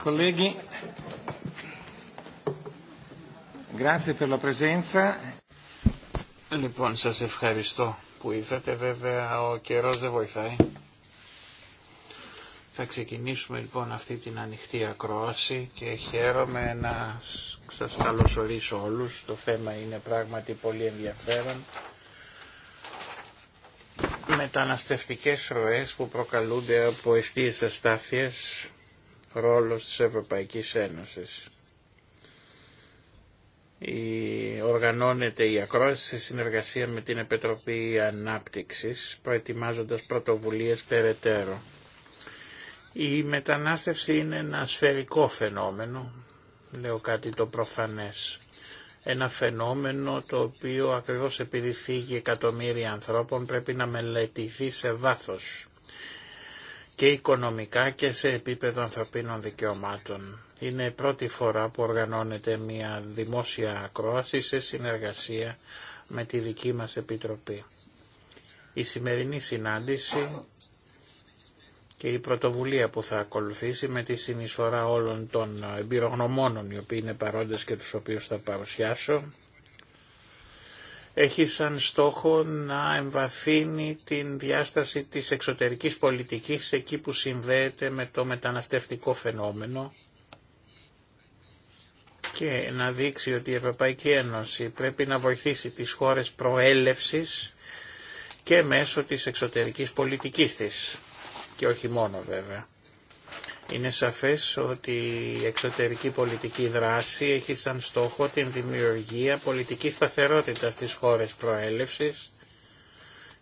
colleghi, grazie per la presenza. Λοιπόν, σας ευχαριστώ που ήρθατε. Βέβαια, ο καιρός δεν βοηθάει. Θα ξεκινήσουμε λοιπόν αυτή την ανοιχτή ακρόαση και χαίρομαι να σας καλωσορίσω όλους. Το θέμα είναι πράγματι πολύ ενδιαφέρον μεταναστευτικές ροές που προκαλούνται από αιστείες αστάθειες ρόλος της Ευρωπαϊκής Ένωσης. Η, οργανώνεται η ακρόαση σε συνεργασία με την Επιτροπή Ανάπτυξης, προετοιμάζοντας πρωτοβουλίες περαιτέρω. Η μετανάστευση είναι ένα σφαιρικό φαινόμενο, λέω κάτι το προφανές. Ένα φαινόμενο το οποίο ακριβώς επειδή φύγει εκατομμύρια ανθρώπων πρέπει να μελετηθεί σε βάθος και οικονομικά και σε επίπεδο ανθρωπίνων δικαιωμάτων. Είναι η πρώτη φορά που οργανώνεται μια δημόσια ακρόαση σε συνεργασία με τη δική μας Επιτροπή. Η σημερινή συνάντηση και η πρωτοβουλία που θα ακολουθήσει με τη συνεισφορά όλων των εμπειρογνωμόνων οι οποίοι είναι παρόντες και τους οποίους θα παρουσιάσω έχει σαν στόχο να εμβαθύνει την διάσταση της εξωτερικής πολιτικής εκεί που συνδέεται με το μεταναστευτικό φαινόμενο και να δείξει ότι η Ευρωπαϊκή Ένωση πρέπει να βοηθήσει τις χώρες προέλευσης και μέσω της εξωτερικής πολιτικής της και όχι μόνο βέβαια. Είναι σαφές ότι η εξωτερική πολιτική δράση έχει σαν στόχο την δημιουργία πολιτικής σταθερότητας της χώρες προέλευσης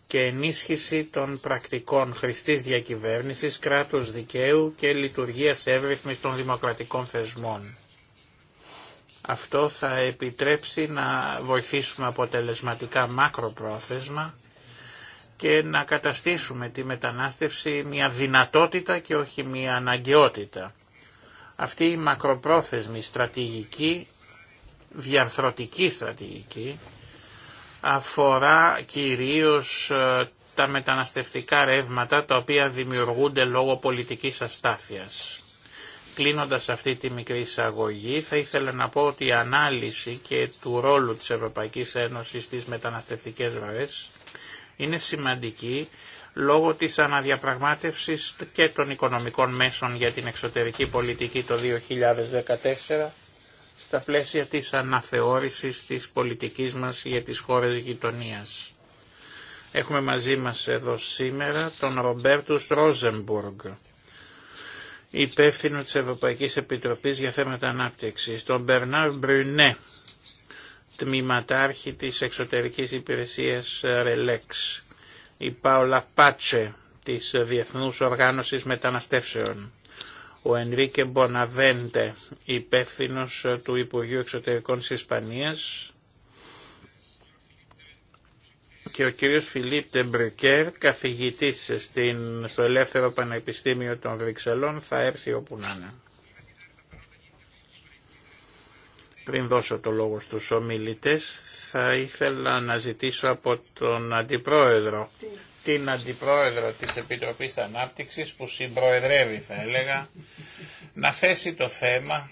και ενίσχυση των πρακτικών χρηστής διακυβέρνησης, κράτους δικαίου και λειτουργίας εύρυθμης των δημοκρατικών θεσμών. Αυτό θα επιτρέψει να βοηθήσουμε αποτελεσματικά μακροπρόθεσμα και να καταστήσουμε τη μετανάστευση μια δυνατότητα και όχι μια αναγκαιότητα. Αυτή η μακροπρόθεσμη στρατηγική, διαρθρωτική στρατηγική, αφορά κυρίως ε, τα μεταναστευτικά ρεύματα τα οποία δημιουργούνται λόγω πολιτικής αστάθειας. Κλείνοντας αυτή τη μικρή εισαγωγή θα ήθελα να πω ότι η ανάλυση και του ρόλου της Ευρωπαϊκής Ένωσης στις μεταναστευτικές ροές είναι σημαντική λόγω της αναδιαπραγμάτευσης και των οικονομικών μέσων για την εξωτερική πολιτική το 2014 στα πλαίσια της αναθεώρησης της πολιτικής μας για τις χώρες γειτονίας. Έχουμε μαζί μας εδώ σήμερα τον Ρομπέρτους Ρόζεμπουργκ, υπεύθυνο της Ευρωπαϊκής Επιτροπής για θέματα ανάπτυξης, τον Μπερνάρ Μπρουνέ, τμήματάρχη της εξωτερικής υπηρεσίας Ρελέξ, η Πάολα Πάτσε της Διεθνούς Οργάνωσης Μεταναστεύσεων, ο Ενρίκε Μποναβέντε, υπεύθυνο ε, του Υπουργείου Εξωτερικών της Ισπανίας, και ο κύριος Φιλίπ Τεμπρουκέρ, καθηγητής στην, στο Ελεύθερο Πανεπιστήμιο των Βρυξελών, θα έρθει όπου να είναι. Πριν δώσω το λόγο στους ομιλητές, θα ήθελα να ζητήσω από τον Αντιπρόεδρο, την Αντιπρόεδρο της Επιτροπής Ανάπτυξης, που συμπροεδρεύει θα έλεγα, να θέσει το θέμα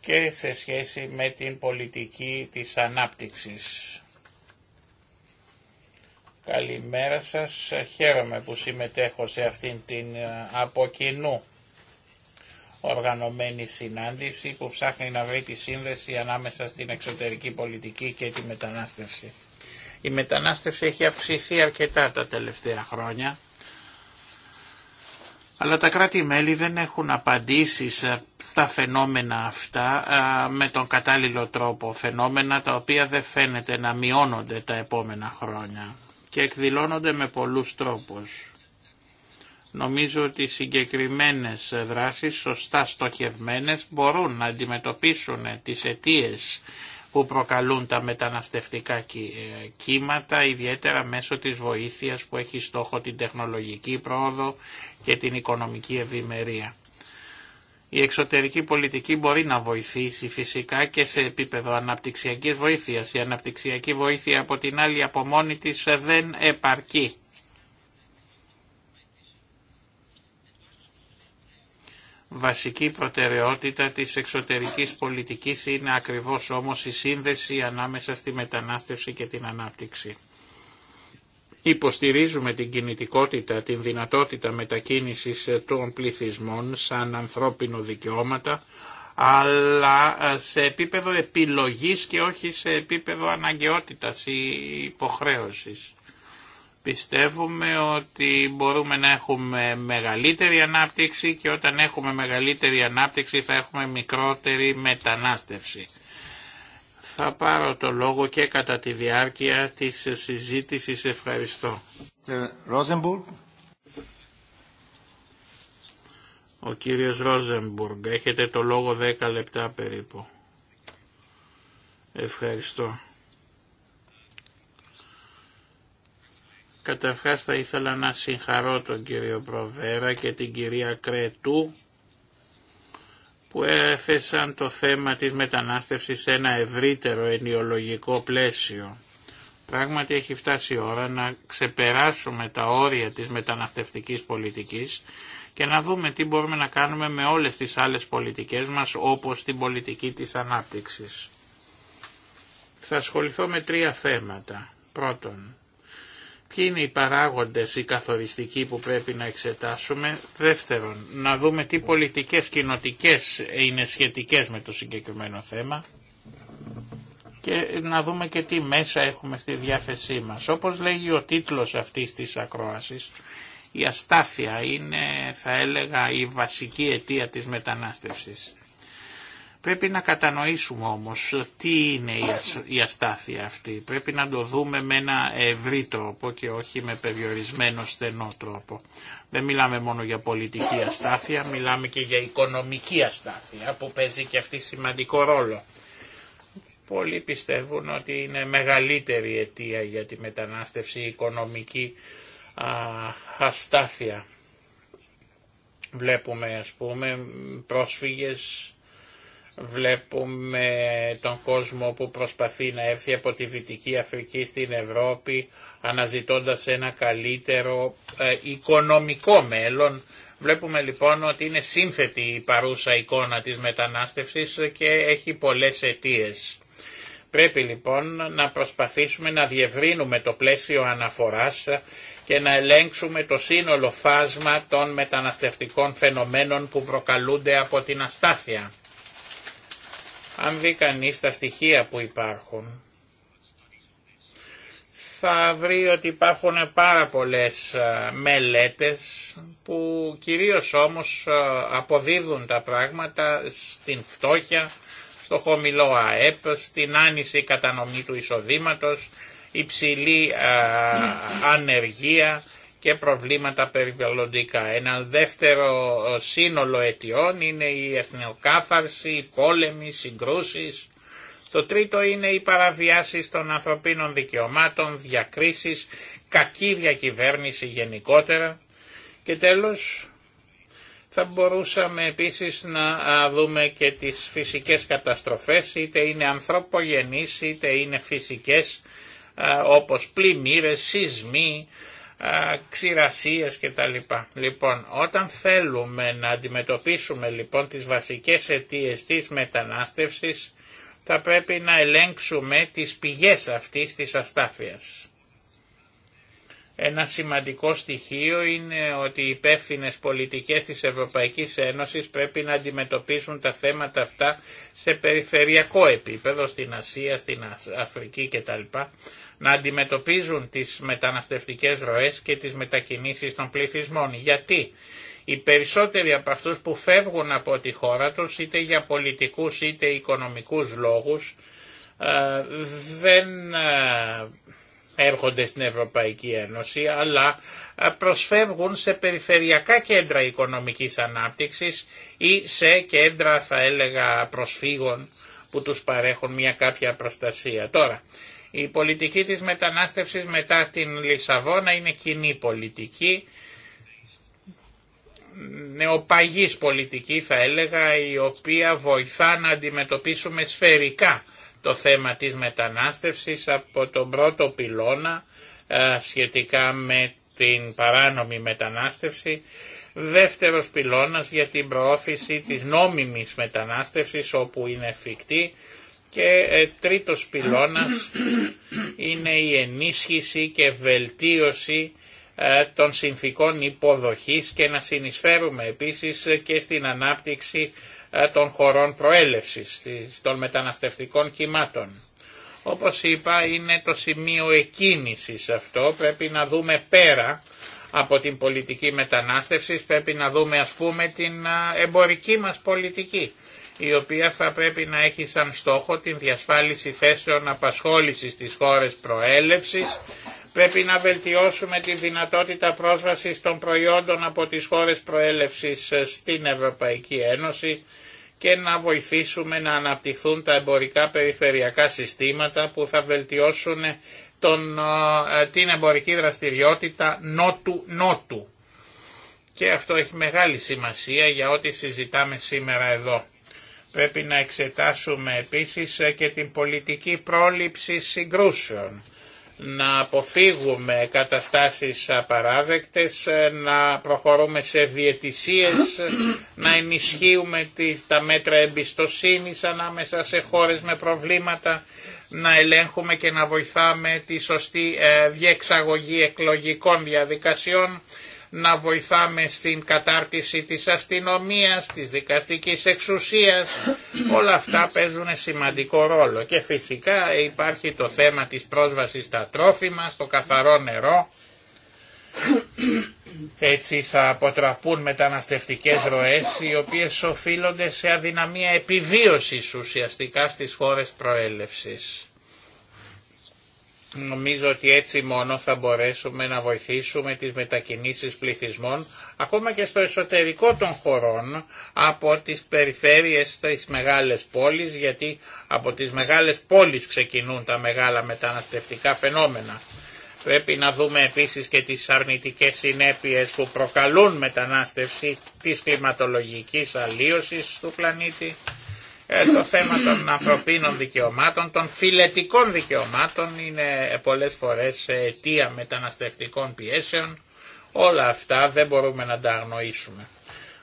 και σε σχέση με την πολιτική της ανάπτυξης. Καλημέρα σας, χαίρομαι που συμμετέχω σε αυτήν την ε, από οργανωμένη συνάντηση που ψάχνει να βρει τη σύνδεση ανάμεσα στην εξωτερική πολιτική και τη μετανάστευση. Η μετανάστευση έχει αυξηθεί αρκετά τα τελευταία χρόνια, αλλά τα κράτη-μέλη δεν έχουν απαντήσει στα φαινόμενα αυτά με τον κατάλληλο τρόπο, φαινόμενα τα οποία δεν φαίνεται να μειώνονται τα επόμενα χρόνια και εκδηλώνονται με πολλούς τρόπους. Νομίζω ότι οι συγκεκριμένες δράσεις, σωστά στοχευμένες, μπορούν να αντιμετωπίσουν τις αιτίες που προκαλούν τα μεταναστευτικά ε, κύματα, ιδιαίτερα μέσω της βοήθειας που έχει στόχο την τεχνολογική πρόοδο και την οικονομική ευημερία. Η εξωτερική πολιτική μπορεί να βοηθήσει φυσικά και σε επίπεδο αναπτυξιακής βοήθειας. Η αναπτυξιακή βοήθεια από την άλλη από μόνη της ε, δεν επαρκεί Βασική προτεραιότητα της εξωτερικής πολιτικής είναι ακριβώς όμως η σύνδεση ανάμεσα στη μετανάστευση και την ανάπτυξη. Υποστηρίζουμε την κινητικότητα, την δυνατότητα μετακίνησης των πληθυσμών σαν ανθρώπινο δικαιώματα, αλλά σε επίπεδο επιλογής και όχι σε επίπεδο αναγκαιότητας ή υποχρέωσης. Πιστεύουμε ότι μπορούμε να έχουμε μεγαλύτερη ανάπτυξη και όταν έχουμε μεγαλύτερη ανάπτυξη θα έχουμε μικρότερη μετανάστευση. Θα πάρω το λόγο και κατά τη διάρκεια της συζήτησης. Ευχαριστώ. Ο κύριος Ρόζεμπουργκ, έχετε το λόγο 10 λεπτά περίπου. Ευχαριστώ. Καταρχάς θα ήθελα να συγχαρώ τον κύριο Προβέρα και την κυρία Κρετού που έφεσαν το θέμα της μετανάστευσης σε ένα ευρύτερο ενιολογικό πλαίσιο. Πράγματι έχει φτάσει η ώρα να ξεπεράσουμε τα όρια της μεταναστευτικής πολιτικής και να δούμε τι μπορούμε να κάνουμε με όλες τις άλλες πολιτικές μας όπως την πολιτική της ανάπτυξης. Θα ασχοληθώ με τρία θέματα. Πρώτον, Ποιοι είναι οι παράγοντες οι καθοριστικοί που πρέπει να εξετάσουμε. Δεύτερον, να δούμε τι πολιτικές κοινοτικέ είναι σχετικές με το συγκεκριμένο θέμα και να δούμε και τι μέσα έχουμε στη διάθεσή μας. Όπως λέγει ο τίτλος αυτής της ακρόασης, η αστάθεια είναι θα έλεγα η βασική αιτία της μετανάστευσης. Πρέπει να κατανοήσουμε όμως τι είναι η αστάθεια αυτή. Πρέπει να το δούμε με ένα ευρύ τρόπο και όχι με περιορισμένο στενό τρόπο. Δεν μιλάμε μόνο για πολιτική αστάθεια, μιλάμε και για οικονομική αστάθεια που παίζει και αυτή σημαντικό ρόλο. Πολλοί πιστεύουν ότι είναι μεγαλύτερη αιτία για τη μετανάστευση οικονομική αστάθεια. Βλέπουμε ας πούμε πρόσφυγες Βλέπουμε τον κόσμο που προσπαθεί να έρθει από τη Δυτική Αφρική στην Ευρώπη αναζητώντας ένα καλύτερο ε, οικονομικό μέλλον. Βλέπουμε λοιπόν ότι είναι σύνθετη η παρούσα εικόνα της μετανάστευσης και έχει πολλές αιτίες. Πρέπει λοιπόν να προσπαθήσουμε να διευρύνουμε το πλαίσιο αναφοράς και να ελέγξουμε το σύνολο φάσμα των μεταναστευτικών φαινομένων που προκαλούνται από την αστάθεια. Αν δει κανείς τα στοιχεία που υπάρχουν, θα βρει ότι υπάρχουν πάρα πολλές ε, μελέτες που κυρίως όμως ε, αποδίδουν τα πράγματα στην φτώχεια, στο χωμηλό ΑΕΠ, στην άνηση κατανομή του εισοδήματος, υψηλή ε, ανεργία, και προβλήματα περιβαλλοντικά. Ένα δεύτερο σύνολο αιτιών είναι η εθνοκάθαρση, οι πόλεμοι, οι συγκρούσεις. Το τρίτο είναι οι παραβιάσεις των ανθρωπίνων δικαιωμάτων, διακρίσεις, κακή διακυβέρνηση γενικότερα. Και τέλος θα μπορούσαμε επίσης να δούμε και τις φυσικές καταστροφές, είτε είναι ανθρωπογενείς, είτε είναι φυσικές όπως πλημμύρες, σεισμοί, ξηρασίες λοιπά. Λοιπόν, όταν θέλουμε να αντιμετωπίσουμε λοιπόν τις βασικές αιτίες της μετανάστευσης, θα πρέπει να ελέγξουμε τις πηγές αυτής της αστάθειας. Ένα σημαντικό στοιχείο είναι ότι οι υπεύθυνε πολιτικές της Ευρωπαϊκής Ένωσης πρέπει να αντιμετωπίσουν τα θέματα αυτά σε περιφερειακό επίπεδο, στην Ασία, στην Αφρική κτλ να αντιμετωπίζουν τις μεταναστευτικές ροές και τις μετακινήσεις των πληθυσμών. Γιατί οι περισσότεροι από αυτούς που φεύγουν από τη χώρα τους είτε για πολιτικούς είτε οικονομικούς λόγους ε, δεν ε, έρχονται στην Ευρωπαϊκή Ένωση αλλά ε, προσφεύγουν σε περιφερειακά κέντρα οικονομικής ανάπτυξης ή σε κέντρα θα έλεγα προσφύγων που τους παρέχουν μια κάποια προστασία. Τώρα, η πολιτική της μετανάστευσης μετά την Λισαβόνα είναι κοινή πολιτική, νεοπαγής πολιτική θα έλεγα, η οποία βοηθά να αντιμετωπίσουμε σφαιρικά το θέμα της μετανάστευσης από τον πρώτο πυλώνα ε, σχετικά με την παράνομη μετανάστευση, δεύτερος πυλώνας για την προώθηση της νόμιμης μετανάστευσης όπου είναι εφικτή, και ε, τρίτος πυλώνας είναι η ενίσχυση και βελτίωση ε, των συνθήκων υποδοχής και να συνεισφέρουμε επίσης και στην ανάπτυξη ε, των χωρών προέλευσης, των μεταναστευτικών κυμάτων. Όπως είπα είναι το σημείο εκκίνησης αυτό, πρέπει να δούμε πέρα από την πολιτική μετανάστευσης, πρέπει να δούμε ας πούμε την εμπορική μας πολιτική η οποία θα πρέπει να έχει σαν στόχο την διασφάλιση θέσεων απασχόλησης στις χώρες προέλευσης, πρέπει να βελτιώσουμε τη δυνατότητα πρόσβασης των προϊόντων από τις χώρες προέλευσης στην Ευρωπαϊκή Ένωση και να βοηθήσουμε να αναπτυχθούν τα εμπορικά περιφερειακά συστήματα που θα βελτιώσουν τον, την εμπορική δραστηριότητα νότου-νότου. Και αυτό έχει μεγάλη σημασία για ό,τι συζητάμε σήμερα εδώ. Πρέπει να εξετάσουμε επίσης ε, και την πολιτική πρόληψη συγκρούσεων, να αποφύγουμε καταστάσεις απαράδεκτες, ε, να προχωρούμε σε διαιτησίες, να ενισχύουμε τα μέτρα εμπιστοσύνης ανάμεσα σε χώρες με προβλήματα, να ελέγχουμε και να βοηθάμε τη σωστή ε, διεξαγωγή εκλογικών διαδικασιών να βοηθάμε στην κατάρτιση της αστυνομίας, της δικαστικής εξουσίας, όλα αυτά παίζουν σημαντικό ρόλο. Και φυσικά υπάρχει το θέμα της πρόσβασης στα τρόφιμα, στο καθαρό νερό, έτσι θα αποτραπούν μεταναστευτικές ροές οι οποίες οφείλονται σε αδυναμία επιβίωσης ουσιαστικά στις χώρες προέλευσης. Νομίζω ότι έτσι μόνο θα μπορέσουμε να βοηθήσουμε τις μετακινήσεις πληθυσμών ακόμα και στο εσωτερικό των χωρών από τις περιφέρειες στις μεγάλες πόλεις γιατί από τις μεγάλες πόλεις ξεκινούν τα μεγάλα μεταναστευτικά φαινόμενα. Πρέπει να δούμε επίσης και τις αρνητικές συνέπειες που προκαλούν μετανάστευση της κλιματολογικής αλλίωσης του πλανήτη ε, το θέμα των ανθρωπίνων δικαιωμάτων, των φιλετικών δικαιωμάτων είναι πολλές φορές αιτία μεταναστευτικών πιέσεων. Όλα αυτά δεν μπορούμε να τα αγνοήσουμε.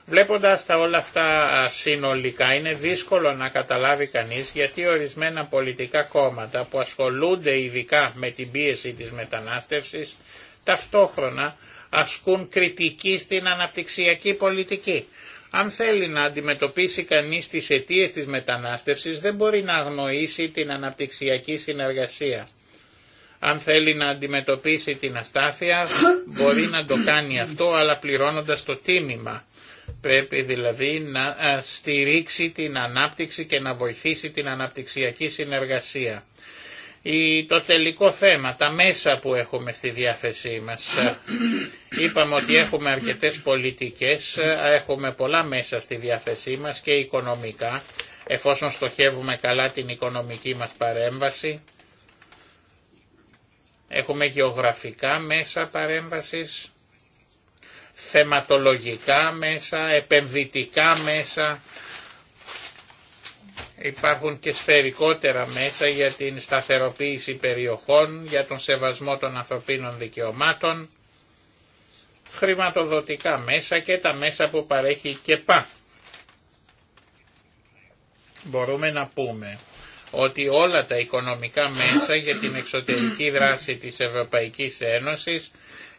Βλέποντας τα όλα αυτά συνολικά είναι δύσκολο να καταλάβει κανείς γιατί ορισμένα πολιτικά κόμματα που ασχολούνται ειδικά με την πίεση της μετανάστευσης ταυτόχρονα ασκούν κριτική στην αναπτυξιακή πολιτική. Αν θέλει να αντιμετωπίσει κανείς τις αιτίες της μετανάστευσης δεν μπορεί να αγνοήσει την αναπτυξιακή συνεργασία. Αν θέλει να αντιμετωπίσει την αστάθεια μπορεί να το κάνει αυτό αλλά πληρώνοντας το τίμημα. Πρέπει δηλαδή να ε, στηρίξει την ανάπτυξη και να βοηθήσει την αναπτυξιακή συνεργασία το τελικό θέμα, τα μέσα που έχουμε στη διάθεσή μας. Είπαμε ότι έχουμε αρκετές πολιτικές, έχουμε πολλά μέσα στη διάθεσή μας και οικονομικά, εφόσον στοχεύουμε καλά την οικονομική μας παρέμβαση. Έχουμε γεωγραφικά μέσα παρέμβασης, θεματολογικά μέσα, επενδυτικά μέσα, Υπάρχουν και σφαιρικότερα μέσα για την σταθεροποίηση περιοχών, για τον σεβασμό των ανθρωπίνων δικαιωμάτων, χρηματοδοτικά μέσα και τα μέσα που παρέχει και πά. Μπορούμε να πούμε ότι όλα τα οικονομικά μέσα για την εξωτερική δράση της Ευρωπαϊκής Ένωσης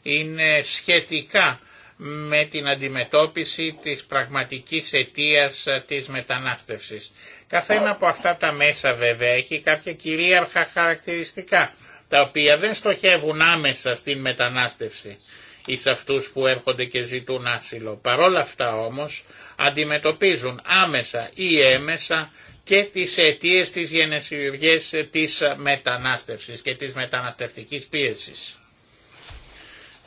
είναι σχετικά με την αντιμετώπιση της πραγματικής αιτίας της μετανάστευσης. Καθένα από αυτά τα μέσα βέβαια έχει κάποια κυρίαρχα χαρακτηριστικά, τα οποία δεν στοχεύουν άμεσα στην μετανάστευση ή σε αυτούς που έρχονται και ζητούν άσυλο. Παρόλα αυτά όμως αντιμετωπίζουν άμεσα ή έμεσα και τις αιτίες της γενεσιουργίας της μετανάστευσης και της μεταναστευτικής πίεσης.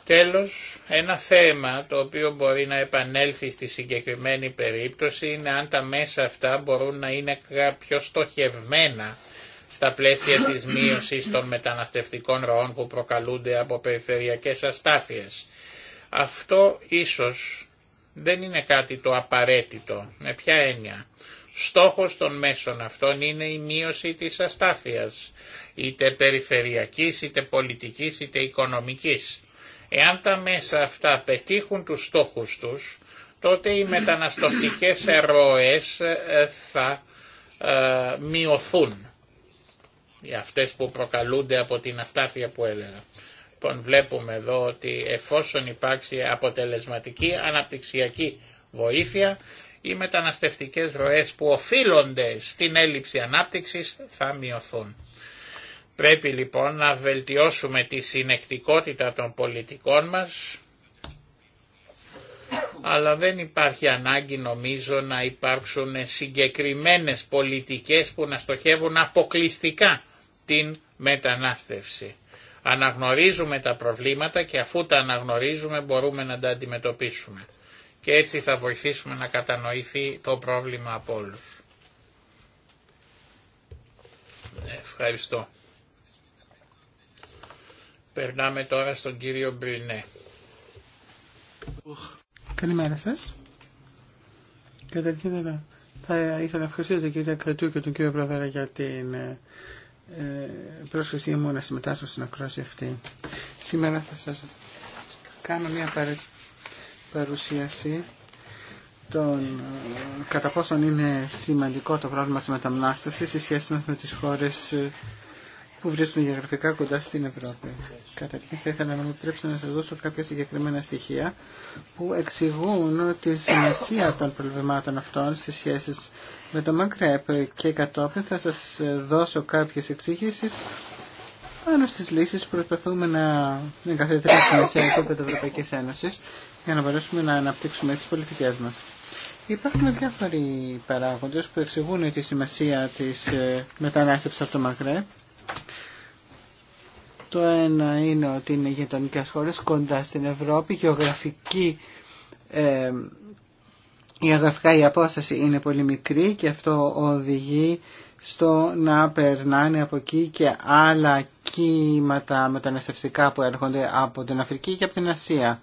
Τέλος, ένα θέμα το οποίο μπορεί να επανέλθει στη συγκεκριμένη περίπτωση είναι αν τα μέσα αυτά μπορούν να είναι πιο στοχευμένα στα πλαίσια της μείωσης των μεταναστευτικών ροών που προκαλούνται από περιφερειακές αστάθειες. Αυτό ίσως δεν είναι κάτι το απαραίτητο. Με ποια έννοια. Στόχος των μέσων αυτών είναι η μείωση της αστάθειας, είτε περιφερειακής, είτε πολιτικής, είτε οικονομικής. Εάν τα μέσα αυτά πετύχουν τους στόχους τους, τότε οι μεταναστευτικές ροές ε, θα ε, μειωθούν. Οι αυτές που προκαλούνται από την αστάθεια που έλεγα. Λοιπόν βλέπουμε εδώ ότι εφόσον υπάρξει αποτελεσματική αναπτυξιακή βοήθεια, οι μεταναστευτικές ροές που οφείλονται στην έλλειψη ανάπτυξης θα μειωθούν. Πρέπει λοιπόν να βελτιώσουμε τη συνεκτικότητα των πολιτικών μας, αλλά δεν υπάρχει ανάγκη νομίζω να υπάρξουν συγκεκριμένες πολιτικές που να στοχεύουν αποκλειστικά την μετανάστευση. Αναγνωρίζουμε τα προβλήματα και αφού τα αναγνωρίζουμε μπορούμε να τα αντιμετωπίσουμε. Και έτσι θα βοηθήσουμε να κατανοηθεί το πρόβλημα από όλους. Ευχαριστώ. Περνάμε τώρα στον κύριο Μπρινέ. Καλημέρα σας. Καταρχήν θα ήθελα να ευχαριστήσω τον κύριο Κρατού και τον κύριο Προβέρα για την ε, ε, πρόσκλησή μου να συμμετάσχω στην ακρόαση αυτή. Σήμερα θα σας κάνω μια παρουσίαση των ε, κατά πόσον είναι σημαντικό το πρόβλημα της μεταμνάστευσης σε σχέση με τις χώρες ε, που βρίσκονται γεωγραφικά κοντά στην Ευρώπη. Καταρχήν θα ήθελα να μου επιτρέψετε να σας δώσω κάποια συγκεκριμένα στοιχεία που εξηγούν τη σημασία των προβλημάτων αυτών στις σχέσει με το Μαγκρέπ και κατόπιν θα σας δώσω κάποιες εξήγησεις πάνω στις λύσεις που προσπαθούμε να εγκαθιδρύσουμε σε επίπεδο Ευρωπαϊκής Ένωση για να μπορέσουμε να αναπτύξουμε τις πολιτικές μας. Υπάρχουν διάφοροι παράγοντες που εξηγούν τη σημασία της ε, μετανάστευση από το Μαγκρέπ το ένα είναι ότι είναι γειτονικέ χώρε κοντά στην Ευρώπη, γεωγραφική, ε, γεωγραφικά η απόσταση είναι πολύ μικρή και αυτό οδηγεί στο να περνάνε από εκεί και άλλα κύματα μεταναστευτικά που έρχονται από την Αφρική και από την Ασία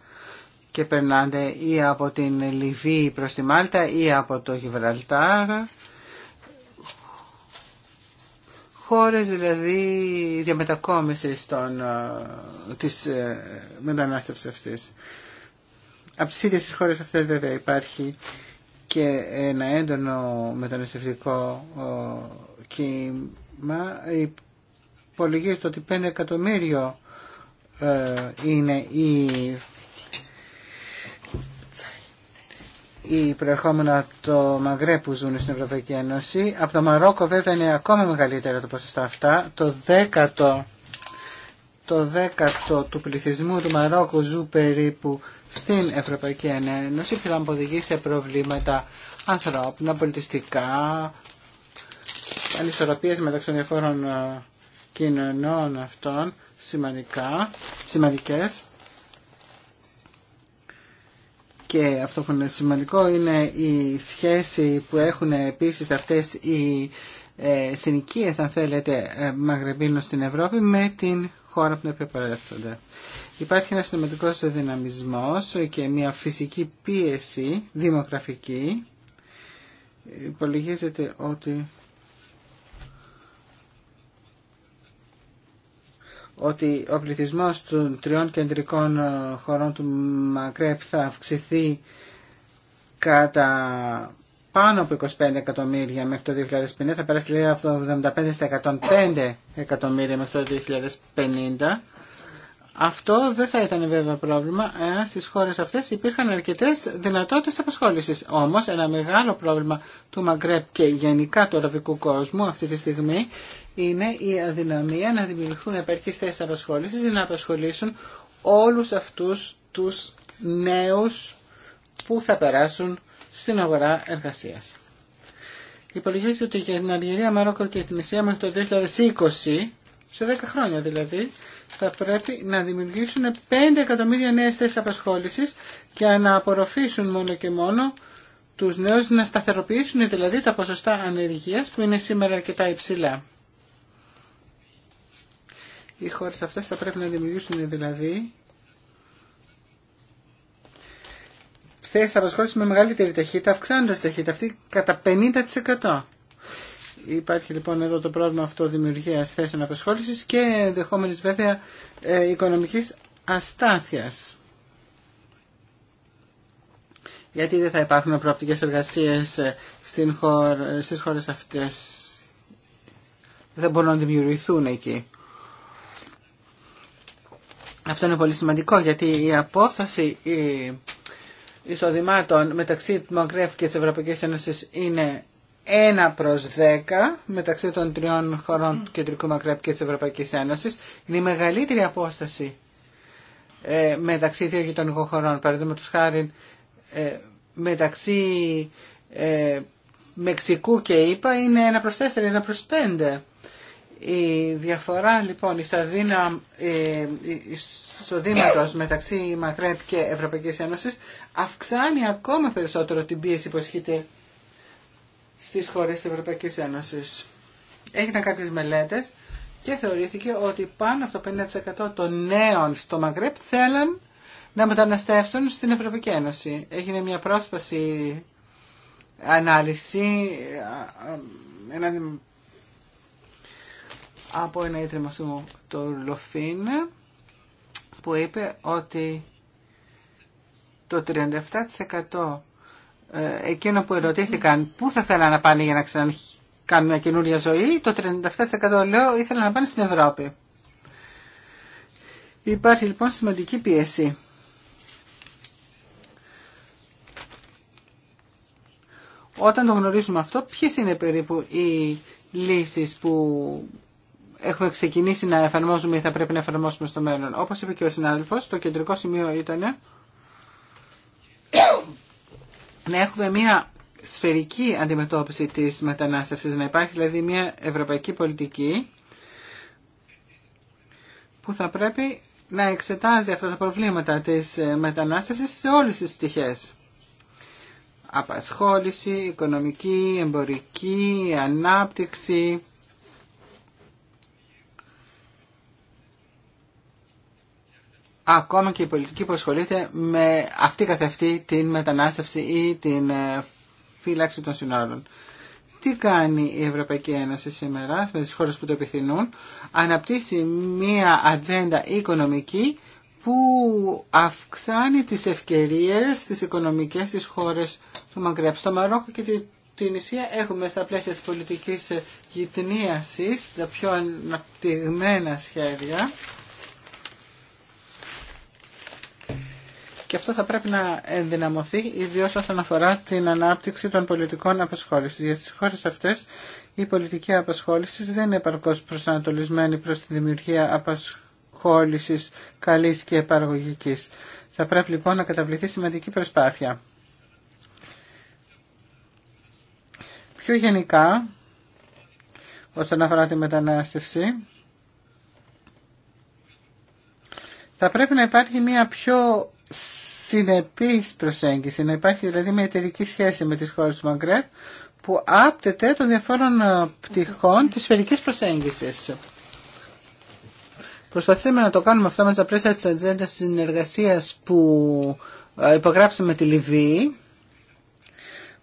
και περνάνε ή από την Λιβύη προς τη Μάλτα ή από το Γιβραλτάρα χώρες δηλαδή διαμετακόμισης των, ε, της ε, μετανάστευσης αυτής. Από τις ίδιες τις χώρες αυτές βέβαια υπάρχει και ένα έντονο μεταναστευτικό ε, κύμα υπολογίζεται ότι 5 εκατομμύριο είναι οι οι προερχόμενα το Μαγκρέ που ζουν στην Ευρωπαϊκή Ένωση. Από το Μαρόκο βέβαια είναι ακόμα μεγαλύτερα τα ποσοστά αυτά. Το δέκατο, το δέκατο του πληθυσμού του Μαρόκου ζουν περίπου στην Ευρωπαϊκή Ένωση και θα οδηγεί σε προβλήματα ανθρώπινα, πολιτιστικά, ανισορροπίες μεταξύ των διαφόρων ε, κοινωνών αυτών σημαντικά, σημαντικές και αυτό που είναι σημαντικό είναι η σχέση που έχουν επίσης αυτές οι ε, συνοικίες αν θέλετε ε, Μαγρεμπίνων στην Ευρώπη με την χώρα που είναι Υπάρχει ένας σημαντικός δυναμισμός και μια φυσική πίεση δημογραφική. Υπολογίζεται ότι ότι ο πληθυσμός των τριών κεντρικών ε, χωρών του Μακρέπ θα αυξηθεί κατά πάνω από 25 εκατομμύρια μέχρι το 2050, θα περάσει λέει δηλαδή από 75 στα 105 εκατομμύρια μέχρι το 2050 αυτό δεν θα ήταν βέβαια πρόβλημα εάν στις χώρες αυτές υπήρχαν αρκετές δυνατότητες απασχόλησης. Όμως ένα μεγάλο πρόβλημα του Μαγκρέπ και γενικά του αραβικού κόσμου αυτή τη στιγμή είναι η αδυναμία να δημιουργηθούν επαρκείς θέσεις απασχόλησης ή να απασχολήσουν όλους αυτούς τους νέους που θα περάσουν στην αγορά εργασίας. Υπολογίζεται ότι για την Αλγερία, Μαρόκο και την Ισία μέχρι το 2020, σε 10 χρόνια δηλαδή, θα πρέπει να δημιουργήσουν 5 εκατομμύρια νέες θέσεις απασχόλησης και να απορροφήσουν μόνο και μόνο τους νέους, να σταθεροποιήσουν δηλαδή τα ποσοστά ανεργίας που είναι σήμερα αρκετά υψηλά. Οι χώρες αυτές θα πρέπει να δημιουργήσουν δηλαδή θέσεις απασχόλησης με μεγαλύτερη ταχύτητα, αυξάνοντας ταχύτητα αυτή κατά 50%. Υπάρχει λοιπόν εδώ το πρόβλημα αυτό δημιουργίας θέσεων απασχόλησης και ενδεχόμενης βέβαια ε, οικονομικής αστάθειας. Γιατί δεν θα υπάρχουν προοπτικές εργασίες ε, στην χώρε στις χώρες αυτές. Δεν μπορούν να δημιουργηθούν εκεί. Αυτό είναι πολύ σημαντικό γιατί η απόσταση εισοδημάτων μεταξύ του Μαγκρέφ και της Ευρωπαϊκής Ένωσης είναι 1 προ 10 μεταξύ των τριών χωρών του mm. Κεντρικού Μακρέπ και της Ευρωπαϊκή Ένωση, είναι η μεγαλύτερη απόσταση ε, μεταξύ δύο γειτονικών χωρών. παραδείγματο χάρη ε, μεταξύ ε, Μεξικού και ΙΠΑ είναι 1 προ 4, 1 προ 5. Η διαφορά λοιπόν εισοδήματο ε, μεταξύ Μακρέπ και Ευρωπαϊκή Ένωση αυξάνει ακόμα περισσότερο την πίεση που ασχείται στις χώρες της Ευρωπαϊκής Ένωσης. Έγιναν κάποιες μελέτες και θεωρήθηκε ότι πάνω από το 50% των νέων στο Μαγκρέπ θέλαν να μεταναστεύσουν στην Ευρωπαϊκή Ένωση. Έγινε μια πρόσπαση ανάλυση ένα, ε, ε, ε, από ένα ίδρυμα στο το Λοφίν που είπε ότι το 37% ε, εκείνο που ερωτήθηκαν πού θα θέλαν να πάνε για να ξανακάνουν μια καινούρια ζωή, το 37% λέω ήθελαν να πάνε στην Ευρώπη. Υπάρχει λοιπόν σημαντική πίεση. Όταν το γνωρίζουμε αυτό, ποιες είναι περίπου οι λύσεις που έχουμε ξεκινήσει να εφαρμόζουμε ή θα πρέπει να εφαρμόσουμε στο μέλλον. Όπως είπε και ο συνάδελφος, το κεντρικό σημείο ήταν να έχουμε μια σφαιρική αντιμετώπιση της μετανάστευσης, να υπάρχει δηλαδή μια ευρωπαϊκή πολιτική που θα πρέπει να εξετάζει αυτά τα προβλήματα της μετανάστευσης σε όλες τις πτυχές. Απασχόληση, οικονομική, εμπορική, ανάπτυξη, ακόμα και η πολιτική που ασχολείται με αυτή καθ' την μετανάστευση ή την ε, φύλαξη των συνόρων. Τι κάνει η Ευρωπαϊκή Ένωση σήμερα με τις χώρες που το επιθυμούν, αναπτύσσει μία ατζέντα οικονομική που αυξάνει τις ευκαιρίες στις οικονομικές στις χώρες του Μαγκρέπ. Στο Μαρόκο και τη, την Ισία έχουμε στα πλαίσια της πολιτικής γυτνίασης τα πιο αναπτυγμένα σχέδια Και αυτό θα πρέπει να ενδυναμωθεί ιδίω όσον αφορά την ανάπτυξη των πολιτικών απασχόληση. Για τι χώρε αυτέ η πολιτική απασχόληση δεν είναι επαρκώ προσανατολισμένη προ τη δημιουργία απασχόληση καλή και παραγωγική. Θα πρέπει λοιπόν να καταβληθεί σημαντική προσπάθεια. Πιο γενικά, όσον αφορά τη μετανάστευση, θα πρέπει να υπάρχει μια πιο συνεπής προσέγγιση, να υπάρχει δηλαδή μια εταιρική σχέση με τις χώρες του Μαγκρέπ που άπτεται των διαφόρων ε, πτυχών της σφαιρικής προσέγγισης. Προσπαθήσαμε να το κάνουμε αυτό μέσα πλαίσια της ατζέντας συνεργασίας που ε, υπογράψαμε τη Λιβύη,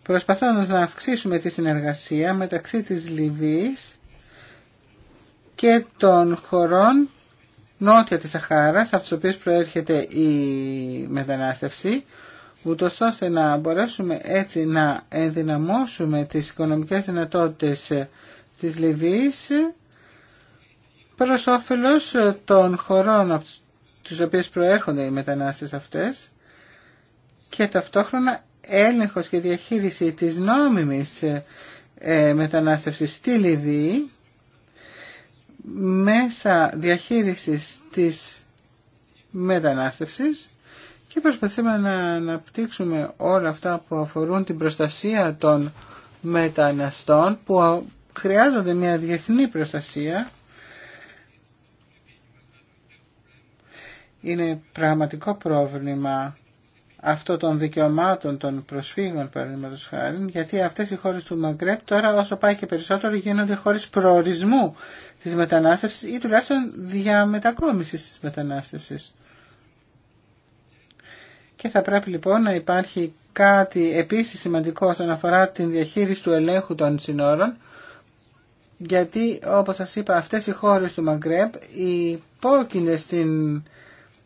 προσπαθώντας να αυξήσουμε τη συνεργασία μεταξύ της Λιβύης και των χωρών νότια της Σαχάρας, από τους οποίους προέρχεται η μετανάστευση, ούτω ώστε να μπορέσουμε έτσι να ενδυναμώσουμε τις οικονομικές δυνατότητες της Λιβύης προς όφελος των χωρών από τους οποίες προέρχονται οι μετανάστες αυτές και ταυτόχρονα έλεγχος και διαχείριση της νόμιμης ε, μετανάστευσης στη Λιβύη μέσα διαχείρισης της μετανάστευσης και προσπαθήσαμε να αναπτύξουμε όλα αυτά που αφορούν την προστασία των μεταναστών που χρειάζονται μια διεθνή προστασία. Είναι πραγματικό πρόβλημα αυτό των δικαιωμάτων των προσφύγων παραδείγματο χάρη, γιατί αυτές οι χώρε του Μαγκρέπ τώρα όσο πάει και περισσότερο γίνονται χώρε προορισμού τη μετανάστευση ή τουλάχιστον διαμετακόμιση τη μετανάστευση. Και θα πρέπει λοιπόν να υπάρχει κάτι επίσης σημαντικό όσον αφορά την διαχείριση του ελέγχου των συνόρων, γιατί όπως σας είπα αυτές οι χώρες του Μαγκρέπ υπόκεινται στην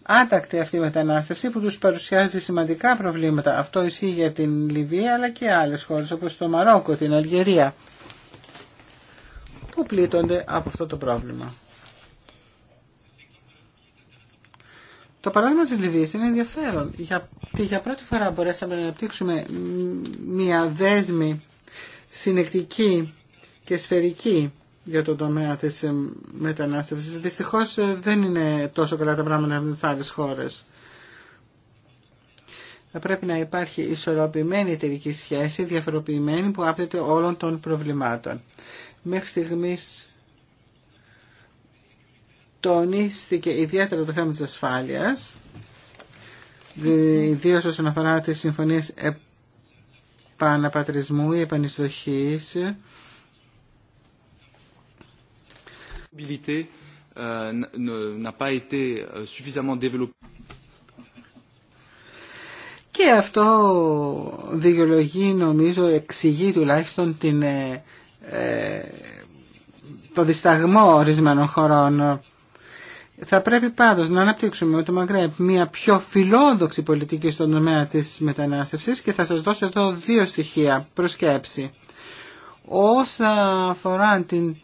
άτακτη αυτή η μετανάστευση που τους παρουσιάζει σημαντικά προβλήματα. Αυτό ισχύει για την Λιβύη αλλά και άλλες χώρες όπως το Μαρόκο, την Αλγερία που πλήττονται από αυτό το πρόβλημα. Το παράδειγμα της Λιβύης είναι ενδιαφέρον γιατί για πρώτη φορά μπορέσαμε να αναπτύξουμε μια δέσμη συνεκτική και σφαιρική για τον τομέα της ε, μετανάστευσης. Δυστυχώς ε, δεν είναι τόσο καλά τα πράγματα με τις άλλες χώρες. Θα πρέπει να υπάρχει ισορροπημένη εταιρική σχέση, διαφοροποιημένη που άπτεται όλων των προβλημάτων. Μέχρι στιγμής τονίστηκε ιδιαίτερα το θέμα της ασφάλειας, ιδίω όσον αφορά τις συμφωνίες επαναπατρισμού ή επανιστοχής, mobilité euh, n'a pas été euh, suffisamment développée. Και αυτό δικαιολογεί, νομίζω, εξηγεί τουλάχιστον την, ε, ε, το δισταγμό ορισμένων χωρών. Θα πρέπει πάντως να αναπτύξουμε με το Μαγκρέπ μια πιο φιλόδοξη πολιτική στον τομέα της μετανάστευσης και θα σας δώσω εδώ δύο στοιχεία προσκέψη. Όσα αφορά την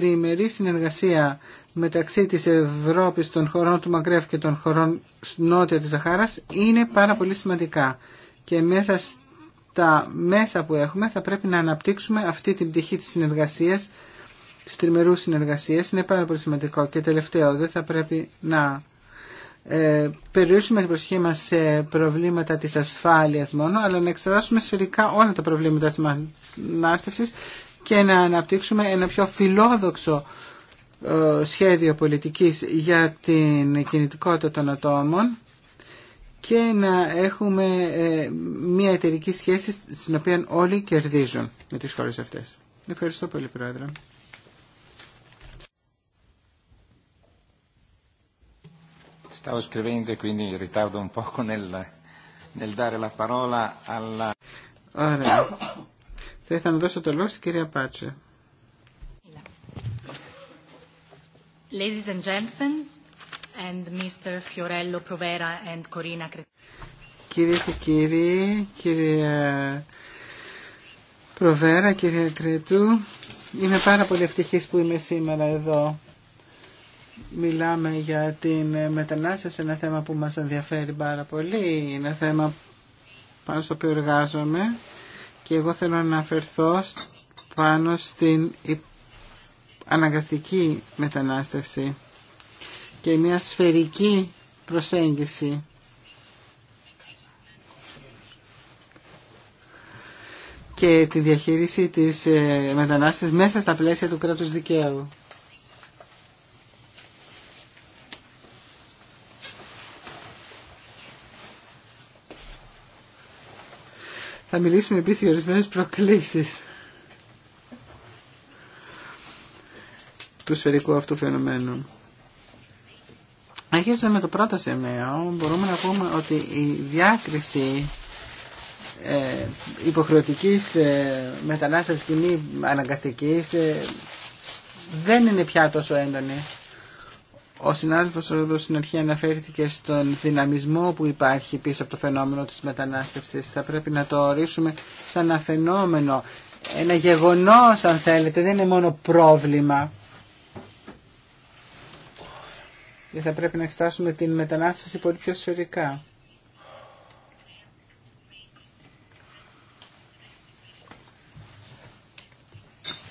Τριμερή συνεργασία μεταξύ της Ευρώπης, των χωρών του Μαγκρέφ και των χωρών νότια της Ζαχάρας είναι πάρα πολύ σημαντικά. Και μέσα στα μέσα που έχουμε θα πρέπει να αναπτύξουμε αυτή την πτυχή της συνεργασίας, της τριμερούς συνεργασίας. Είναι πάρα πολύ σημαντικό. Και τελευταίο, δεν θα πρέπει να ε, περιορίσουμε την προσοχή μας σε προβλήματα της ασφάλειας μόνο, αλλά να εξετάσουμε σφαιρικά όλα τα προβλήματα της μανάστευσης και να αναπτύξουμε ένα πιο φιλόδοξο ε, σχέδιο πολιτικής για την κινητικότητα των ατόμων και να έχουμε ε, μια εταιρική σχέση στην οποία όλοι κερδίζουν με τις χώρες αυτές. Ευχαριστώ πολύ, Πρόεδρε. Stavo scrivendo e quindi ritardo un poco nel, nel dare θα ήθελα να δώσω το λόγο στην κυρία Πάτσε. Ladies Κυρίε και κύριοι, κυρία Προβέρα, κύριε Κρετού, είμαι πάρα πολύ ευτυχής που είμαι σήμερα εδώ. Μιλάμε για την μετανάστευση, ένα θέμα που μας ενδιαφέρει πάρα πολύ, ένα θέμα πάνω στο οποίο εργάζομαι και εγώ θέλω να αναφερθώ πάνω στην αναγκαστική μετανάστευση και μια σφαιρική προσέγγιση. και τη διαχείριση της ε, μετανάστευσης μέσα στα πλαίσια του κράτους δικαίου. Θα μιλήσουμε επίσης για ορισμένες προκλήσεις του σφαιρικού αυτού φαινομένου. Αρχίζοντα με το πρώτο σημείο, μπορούμε να πούμε ότι η διάκριση ε, υποχρεωτικής ε, μετανάστευσης και μη αναγκαστικής ε, δεν είναι πια τόσο έντονη. Ο συνάδελφος Ρούδος στην αρχή αναφέρθηκε στον δυναμισμό που υπάρχει πίσω από το φαινόμενο της μετανάστευσης. Θα πρέπει να το ορίσουμε σαν ένα φαινόμενο, ένα γεγονός αν θέλετε, δεν είναι μόνο πρόβλημα. Και θα πρέπει να εξετάσουμε την μετανάστευση πολύ πιο σφαιρικά.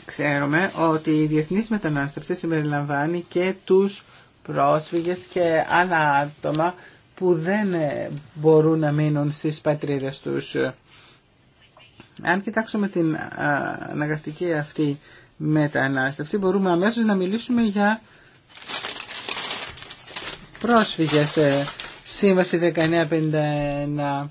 ξέρουμε ότι η διεθνής μετανάστευση συμπεριλαμβάνει και τους πρόσφυγες και άλλα άτομα που δεν ε, μπορούν να μείνουν στις πατρίδες τους. Αν κοιτάξουμε την αναγκαστική αυτή μετανάστευση μπορούμε αμέσως να μιλήσουμε για πρόσφυγες. Ε, Σύμβαση 1951.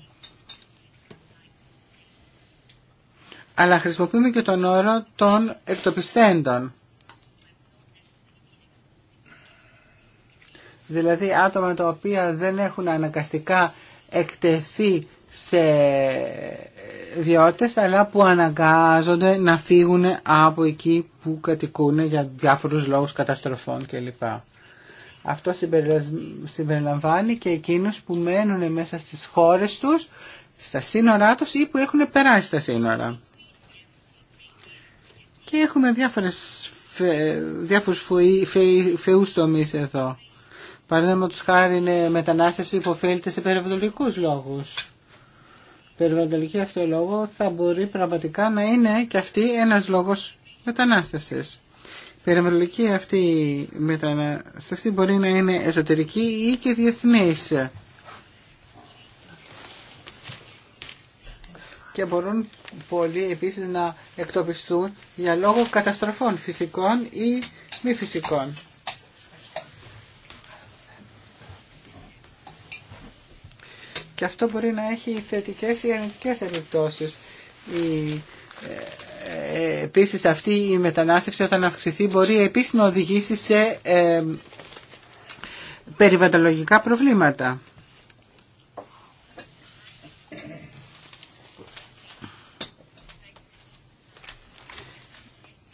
Αλλά χρησιμοποιούμε και τον όρο των εκτοπιστέντων. δηλαδή άτομα τα οποία δεν έχουν αναγκαστικά εκτεθεί σε διώτες αλλά που αναγκάζονται να φύγουν από εκεί που κατοικούν για διάφορους λόγους καταστροφών κλπ. Αυτό συμπεριλαμβάνει και εκείνους που μένουν μέσα στις χώρες τους, στα σύνορά τους ή που έχουν περάσει τα σύνορα. Και έχουμε διάφορες, διάφορους φεούς εδώ. Παραδείγματο χάρη είναι μετανάστευση που οφείλεται σε περιβαλλοντικού λόγου. Περιβαλλοντική αυτό λόγο θα μπορεί πραγματικά να είναι και αυτή ένα λόγο μετανάστευση. Περιβαλλοντική αυτή μετανάστευση μπορεί να είναι εσωτερική ή και διεθνή. Και μπορούν πολλοί επίση να εκτοπιστούν για λόγο καταστροφών φυσικών ή μη φυσικών. και αυτό μπορεί να έχει θετικές ή αρνητικές επιπτώσεις. Η, ε, ε, επίσης αυτή η μετανάστευση όταν αυξηθεί μπορεί επίσης να οδηγήσει σε ε, περιβαλλοντικά προβλήματα.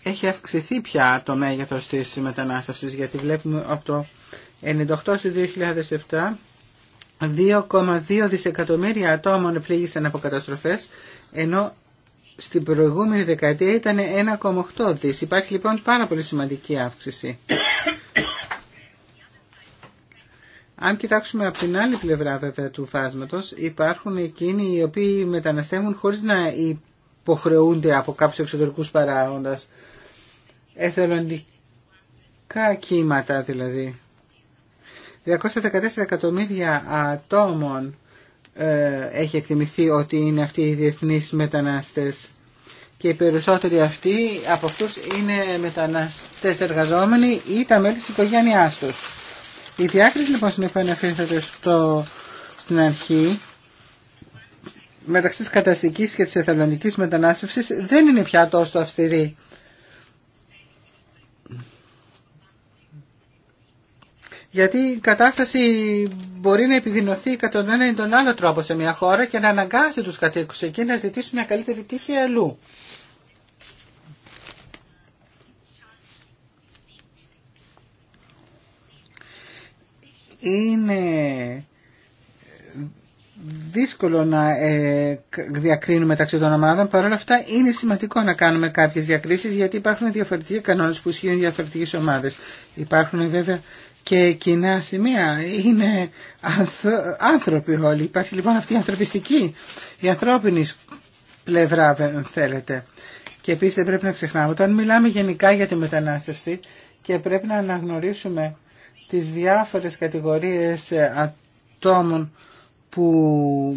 Έχει αυξηθεί πια το μέγεθος της μετανάστευσης γιατί βλέπουμε από το 98 στη 2007 2,2 δισεκατομμύρια ατόμων πλήγησαν από καταστροφές, ενώ στην προηγούμενη δεκαετία ήταν 1,8 δις. Υπάρχει λοιπόν πάρα πολύ σημαντική αύξηση. Αν κοιτάξουμε από την άλλη πλευρά βέβαια του φάσματος, υπάρχουν εκείνοι οι οποίοι μεταναστεύουν χωρίς να υποχρεούνται από κάποιους εξωτερικούς παράγοντας. Εθελοντικά κύματα δηλαδή. 214 εκατομμύρια ατόμων ε, έχει εκτιμηθεί ότι είναι αυτοί οι διεθνείς μετανάστες και οι περισσότεροι αυτοί από αυτούς είναι μεταναστές εργαζόμενοι ή τα μέλη της οικογένειάς τους. Η διάκριση λοιπόν στην οποία αναφέρεται στο, στην αρχή μεταξύ της καταστικής και της εθελοντικής μετανάστευσης δεν είναι πια τόσο αυστηρή. Γιατί η κατάσταση μπορεί να επιδεινωθεί κατά τον ένα ή τον άλλο τρόπο σε μια χώρα και να αναγκάσει τους κατοίκους εκεί να ζητήσουν μια καλύτερη τύχη αλλού. Είναι δύσκολο να ε, διακρίνουμε μεταξύ των ομάδων. Παρ' όλα αυτά είναι σημαντικό να κάνουμε κάποιες διακρίσεις γιατί υπάρχουν διαφορετικοί κανόνες που ισχύουν διαφορετικές ομάδες. Υπάρχουν βέβαια και κοινά σημεία. Είναι άνθρωποι όλοι. Υπάρχει λοιπόν αυτή η ανθρωπιστική, η ανθρώπινη πλευρά, αν θέλετε. Και επίσης δεν πρέπει να ξεχνάμε, όταν μιλάμε γενικά για τη μετανάστευση και πρέπει να αναγνωρίσουμε τις διάφορες κατηγορίες ε, ατόμων που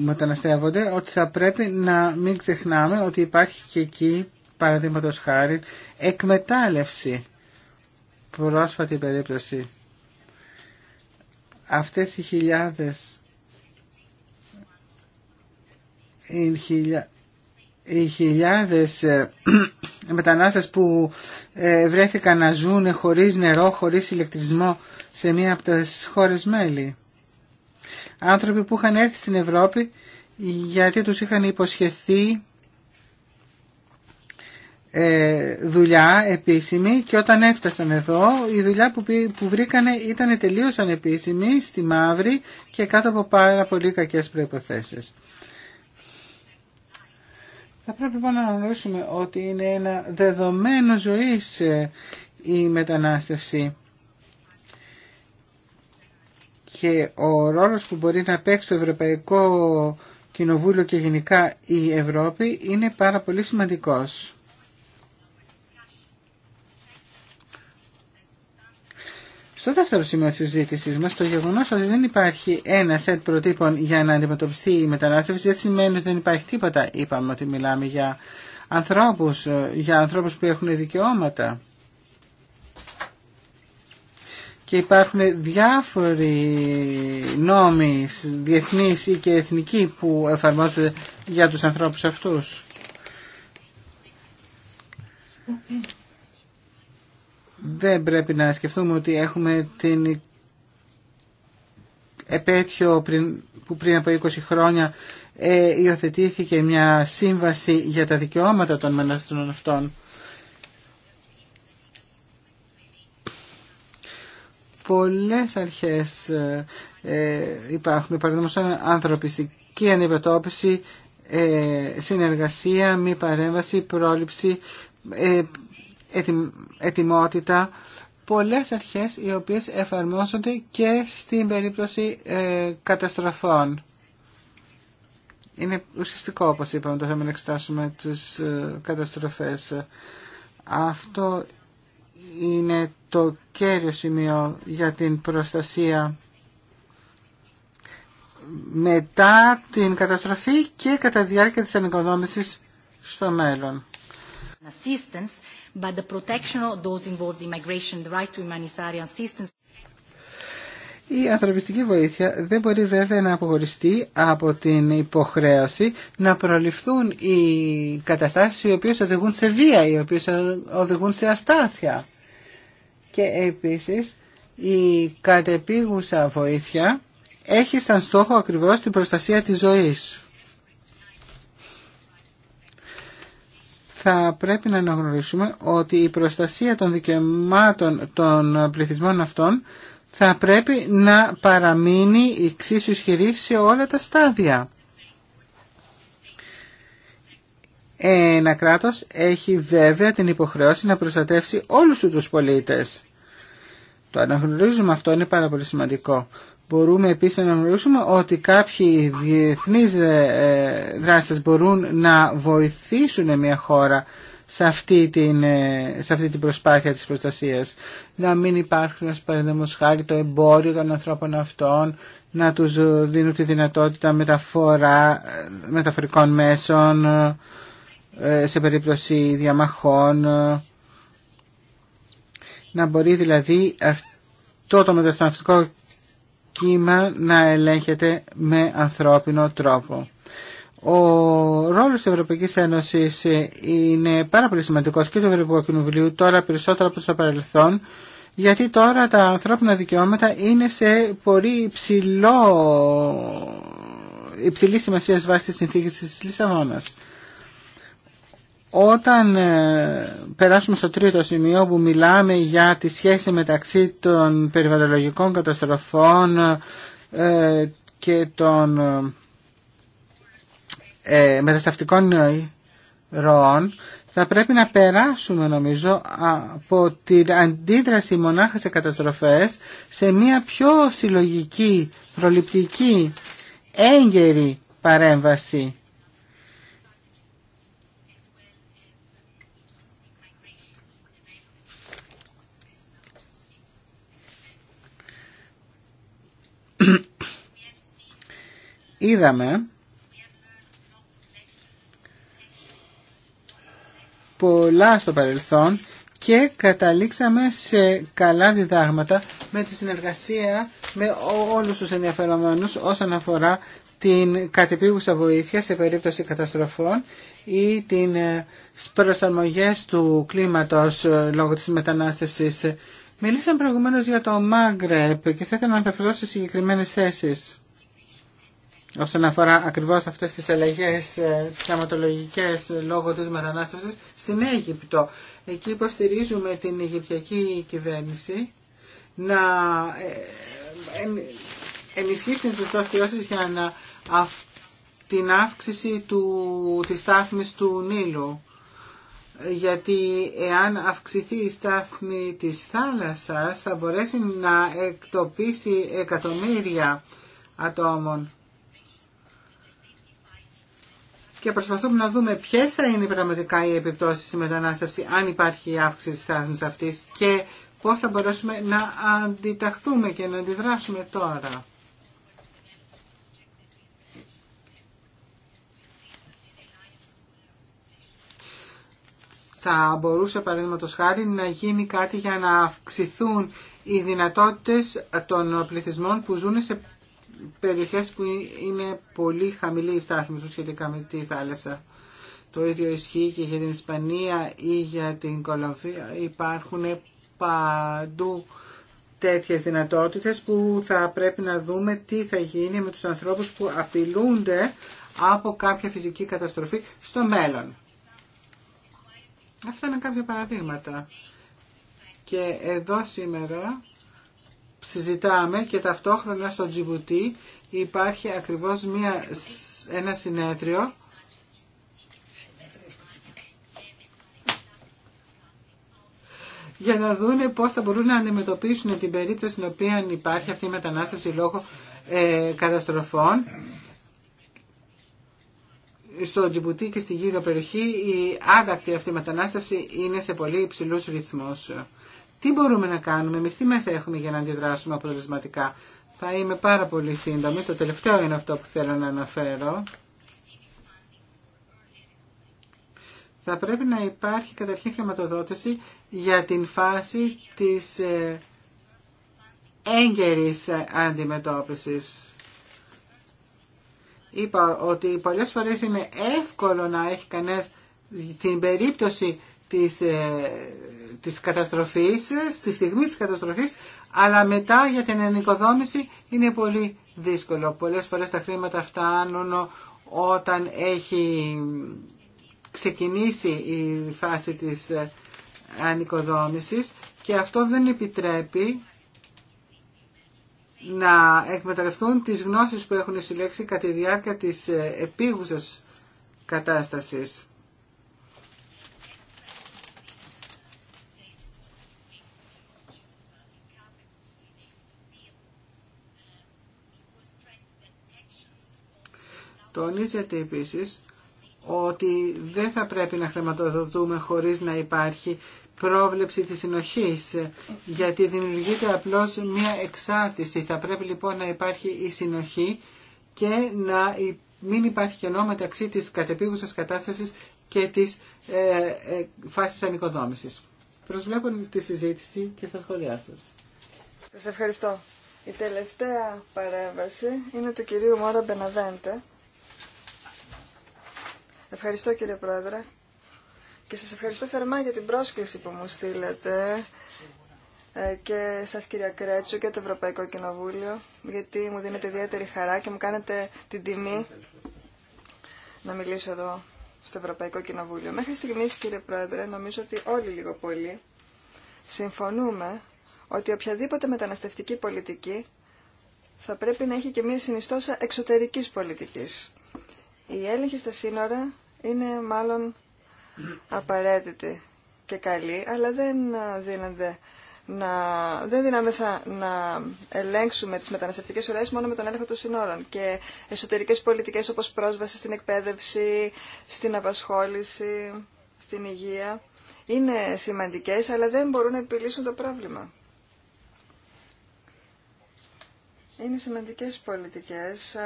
μεταναστεύονται, ότι θα πρέπει να μην ξεχνάμε ότι υπάρχει και εκεί, παραδείγματος χάρη, εκμετάλλευση. Πρόσφατη περίπτωση αυτές οι χιλιάδες οι, χιλιάδες ε, μετανάστες που ε, βρέθηκαν να ζουν χωρίς νερό, χωρίς ηλεκτρισμό σε μία από τις χώρες μέλη. Άνθρωποι που είχαν έρθει στην Ευρώπη γιατί τους είχαν υποσχεθεί ε, δουλειά επίσημη και όταν έφτασαν εδώ η δουλειά που, που βρήκανε ήταν τελείως ανεπίσημη στη μαύρη και κάτω από πάρα πολύ κακές προϋποθέσεις. Θα πρέπει λοιπόν να αναγνωρίσουμε ότι είναι ένα δεδομένο ζωής ε, η μετανάστευση και ο ρόλος που μπορεί να παίξει το Ευρωπαϊκό Κοινοβούλιο και γενικά η Ευρώπη είναι πάρα πολύ σημαντικός. Στο δεύτερο σημείο της συζήτησή μας, το γεγονός ότι δεν υπάρχει ένα σετ προτύπων για να αντιμετωπιστεί η μετανάστευση δεν σημαίνει ότι δεν υπάρχει τίποτα. Είπαμε ότι μιλάμε για ανθρώπους, ε, για ανθρώπους που έχουν δικαιώματα. Και υπάρχουν διάφοροι νόμοι διεθνείς ή και εθνικοί που εφαρμόζονται για τους ανθρώπους αυτούς δεν πρέπει να σκεφτούμε ότι έχουμε την επέτειο πριν, που πριν από 20 χρόνια ε, υιοθετήθηκε μια σύμβαση για τα δικαιώματα των μεταναστών αυτών. Πολλές αρχές ε, υπάρχουν, παραδείγματος ανθρωπιστική αντιμετώπιση, ε, συνεργασία, μη παρέμβαση, πρόληψη, ε, ετοιμότητα πολλές αρχές οι οποίες εφαρμόζονται και στην περίπτωση ε, καταστροφών. Είναι ουσιαστικό, όπως είπαμε, το θέμα να εξετάσουμε τις ε, καταστροφές. Αυτό είναι το κέριο σημείο για την προστασία μετά την καταστροφή και κατά διάρκεια της ανοικοδόμησης στο μέλλον but the protection of those involved in migration, the right to humanitarian assistance. Η ανθρωπιστική βοήθεια δεν μπορεί βέβαια να αποχωριστεί από την υποχρέωση να προληφθούν οι καταστάσεις οι οποίες οδηγούν σε βία, οι οποίες οδηγούν σε αστάθεια. Και επίσης η κατεπίγουσα βοήθεια έχει σαν στόχο ακριβώς την προστασία της ζωής. θα πρέπει να αναγνωρίσουμε ότι η προστασία των δικαιωμάτων των πληθυσμών αυτών θα πρέπει να παραμείνει εξίσου ισχυρή σε όλα τα στάδια. Ένα κράτος έχει βέβαια την υποχρέωση να προστατεύσει όλους τους πολίτες. Το αναγνωρίζουμε αυτό είναι πάρα πολύ σημαντικό. Μπορούμε επίσης να αναγνωρίσουμε ότι κάποιοι διεθνείς ε, δράσεις μπορούν να βοηθήσουν μια χώρα σε αυτή την, ε, σε αυτή την προσπάθεια της προστασίας. Να μην υπάρχουν, ας παραδείγματος χάρη, το εμπόριο των ανθρώπων αυτών, να τους δίνουν τη δυνατότητα μεταφορά, ε, μεταφορικών μέσων σε περίπτωση διαμαχών. Να μπορεί δηλαδή αυτό το κύμα να ελέγχεται με ανθρώπινο τρόπο. Ο ρόλος της Ευρωπαϊκής Ένωσης είναι πάρα πολύ σημαντικός και του Ευρωπαϊκού Κοινοβουλίου τώρα περισσότερο από το παρελθόν γιατί τώρα τα ανθρώπινα δικαιώματα είναι σε πολύ υψηλό, υψηλή σημασία βάσει τη συνθήκης της Λισαβόνα. Όταν ε, περάσουμε στο τρίτο σημείο που μιλάμε για τη σχέση μεταξύ των περιβαλλοντικών καταστροφών ε, και των ε, μετασταυτικών ροών, θα πρέπει να περάσουμε νομίζω από την αντίδραση μονάχα σε καταστροφές σε μια πιο συλλογική, προληπτική, έγκαιρη παρέμβαση είδαμε πολλά στο παρελθόν και καταλήξαμε σε καλά διδάγματα με τη συνεργασία με όλους τους ενδιαφερομένους όσον αφορά την κατεπίγουσα βοήθεια σε περίπτωση καταστροφών ή την ε, προσαρμογές του κλίματος ε, λόγω της μετανάστευσης Μιλήσαμε προηγουμένω για το Μάγκρεπ και θα ήθελα να αναφερθώ σε συγκεκριμένε θέσει όσον αφορά ακριβώ αυτέ τι αλλαγέ ε, θεματολογικέ ε, λόγω τη μετανάστευση στην Αίγυπτο. Εκεί υποστηρίζουμε την Αιγυπτιακή κυβέρνηση να ε, ενισχύσει τι δραστηριότητε για να την αύξηση του, της στάθμης του Νείλου γιατί εάν αυξηθεί η στάθμη της θάλασσας θα μπορέσει να εκτοπίσει εκατομμύρια ατόμων. Και προσπαθούμε να δούμε ποιες θα είναι πραγματικά οι επιπτώσεις στη μετανάστευση αν υπάρχει η αύξηση της στάθμης αυτής και πώς θα μπορέσουμε να αντιταχθούμε και να αντιδράσουμε τώρα. Θα μπορούσε παραδείγματο χάρη να γίνει κάτι για να αυξηθούν οι δυνατότητες των πληθυσμών που ζουν σε περιοχές που είναι πολύ χαμηλή η στάθμη του σχετικά με τη θάλασσα. Το ίδιο ισχύει και για την Ισπανία ή για την Κολομβία. Υπάρχουν παντού τέτοιες δυνατότητες που θα πρέπει να δούμε τι θα γίνει με τους ανθρώπους που απειλούνται από κάποια φυσική καταστροφή στο μέλλον. Αυτά είναι κάποια παραδείγματα. Και εδώ σήμερα συζητάμε και ταυτόχρονα στο Τζιμπουτί υπάρχει ακριβώς μια, ένα συνέδριο για να δούνε πώς θα μπορούν να αντιμετωπίσουν την περίπτωση στην οποία υπάρχει αυτή η μετανάστευση λόγω ε, καταστροφών στο Τζιμπουτί και στη γύρω περιοχή η άδακτη αυτή μετανάστευση είναι σε πολύ υψηλούς ρυθμούς. Τι μπορούμε να κάνουμε, εμεί τι μέσα έχουμε για να αντιδράσουμε αποτελεσματικά. Θα είμαι πάρα πολύ σύντομη, το τελευταίο είναι αυτό που θέλω να αναφέρω. Θα πρέπει να υπάρχει καταρχήν χρηματοδότηση για την φάση της ε, έγκαιρης ε, αντιμετώπισης είπα ότι πολλές φορές είναι εύκολο να έχει κανένας την περίπτωση της, ε, της καταστροφής, ε, στη στιγμή της καταστροφής, αλλά μετά για την ενοικοδόμηση είναι πολύ δύσκολο. Πολλές φορές τα χρήματα φτάνουν όταν έχει ξεκινήσει η φάση της ε, ανοικοδόμησης και αυτό δεν επιτρέπει να εκμεταλλευτούν τις γνώσεις που έχουν συλλέξει κατά τη διάρκεια της ε, επίγουσας κατάστασης. Τονίζεται επίσης ότι δεν θα πρέπει να χρηματοδοτούμε χωρίς να υπάρχει πρόβλεψη της συνοχής, γιατί δημιουργείται απλώς μία εξάρτηση. Θα πρέπει λοιπόν να υπάρχει η συνοχή και να μην υπάρχει κενό μεταξύ της κατεπίγουσας κατάστασης και της ε, ε, φάσης ανοικοδόμησης. Προσβλέπω τη συζήτηση και στα σχόλιά σας. Σας ευχαριστώ. Η τελευταία παρέμβαση είναι του κυρίου Μόρα Μπεναβέντε. Ευχαριστώ κύριε Πρόεδρε και σας ευχαριστώ θερμά για την πρόσκληση που μου στείλετε ε, και σας κυρία Κρέτσου και το Ευρωπαϊκό Κοινοβούλιο γιατί μου δίνετε ιδιαίτερη χαρά και μου κάνετε την τιμή να μιλήσω εδώ στο Ευρωπαϊκό Κοινοβούλιο. Μέχρι στιγμής κύριε Πρόεδρε νομίζω ότι όλοι λίγο πολύ συμφωνούμε ότι οποιαδήποτε μεταναστευτική πολιτική θα πρέπει να έχει και μία συνιστόσα εξωτερικής πολιτικής. Η έλεγχη στα σύνορα είναι μάλλον απαραίτητη και καλή, αλλά δεν δίνεται να, δεν να ελέγξουμε τις μεταναστευτικές ουρές μόνο με τον έλεγχο των συνόρων και εσωτερικές πολιτικές όπως πρόσβαση στην εκπαίδευση, στην απασχόληση, στην υγεία είναι σημαντικές αλλά δεν μπορούν να επιλύσουν το πρόβλημα. Είναι σημαντικές πολιτικές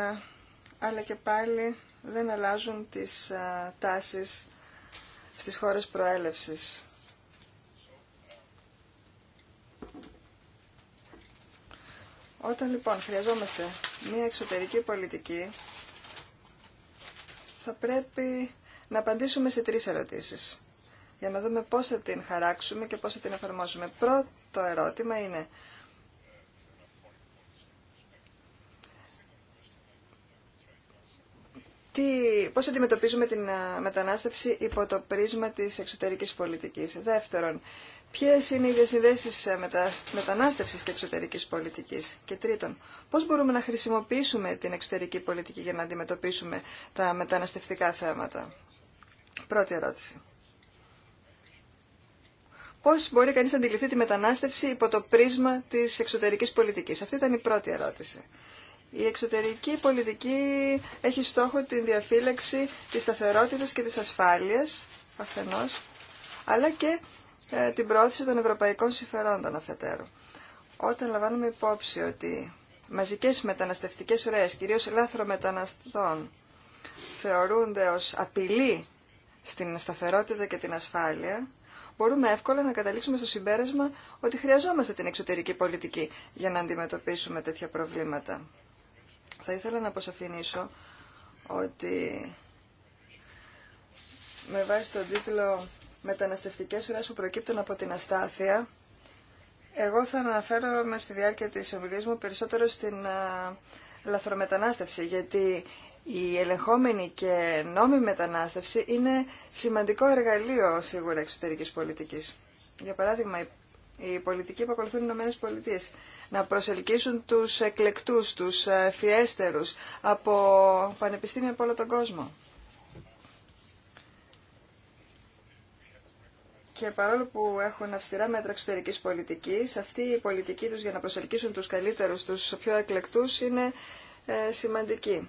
αλλά και πάλι δεν αλλάζουν τις τάσεις στις χώρες προέλευσης. Όταν λοιπόν χρειαζόμαστε μία εξωτερική πολιτική, θα πρέπει να απαντήσουμε σε τρεις ερωτήσεις, για να δούμε πώς θα την χαράξουμε και πώς θα την εφαρμόσουμε. Πρώτο ερώτημα είναι, τι, πώς αντιμετωπίζουμε την ε, μετανάστευση υπό το πρίσμα της εξωτερικής πολιτικής. Δεύτερον, ποιες είναι οι διασυνδέσεις ε, μετανάστευσης και εξωτερικής πολιτικής. Και τρίτον, πώς μπορούμε να χρησιμοποιήσουμε την εξωτερική πολιτική για να αντιμετωπίσουμε τα μεταναστευτικά θέματα. Πρώτη ερώτηση. Πώς μπορεί κανείς να αντιληφθεί τη μετανάστευση υπό το πρίσμα της εξωτερικής πολιτικής. Αυτή ήταν η πρώτη ερώτηση. Η εξωτερική πολιτική έχει στόχο την διαφύλαξη της σταθερότητας και της ασφάλειας, αφενός, αλλά και ε, την πρόθεση των ευρωπαϊκών συμφερόντων αφετέρου. Όταν λαμβάνουμε υπόψη ότι μαζικές μεταναστευτικές ουρές, κυρίως λάθρο μεταναστών, θεωρούνται ως απειλή στην σταθερότητα και την ασφάλεια, μπορούμε εύκολα να καταλήξουμε στο συμπέρασμα ότι χρειαζόμαστε την εξωτερική πολιτική για να αντιμετωπίσουμε τέτοια προβλήματα. Θα ήθελα να αποσαφηνίσω ότι με βάση τον τίτλο «Μεταναστευτικές ώρες που προκύπτουν από την αστάθεια» εγώ θα αναφέρω με στη διάρκεια της ομιλίας μου περισσότερο στην α, λαθρομετανάστευση γιατί η ελεγχόμενη και νόμιμη μετανάστευση είναι σημαντικό εργαλείο σίγουρα εξωτερικής πολιτικής. Για παράδειγμα, η πολιτική που ακολουθούν οι Ηνωμένε Πολιτείες Να προσελκύσουν τους εκλεκτούς, τους ε, φιέστερους από πανεπιστήμια από όλο τον κόσμο. Και παρόλο που έχουν αυστηρά μέτρα εξωτερική πολιτική, αυτή η πολιτική του για να προσελκύσουν του καλύτερου, του πιο εκλεκτού, είναι ε, σημαντική.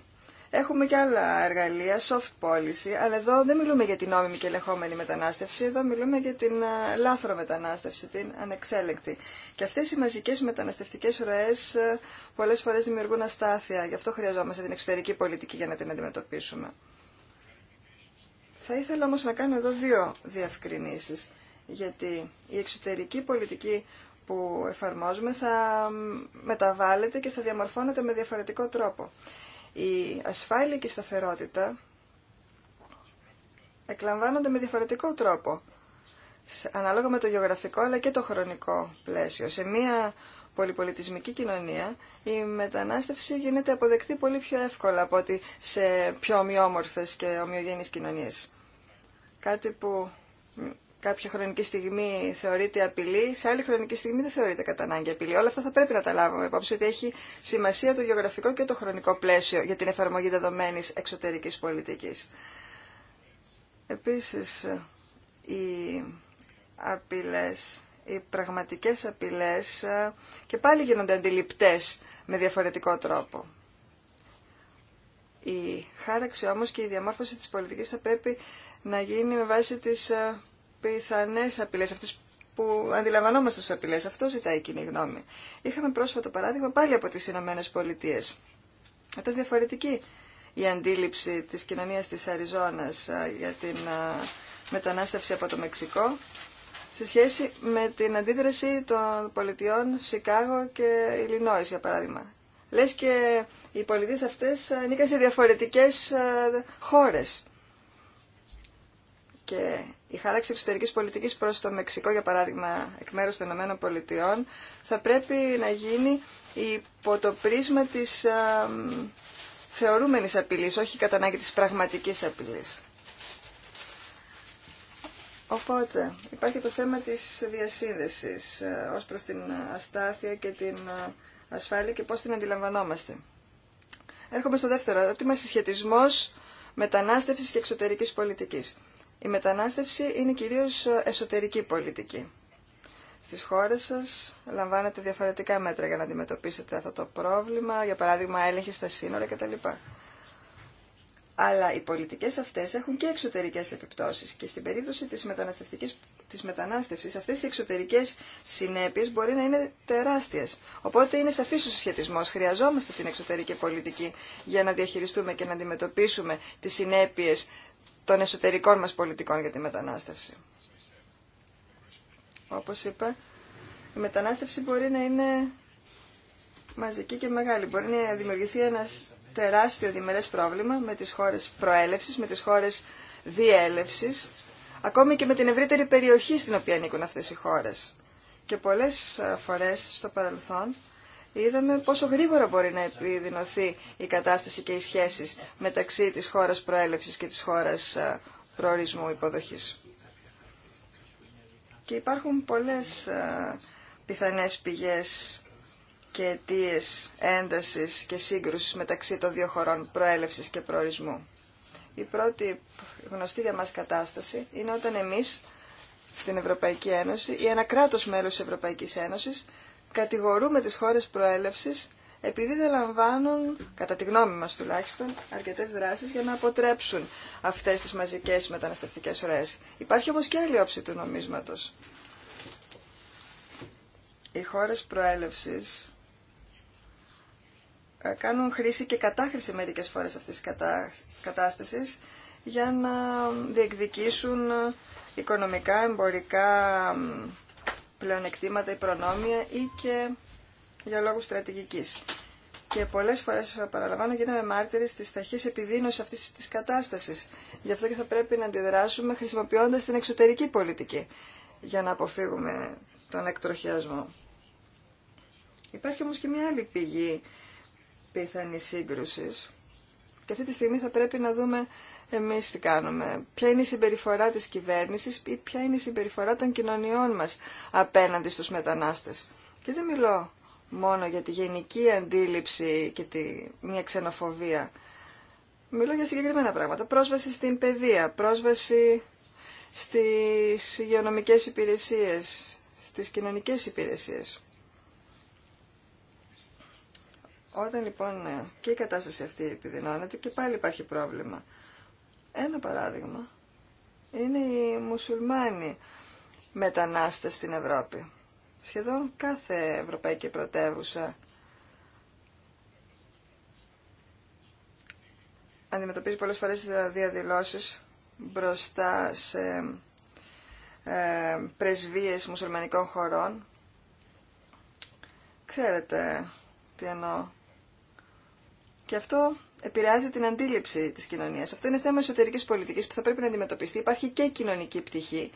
Έχουμε και άλλα εργαλεία, soft policy, αλλά εδώ δεν μιλούμε για την νόμιμη και ελεγχόμενη μετανάστευση, εδώ μιλούμε για την λάθρο μετανάστευση, την ανεξέλεκτη. Και αυτές οι μαζικές μεταναστευτικές ροές πολλές φορές δημιουργούν αστάθεια, γι' αυτό χρειαζόμαστε την εξωτερική πολιτική για να την αντιμετωπίσουμε. Θα ήθελα όμως να κάνω εδώ δύο διευκρινήσεις, γιατί η εξωτερική πολιτική που εφαρμόζουμε θα μεταβάλλεται και θα διαμορφώνεται με διαφορετικό τρόπο. Η ασφάλεια και η σταθερότητα εκλαμβάνονται με διαφορετικό τρόπο, ανάλογα με το γεωγραφικό αλλά και το χρονικό πλαίσιο. Σε μία πολυπολιτισμική κοινωνία η μετανάστευση γίνεται αποδεκτή πολύ πιο εύκολα από ότι σε πιο ομοιόμορφες και ομοιογενείς κοινωνίες. Κάτι που κάποια χρονική στιγμή θεωρείται απειλή, σε άλλη χρονική στιγμή δεν θεωρείται κατά ανάγκη απειλή. Όλα αυτά θα πρέπει να τα λάβουμε υπόψη ότι έχει σημασία το γεωγραφικό και το χρονικό πλαίσιο για την εφαρμογή δεδομένη εξωτερική πολιτική. Επίση, οι απειλέ, οι πραγματικέ απειλέ ε, και πάλι γίνονται αντιληπτέ με διαφορετικό τρόπο. Η χάραξη όμως και η διαμόρφωση της πολιτικής θα πρέπει να γίνει με βάση τις ε, πιθανέ απειλέ αυτές που αντιλαμβανόμαστε ω απειλές. Αυτό ζητάει η κοινή γνώμη. Είχαμε πρόσφατο παράδειγμα πάλι από τις Ηνωμένε Πολιτείε. Ήταν διαφορετική η αντίληψη της κοινωνίας της Αριζόνας για την μετανάστευση από το Μεξικό σε σχέση με την αντίδραση των πολιτιών Σικάγο και Ιλινόης, για παράδειγμα. Λες και οι πολιτείες αυτές ανήκαν σε διαφορετικές χώρες. Και η χάραξη εξωτερικής πολιτικής προς το Μεξικό, για παράδειγμα, εκ μέρους των Πολιτειών, θα πρέπει να γίνει υπό το πρίσμα της α, θεωρούμενης απειλής, όχι κατά ανάγκη της πραγματικής απειλής. Οπότε, υπάρχει το θέμα της διασύνδεσης ε, ως προς την αστάθεια και την ε, ασφάλεια και πώς την αντιλαμβανόμαστε. Έρχομαι στο δεύτερο ερώτημα, συσχετισμός μετανάστευσης και εξωτερικής πολιτικής. Η μετανάστευση είναι κυρίως εσωτερική πολιτική. Στις χώρες σας λαμβάνετε διαφορετικά μέτρα για να αντιμετωπίσετε αυτό το πρόβλημα, για παράδειγμα έλεγχη στα σύνορα κτλ. Αλλά οι πολιτικές αυτές έχουν και εξωτερικές επιπτώσεις και στην περίπτωση της, μεταναστευτικής, της μετανάστευσης αυτές οι εξωτερικές συνέπειες μπορεί να είναι τεράστιες. Οπότε είναι σαφής ο συσχετισμός. Χρειαζόμαστε την εξωτερική πολιτική για να διαχειριστούμε και να αντιμετωπίσουμε τις συνέπειες των εσωτερικών μας πολιτικών για τη μετανάστευση. Όπως είπα, η μετανάστευση μπορεί να είναι μαζική και μεγάλη. Μπορεί να δημιουργηθεί ένας τεράστιο διμερές πρόβλημα με τις χώρες προέλευσης, με τις χώρες διέλευσης, ακόμη και με την ευρύτερη περιοχή στην οποία ανήκουν αυτές οι χώρες. Και πολλές φορές στο παρελθόν είδαμε πόσο γρήγορα μπορεί να επιδεινωθεί η κατάσταση και οι σχέσεις μεταξύ της χώρας προέλευσης και της χώρας ε, προορισμού υποδοχής. Και υπάρχουν πολλές ε, πιθανές πηγές και αιτίε έντασης και σύγκρουσης μεταξύ των δύο χωρών προέλευσης και προορισμού. Η πρώτη γνωστή για μας κατάσταση είναι όταν εμείς στην Ευρωπαϊκή Ένωση ή ένα κράτος μέλος της Ευρωπαϊκής Ένωσης κατηγορούμε τις χώρες προέλευσης επειδή δεν λαμβάνουν, κατά τη γνώμη μας τουλάχιστον, αρκετές δράσεις για να αποτρέψουν αυτές τις μαζικές μεταναστευτικές ροές. Υπάρχει όμως και άλλη όψη του νομίσματος. Οι χώρες προέλευσης ε, κάνουν χρήση και κατάχρηση μερικές φορές αυτής της κατάστασης για να διεκδικήσουν ε, οικονομικά, εμπορικά πλεονεκτήματα ή προνόμια ή και για λόγους στρατηγικής. Και πολλές φορές, παραλαμβάνω, γίναμε μάρτυρες της ταχής επιδείνωσης αυτής της κατάστασης. Γι' αυτό και θα πρέπει να αντιδράσουμε χρησιμοποιώντας την εξωτερική πολιτική για να αποφύγουμε τον εκτροχιασμό. Υπάρχει όμως και μια άλλη πηγή πιθανής σύγκρουσης και αυτή τη στιγμή θα πρέπει να δούμε εμείς τι κάνουμε. Ποια είναι η συμπεριφορά τη κυβέρνηση ή ποια είναι η συμπεριφορά των κοινωνιών μας απέναντι στους μετανάστες. Και δεν μιλώ μόνο για τη γενική αντίληψη και τη, μια ξενοφοβία. Μιλώ για συγκεκριμένα πράγματα. Πρόσβαση στην παιδεία, πρόσβαση στις υγειονομικές υπηρεσίες, στις κοινωνικές υπηρεσίες. Όταν λοιπόν ε, και η κατάσταση αυτή επιδεινώνεται και πάλι υπάρχει πρόβλημα. Ένα παράδειγμα είναι οι μουσουλμάνοι μετανάστες στην Ευρώπη. Σχεδόν κάθε ευρωπαϊκή πρωτεύουσα αντιμετωπίζει πολλές φορές ε, διαδηλώσεις μπροστά σε ε, πρεσβείες μουσουλμανικών χωρών. Ξέρετε τι εννοώ. Και αυτό επηρεάζει την αντίληψη τη κοινωνία. Αυτό είναι θέμα εσωτερική πολιτική που θα πρέπει να αντιμετωπιστεί. Υπάρχει και κοινωνική πτυχή.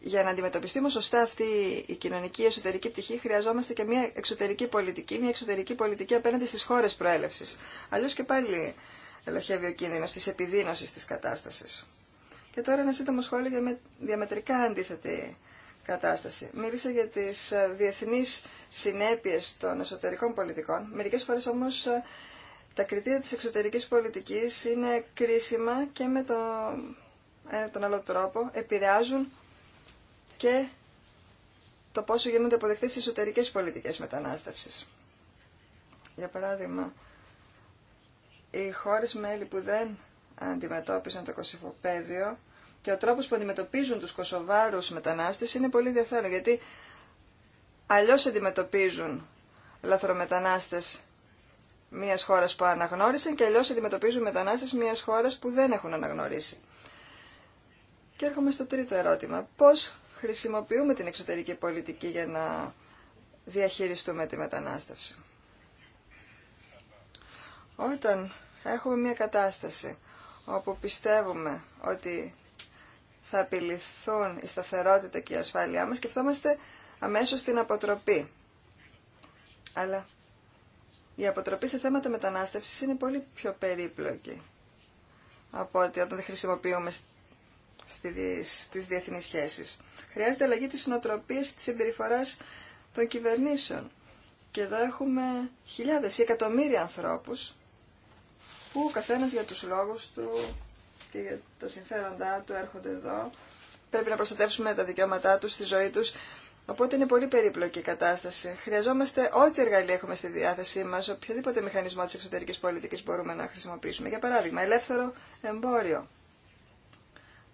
Για να αντιμετωπιστεί όμω σωστά αυτή η κοινωνική εσωτερική πτυχή χρειαζόμαστε και μια εξωτερική πολιτική, μια εξωτερική πολιτική απέναντι στι χώρε προέλευση. Αλλιώ και πάλι ελοχεύει ο κίνδυνο τη επιδείνωση τη κατάσταση. Και τώρα ένα σύντομο σχόλιο για διαμετρικά αντίθετη κατάσταση. Μίλησα για τι ε, διεθνεί συνέπειε των εσωτερικών πολιτικών. μερικέ φορέ όμω. Ε, τα κριτήρια της εξωτερικής πολιτικής είναι κρίσιμα και με τον ένα τον άλλο τρόπο επηρεάζουν και το πόσο γίνονται αποδεκτές οι εσωτερικές πολιτικές μετανάστευσης. Για παράδειγμα, οι χώρες μέλη που δεν αντιμετώπισαν το κοσυφοπαίδιο και ο τρόπος που αντιμετωπίζουν τους κοσοβάρους μετανάστες είναι πολύ ενδιαφέρον, γιατί αλλιώς αντιμετωπίζουν λαθρομετανάστες μια χώρα που αναγνώρισαν και αλλιώ αντιμετωπίζουν μετανάστε μια χώρα που δεν έχουν αναγνωρίσει. Και έρχομαι στο τρίτο ερώτημα. Πώ χρησιμοποιούμε την εξωτερική πολιτική για να διαχειριστούμε τη μετανάστευση. Όταν έχουμε μια κατάσταση όπου πιστεύουμε ότι θα απειληθούν η σταθερότητα και η ασφάλειά μας, σκεφτόμαστε αμέσως την αποτροπή. Αλλά η αποτροπή σε θέματα μετανάστευσης είναι πολύ πιο περίπλοκη από ότι όταν δεν χρησιμοποιούμε στις διεθνείς σχέσεις. Χρειάζεται αλλαγή της νοοτροπίας της συμπεριφοράς των κυβερνήσεων. Και εδώ έχουμε χιλιάδες ή εκατομμύρια ανθρώπους που ο καθένας για τους λόγους του και για τα συμφέροντά του έρχονται εδώ. Πρέπει να προστατεύσουμε τα δικαιώματά τους, στη ζωή τους Οπότε είναι πολύ περίπλοκη η κατάσταση. Χρειαζόμαστε ό,τι εργαλεία έχουμε στη διάθεσή μα, οποιοδήποτε μηχανισμό τη εξωτερική πολιτική μπορούμε να χρησιμοποιήσουμε. Για παράδειγμα, ελεύθερο εμπόριο.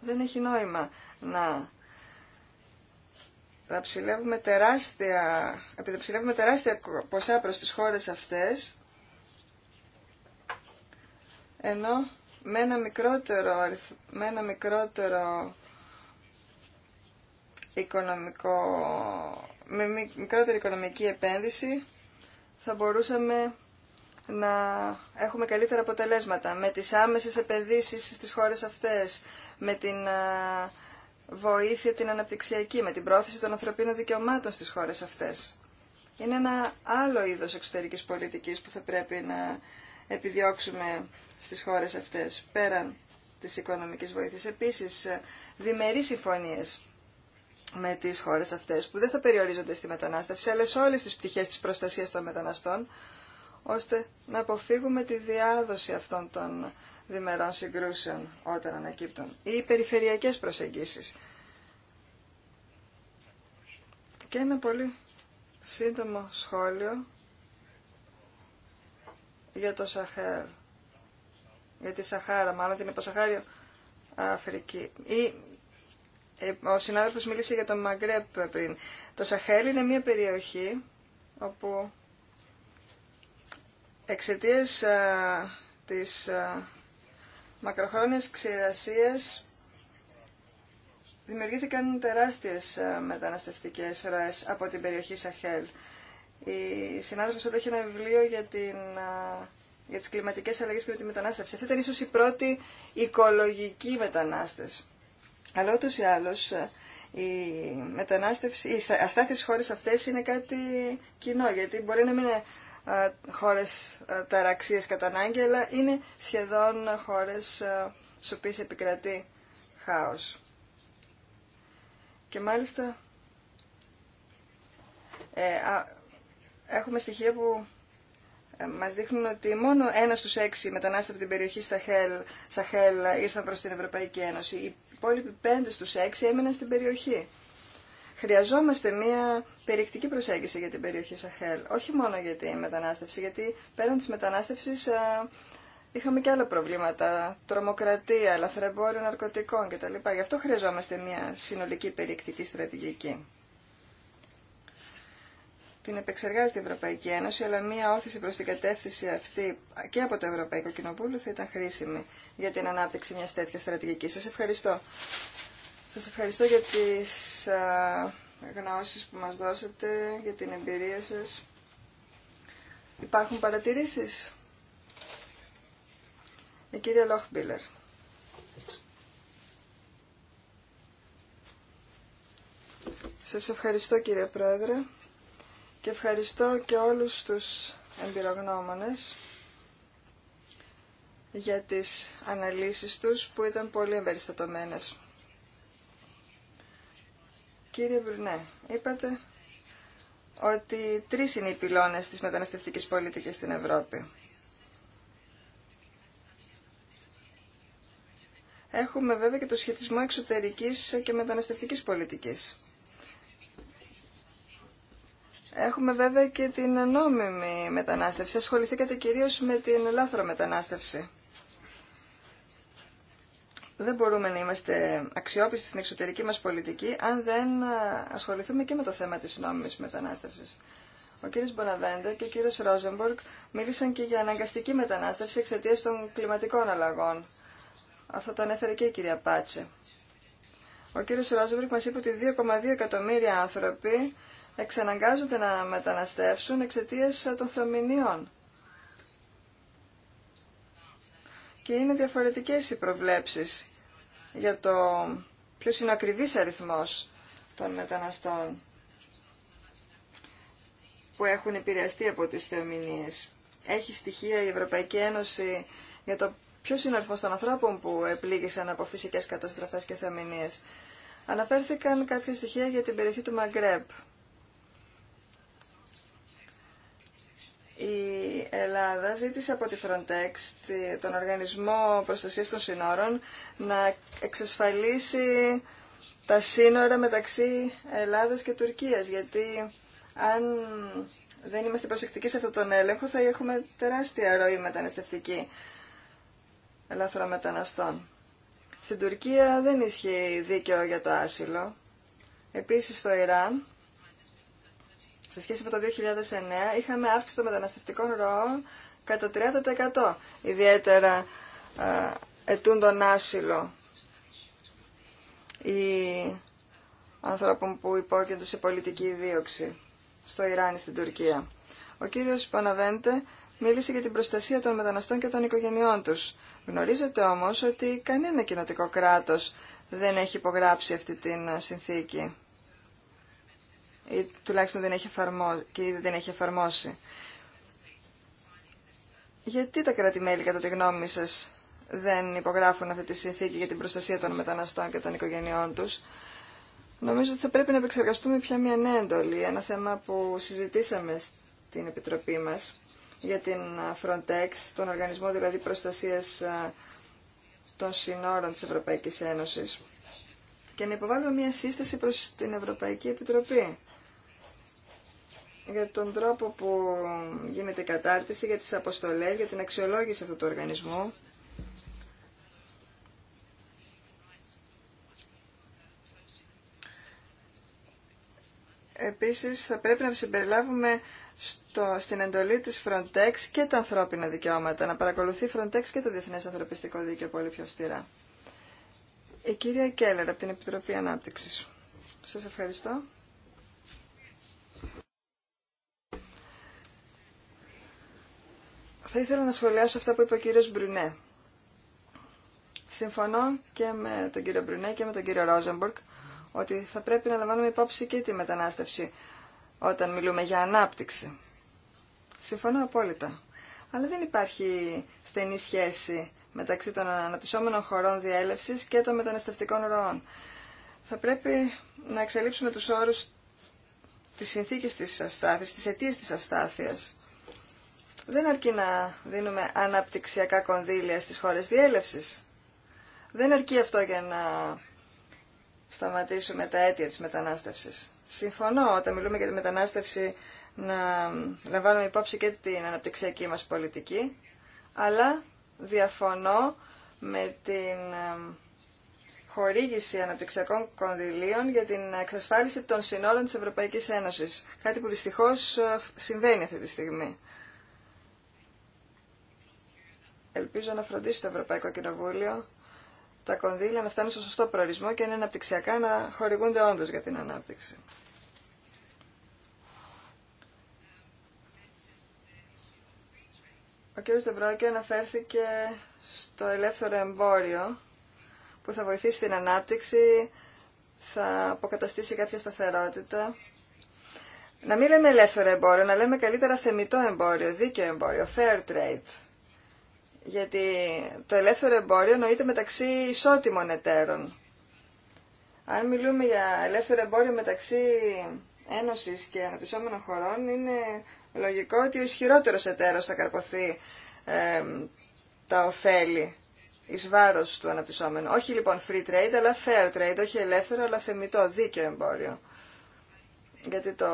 Δεν έχει νόημα να, να τεράστια, επειδή τεράστια ποσά προς τις χώρες αυτές, ενώ με ένα μικρότερο, με ένα μικρότερο οικονομικό, με μικρότερη οικονομική επένδυση θα μπορούσαμε να έχουμε καλύτερα αποτελέσματα με τις άμεσες επενδύσεις στις χώρες αυτές, με την βοήθεια την αναπτυξιακή, με την πρόθεση των ανθρωπίνων δικαιωμάτων στις χώρες αυτές. Είναι ένα άλλο είδος εξωτερικής πολιτικής που θα πρέπει να επιδιώξουμε στις χώρες αυτές, πέραν της οικονομικής βοήθειας. Επίσης, διμερείς συμφωνίες με τις χώρες αυτές που δεν θα περιορίζονται στη μετανάστευση αλλά σε όλες τις πτυχές της προστασίας των μεταναστών ώστε να αποφύγουμε τη διάδοση αυτών των διμερών συγκρούσεων όταν ανακύπτουν ή περιφερειακές προσεγγίσεις. Και ένα πολύ σύντομο σχόλιο για το Σαχέρ, για τη Σαχάρα, μάλλον την υποσαχάριο Αφρική. Η ε, ο συνάδελφος μίλησε για το Μαγκρέπ πριν. Το Σαχέλ είναι μια περιοχή όπου εξαιτίας της μακροχρόνιας ξηρασίας δημιουργήθηκαν τεράστιες μεταναστευτικές ροές από την περιοχή Σαχέλ. Η συνάδελφος εδώ έχει ένα βιβλίο για, την, για τις κλιματικές αλλαγές και με τη μετανάστευση. Αυτή ήταν ίσως η πρώτη οικολογική μετανάστευση. Αλλά ούτως ή άλλως ε, η μετανάστευση, οι αστάθειες χώρες αυτές είναι κάτι κοινό, γιατί μπορεί να μην είναι ε, χώρες ε, ταραξίες κατά ανάγκη, αλλά είναι σχεδόν χώρες στις οποίες επικρατεί χάος. Και μάλιστα έχουμε στοιχεία που μας δείχνουν ότι μόνο ένα στους έξι μετανάστες από την περιοχή Σαχέλ, Σαχέλ ήρθαν προς την Ευρωπαϊκή Ένωση υπόλοιποι πέντε στους 6 έμειναν στην περιοχή. Χρειαζόμαστε μια περιεκτική προσέγγιση για την περιοχή Σαχέλ, όχι μόνο για την μετανάστευση, γιατί πέραν της μετανάστευσης ε, είχαμε και άλλα προβλήματα, τρομοκρατία, λαθρεμπόριο ναρκωτικών κτλ. Γι' αυτό χρειαζόμαστε μια συνολική περιεκτική στρατηγική την επεξεργάζεται η Ευρωπαϊκή Ένωση, αλλά μία όθηση προς την κατεύθυνση αυτή και από το Ευρωπαϊκό Κοινοβούλιο θα ήταν χρήσιμη για την ανάπτυξη μιας τέτοιας στρατηγικής. Σας ευχαριστώ. Σας ευχαριστώ για τις γνώσεις που μας δώσατε, για την εμπειρία σας. Υπάρχουν παρατηρήσεις. Η κυρία Λόχμπίλερ. Σας ευχαριστώ κύριε Πρόεδρε και ευχαριστώ και όλους τους εμπειρογνώμονες για τις αναλύσεις τους που ήταν πολύ εμπεριστατωμένες. Κύριε Μπρουνέ, είπατε ότι τρεις είναι οι πυλώνες της μεταναστευτικής πολιτικής στην Ευρώπη. Έχουμε βέβαια και το σχετισμό εξωτερικής και μεταναστευτικής πολιτικής. Έχουμε βέβαια και την νόμιμη μετανάστευση. Ασχοληθήκατε κυρίως με την λάθρο μετανάστευση. Δεν μπορούμε να είμαστε αξιόπιστοι στην εξωτερική μας πολιτική αν δεν ασχοληθούμε και με το θέμα της νόμιμης μετανάστευσης. Ο κύριος Μποναβέντε και ο κύριος Ρόζεμπορκ μίλησαν και για αναγκαστική μετανάστευση εξαιτία των κλιματικών αλλαγών. Αυτό το ανέφερε και η κυρία Πάτσε. Ο κύριος Ρόζεμπορκ μας είπε ότι 2,2 εκατομμύρια άνθρωποι εξαναγκάζονται να μεταναστεύσουν εξαιτίας των θεομηνιών. Και είναι διαφορετικές οι προβλέψεις για το ποιος είναι ο ακριβής αριθμός των μεταναστών που έχουν επηρεαστεί από τις θεομηνίες. Έχει στοιχεία η Ευρωπαϊκή Ένωση για το ποιος είναι ο αριθμός των ανθρώπων που επλήγησαν από φυσικές καταστροφές και θεομηνίες. Αναφέρθηκαν κάποια στοιχεία για την περιοχή του Μαγκρέπ. η Ελλάδα ζήτησε από τη Frontex, τον Οργανισμό Προστασίας των Συνόρων, να εξασφαλίσει τα σύνορα μεταξύ Ελλάδας και Τουρκίας, γιατί αν δεν είμαστε προσεκτικοί σε αυτόν τον έλεγχο θα έχουμε τεράστια ροή μεταναστευτική μεταναστών. Στην Τουρκία δεν ισχύει δίκαιο για το άσυλο. Επίσης στο Ιράν σε σχέση με το 2009 είχαμε αύξηση των μεταναστευτικών ροών κατά 30%. Ιδιαίτερα ετούν τον άσυλο οι ανθρώπων που υπόκεινται σε πολιτική δίωξη στο Ιράν ή στην Τουρκία. Ο κύριος Παναβέντε μίλησε για την προστασία των μεταναστών και των οικογενειών τους. Γνωρίζετε όμως ότι κανένα κοινοτικό κράτος δεν έχει υπογράψει αυτή την συνθήκη ή τουλάχιστον δεν έχει, εφαρμόσει, και δεν έχει εφαρμόσει. Γιατί τα κράτη-μέλη, κατά τη γνώμη σας, δεν υπογράφουν αυτή τη συνθήκη για την προστασία των μεταναστών και των οικογενειών τους. Νομίζω ότι θα πρέπει να επεξεργαστούμε πια μια νέα εντολή, ένα θέμα που συζητήσαμε στην Επιτροπή μας για την Frontex, τον Οργανισμό δηλαδή Προστασίας των Συνόρων της Ευρωπαϊκής Ένωσης και να υποβάλουμε μια σύσταση προς την Ευρωπαϊκή Επιτροπή για τον τρόπο που γίνεται η κατάρτιση, για τις αποστολές, για την αξιολόγηση αυτού του οργανισμού. Επίσης, θα πρέπει να συμπεριλάβουμε στο, στην εντολή της Frontex και τα ανθρώπινα δικαιώματα, να παρακολουθεί Frontex και το Διεθνές Ανθρωπιστικό Δίκαιο πολύ πιο αυστηρά. Η κυρία Κέλλερ από την Επιτροπή Ανάπτυξης. Σας ευχαριστώ. Θα ήθελα να σχολιάσω αυτά που είπε ο κύριος Μπρουνέ. Συμφωνώ και με τον κύριο Μπρουνέ και με τον κύριο Ρόζεμπορκ ότι θα πρέπει να λαμβάνουμε υπόψη και τη μετανάστευση όταν μιλούμε για ανάπτυξη. Συμφωνώ απόλυτα. Αλλά δεν υπάρχει στενή σχέση μεταξύ των αναπτυσσόμενων χωρών διέλευσης και των μεταναστευτικών ροών. Θα πρέπει να εξελίψουμε τους όρους της συνθήκης της αστάθειας, τις αιτίες της αστάθειας δεν αρκεί να δίνουμε αναπτυξιακά κονδύλια στις χώρες διέλευσης. Δεν αρκεί αυτό για να σταματήσουμε τα αίτια της μετανάστευσης. Συμφωνώ όταν μιλούμε για τη μετανάστευση να λαμβάνουμε υπόψη και την αναπτυξιακή μας πολιτική, αλλά διαφωνώ με την χορήγηση αναπτυξιακών κονδυλίων για την εξασφάλιση των συνόρων της Ευρωπαϊκής Ένωσης, κάτι που δυστυχώς ε, συμβαίνει αυτή τη στιγμή ελπίζω να φροντίσει το Ευρωπαϊκό Κοινοβούλιο τα κονδύλια να φτάνουν στο σωστό προορισμό και να είναι αναπτυξιακά να χορηγούνται όντω για την ανάπτυξη. Ο κ. Δεμπρόκη αναφέρθηκε στο ελεύθερο εμπόριο που θα βοηθήσει την ανάπτυξη, θα αποκαταστήσει κάποια σταθερότητα. Να μην λέμε ελεύθερο εμπόριο, να λέμε καλύτερα θεμητό εμπόριο, δίκαιο εμπόριο, fair trade γιατί το ελεύθερο εμπόριο νοείται μεταξύ ισότιμων εταίρων. Αν μιλούμε για ελεύθερο εμπόριο μεταξύ Ένωσης και αναπτυσσόμενων χωρών, είναι λογικό ότι ο ισχυρότερος εταίρος θα καρποθεί τα ωφέλη εις βάρος του αναπτυσσόμενου. Όχι λοιπόν free trade, αλλά fair trade, όχι ελεύθερο, αλλά θεμητό, δίκαιο εμπόριο. Γιατί το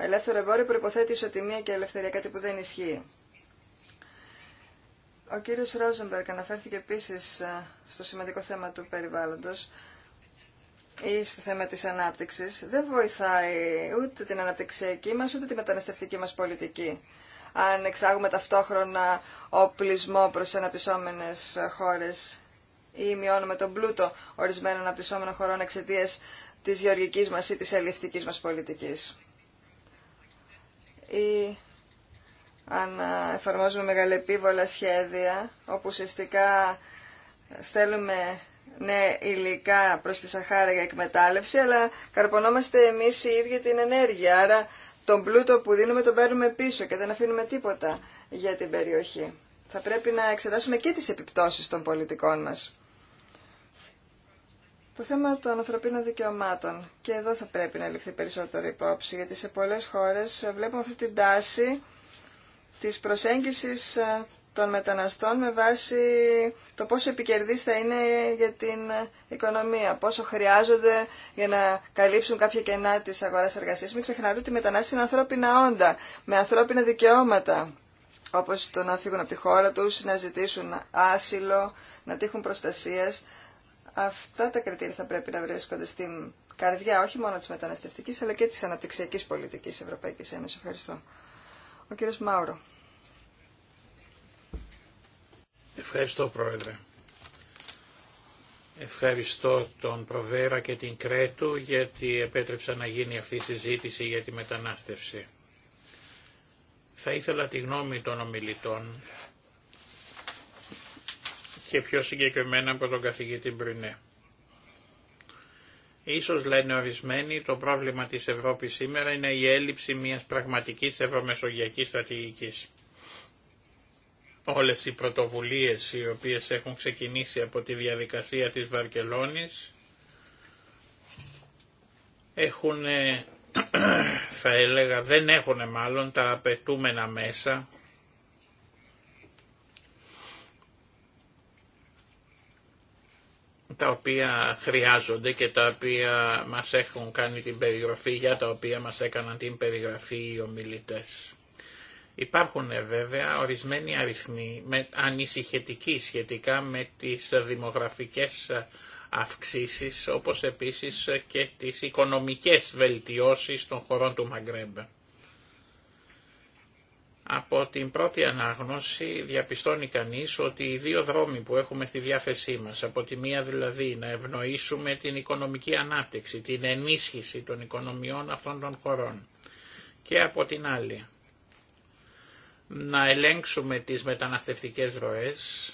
ελεύθερο εμπόριο προϋποθέτει ισοτιμία και ελευθερία, κάτι που δεν ισχύει. Ο κύριος Ρόζενμπεργκ αναφέρθηκε επίσης ε, στο σημαντικό θέμα του περιβάλλοντος ή στο θέμα της ανάπτυξης. Δεν βοηθάει ούτε την αναπτυξιακή μας, ούτε τη μεταναστευτική μας πολιτική. Αν εξάγουμε ταυτόχρονα οπλισμό προς αναπτυσσόμενες χώρες ή μειώνουμε τον πλούτο ορισμένων αναπτυσσόμενων χωρών εξαιτία της γεωργικής μας ή της αλληλευτικής μας πολιτικής. η στο θεμα της αναπτυξης δεν βοηθαει ουτε την αναπτυξιακη μας ουτε τη μεταναστευτικη μας πολιτικη αν εξαγουμε ταυτοχρονα οπλισμο προς αναπτυσσομενες χωρες η μειωνουμε τον πλουτο ορισμενων αναπτυσσομενων χωρων εξαιτια της γεωργικης μας η της ελλειφτικής μας πολιτικης αν ε, εφαρμόζουμε μεγαλεπίβολα σχέδια, όπου ουσιαστικά στέλνουμε ναι, υλικά προς τη Σαχάρα για εκμετάλλευση, αλλά καρπονόμαστε εμείς οι ίδιοι την ενέργεια. Άρα τον πλούτο που δίνουμε τον παίρνουμε πίσω και δεν αφήνουμε τίποτα για την περιοχή. Θα πρέπει να εξετάσουμε και τις επιπτώσεις των πολιτικών μας. Το θέμα των ανθρωπίνων δικαιωμάτων. Και εδώ θα πρέπει να ληφθεί περισσότερο υπόψη, γιατί σε πολλές χώρες βλέπουμε αυτή την τάση της προσέγγισης ε, των μεταναστών με βάση το πόσο επικερδής θα είναι για την ε, οικονομία, πόσο χρειάζονται για να καλύψουν κάποια κενά της αγοράς εργασίας. Μην ξεχνάτε ότι οι μετανάστες είναι ανθρώπινα όντα, με ανθρώπινα δικαιώματα, όπως το να φύγουν από τη χώρα τους, να ζητήσουν άσυλο, να τύχουν προστασίες. Αυτά τα κριτήρια θα πρέπει να βρίσκονται στην καρδιά όχι μόνο της μεταναστευτικής αλλά και της αναπτυξιακής πολιτικής Ευρωπαϊκής Ένωσης. Ευχαριστώ. Ο κύριος Μάουρο. Ευχαριστώ Πρόεδρε. Ευχαριστώ τον Προβέρα και την Κρέτου γιατί επέτρεψα να γίνει αυτή η συζήτηση για τη μετανάστευση. Θα ήθελα τη γνώμη των ομιλητών και πιο συγκεκριμένα από τον καθηγητή Μπρινέ. Ίσως λένε ορισμένοι το πρόβλημα της Ευρώπης σήμερα είναι η έλλειψη μιας πραγματικής ευρωμεσογειακής στρατηγικής. Όλες οι πρωτοβουλίες οι οποίες έχουν ξεκινήσει από τη διαδικασία της Βαρκελόνης έχουν, θα έλεγα, δεν έχουν μάλλον τα απαιτούμενα μέσα τα οποία χρειάζονται και τα οποία μας έχουν κάνει την περιγραφή, για τα οποία μας έκαναν την περιγραφή οι ομιλητές. Υπάρχουν ε, βέβαια ορισμένοι αριθμοί με, ανησυχητικοί σχετικά με τις δημογραφικές αυξήσεις, όπως επίσης και τις οικονομικές βελτιώσεις των χωρών του Μαγκρέμπ. Από την πρώτη ανάγνωση διαπιστώνει κανείς ότι οι δύο δρόμοι που έχουμε στη διάθεσή μας, από τη μία δηλαδή να ευνοήσουμε την οικονομική ανάπτυξη, την ενίσχυση των οικονομιών αυτών των χωρών και από την άλλη να ελέγξουμε τις μεταναστευτικές ροές,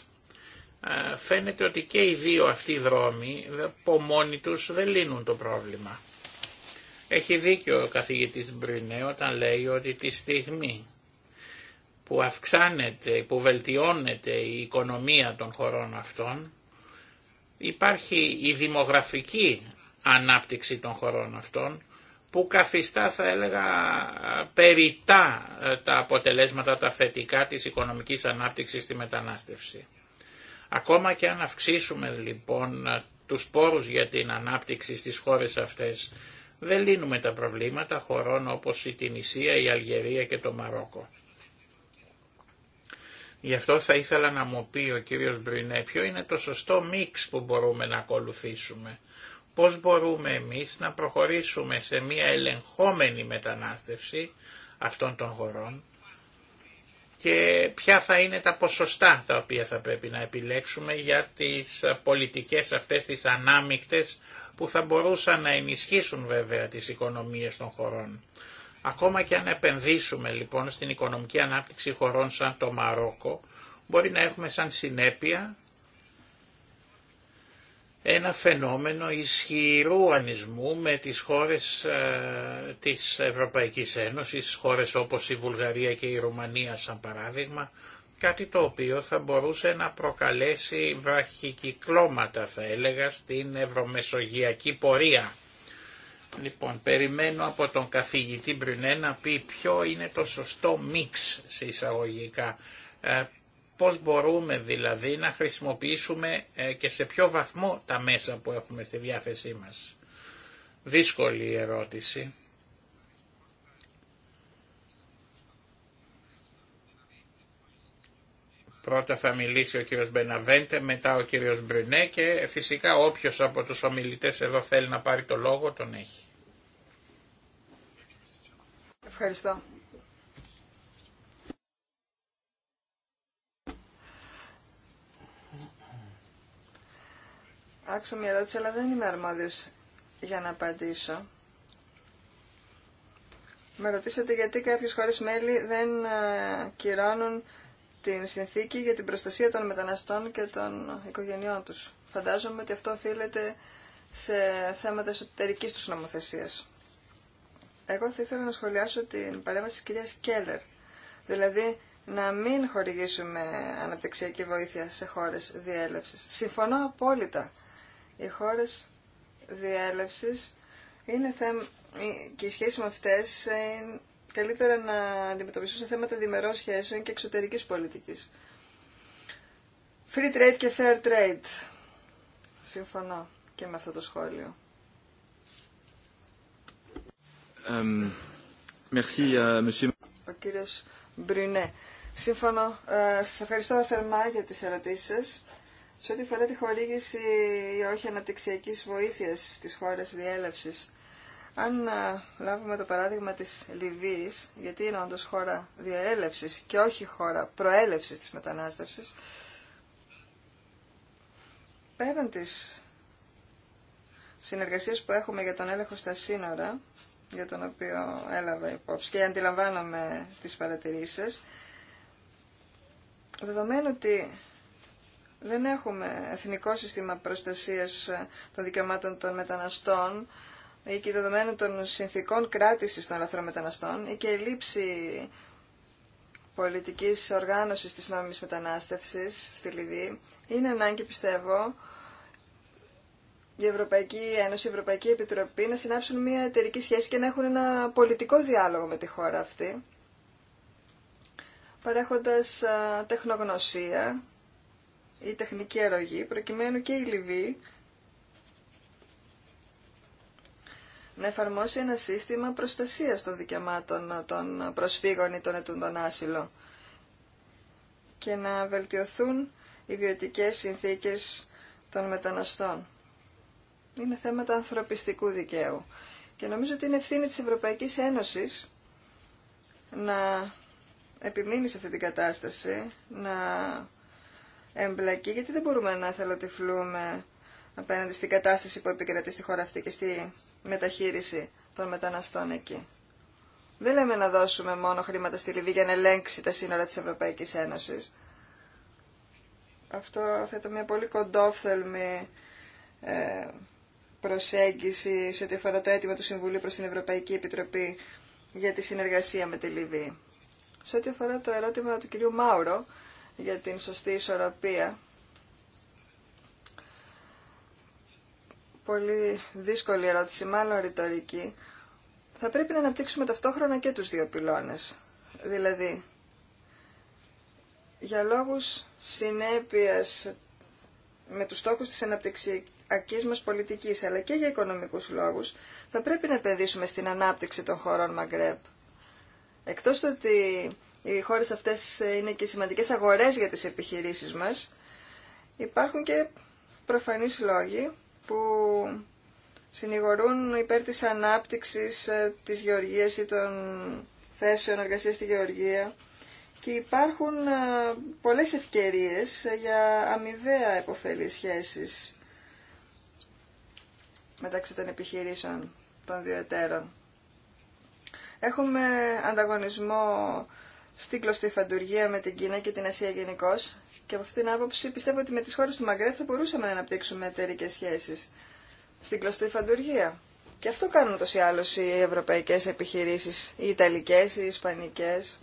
φαίνεται ότι και οι δύο αυτοί δρόμοι από μόνοι τους δεν λύνουν το πρόβλημα. Έχει δίκιο ο καθηγητής Μπρινέ όταν λέει ότι τη στιγμή που αυξάνεται, που βελτιώνεται η οικονομία των χωρών αυτών, υπάρχει η δημογραφική ανάπτυξη των χωρών αυτών, που καθιστά θα έλεγα περιτά ε, τα αποτελέσματα τα θετικά της οικονομικής ανάπτυξης στη μετανάστευση. Ακόμα και αν αυξήσουμε λοιπόν ε, τους πόρους για την ανάπτυξη στις χώρες αυτές, δεν λύνουμε τα προβλήματα χωρών όπως η Τινησία, η Αλγερία και το Μαρόκο. Γι' αυτό θα ήθελα να μου πει ο κύριος Μπρινέ ποιο είναι το σωστό μίξ που μπορούμε να ακολουθήσουμε. Πώς μπορούμε εμείς να προχωρήσουμε σε μια ελεγχόμενη μετανάστευση αυτών των χωρών και ποια θα είναι τα ποσοστά τα οποία θα πρέπει να επιλέξουμε για τις πολιτικές αυτές τις ανάμεικτες που θα μπορούσαν να ενισχύσουν βέβαια τις οικονομίες των χωρών. Ακόμα και αν επενδύσουμε λοιπόν στην οικονομική ανάπτυξη χωρών σαν το Μαρόκο, μπορεί να έχουμε σαν συνέπεια ένα φαινόμενο ισχυρού ανισμού με τις χώρες ε, της Ευρωπαϊκής Ένωσης, χώρες όπως η Βουλγαρία και η Ρουμανία σαν παράδειγμα, κάτι το οποίο θα μπορούσε να προκαλέσει βραχικυκλώματα θα έλεγα στην ευρωμεσογειακή πορεία. Λοιπόν, περιμένω από τον καθηγητή Μπρινέ να πει ποιο είναι το σωστό μίξ σε εισαγωγικά. Ε, πώς μπορούμε δηλαδή να χρησιμοποιήσουμε ε, και σε ποιο βαθμό τα μέσα που έχουμε στη διάθεσή μας. Δύσκολη ερώτηση. Πρώτα θα μιλήσει ο κύριος Μπεναβέντε, μετά ο κύριος Μπρινέ και φυσικά όποιος από τους ομιλητές εδώ θέλει να πάρει το λόγο τον έχει. Ευχαριστώ. Άκουσα μια ερώτηση, αλλά δεν είμαι αρμόδιος για να απαντήσω. Με ρωτήσατε γιατί κάποιες χώρες μέλη δεν ε, κυρώνουν την συνθήκη για την προστασία των μεταναστών και των οικογενειών τους. Φαντάζομαι ότι αυτό οφείλεται σε θέματα εσωτερική του νομοθεσία. Εγώ θα ήθελα να σχολιάσω την παρέμβαση της κυρίας Κέλλερ. Δηλαδή, να μην χορηγήσουμε αναπτυξιακή βοήθεια σε χώρες διέλευσης. Συμφωνώ απόλυτα. Οι χώρες διέλευσης είναι και η σχέση με αυτές καλύτερα να αντιμετωπιστούν θέματα διμερών σχέσεων και εξωτερικής πολιτικής. Free trade και fair trade. Συμφωνώ και με αυτό το σχόλιο. Um, merci, uh, monsieur. Ο κύριος Μπρινέ. Σύμφωνο, ε, σας ευχαριστώ θερμά για τις ερωτήσεις σας. Σε ό,τι φορά τη χορήγηση ή όχι αναπτυξιακής βοήθειας στις χώρες διέλευσης, αν ε, λάβουμε το παράδειγμα της Λιβύης, γιατί είναι όντως χώρα διαέλευσης και όχι χώρα προέλευσης της μετανάστευσης, πέραν της συνεργασίας που έχουμε για τον έλεγχο στα σύνορα, για τον οποίο έλαβα υπόψη και αντιλαμβάνομαι τις παρατηρήσεις δεδομένου ότι δεν έχουμε εθνικό σύστημα προστασίας των δικαιωμάτων των μεταναστών, και δεδομένων των συνθήκων κράτησης των ελαφρομεταναστών ή και λήψη πολιτικής οργάνωσης της νόμιμης μετανάστευσης στη Λιβύη, είναι ανάγκη, πιστεύω, η Ευρωπαϊκή η Ένωση, η Ευρωπαϊκή Επιτροπή να συνάψουν μια εταιρική σχέση και να έχουν ένα πολιτικό διάλογο με τη χώρα αυτή, παρέχοντας τεχνογνωσία ή τεχνική αρρωγή, προκειμένου και η Λιβύη να εφαρμόσει ένα σύστημα προστασίας των δικαιωμάτων των προσφύγων ή των ετούντων άσυλο και να βελτιωθούν οι βιωτικές συνθήκες των μεταναστών. Είναι θέματα ανθρωπιστικού δικαίου και νομίζω ότι είναι ευθύνη της Ευρωπαϊκής Ένωσης να επιμείνει σε αυτή την κατάσταση, να εμπλακεί, γιατί δεν μπορούμε να θελοτυφλούμε απέναντι στην κατάσταση που επικρατεί στη χώρα αυτή και στη μεταχείριση των μεταναστών εκεί. Δεν λέμε να δώσουμε μόνο χρήματα στη Λιβύη για να ελέγξει τα σύνορα της Ευρωπαϊκής Ένωσης. Αυτό θα ήταν μια πολύ κοντόφθελμη ε, προσέγγιση σε ό,τι αφορά το αίτημα του Συμβουλίου προς την Ευρωπαϊκή Επιτροπή για τη συνεργασία με τη Λιβύη. Σε ό,τι αφορά το ερώτημα του κυρίου Μάουρο για την σωστή ισορροπία πολύ δύσκολη ερώτηση, μάλλον ρητορική. Θα πρέπει να αναπτύξουμε ταυτόχρονα και τους δύο πυλώνες. Δηλαδή, για λόγους συνέπειας με τους στόχους της αναπτυξιακής μας πολιτικής, αλλά και για οικονομικούς λόγους, θα πρέπει να επενδύσουμε στην ανάπτυξη των χωρών Μαγκρέπ. Εκτός του ότι οι χώρες αυτές είναι και σημαντικές αγορές για τις επιχειρήσεις μας, υπάρχουν και προφανείς λόγοι που συνηγορούν υπέρ της ανάπτυξης ε, της γεωργίας ή των θέσεων εργασίας στη γεωργία και υπάρχουν ε, πολλές ευκαιρίες ε, για αμοιβαία επωφελή σχέσεις μεταξύ των επιχειρήσεων των δύο εταίρων. Έχουμε ανταγωνισμό στην κλωστή φαντουργία με την Κίνα και την Ασία γενικώ και από αυτήν την άποψη πιστεύω ότι με τις χώρες του Μαγκρέφ θα μπορούσαμε να αναπτύξουμε εταιρικέ σχέσεις στην κλωστή φαντουργία. Και αυτό κάνουν τόσοι ή οι ευρωπαϊκές επιχειρήσεις, οι ιταλικές, οι ισπανικές.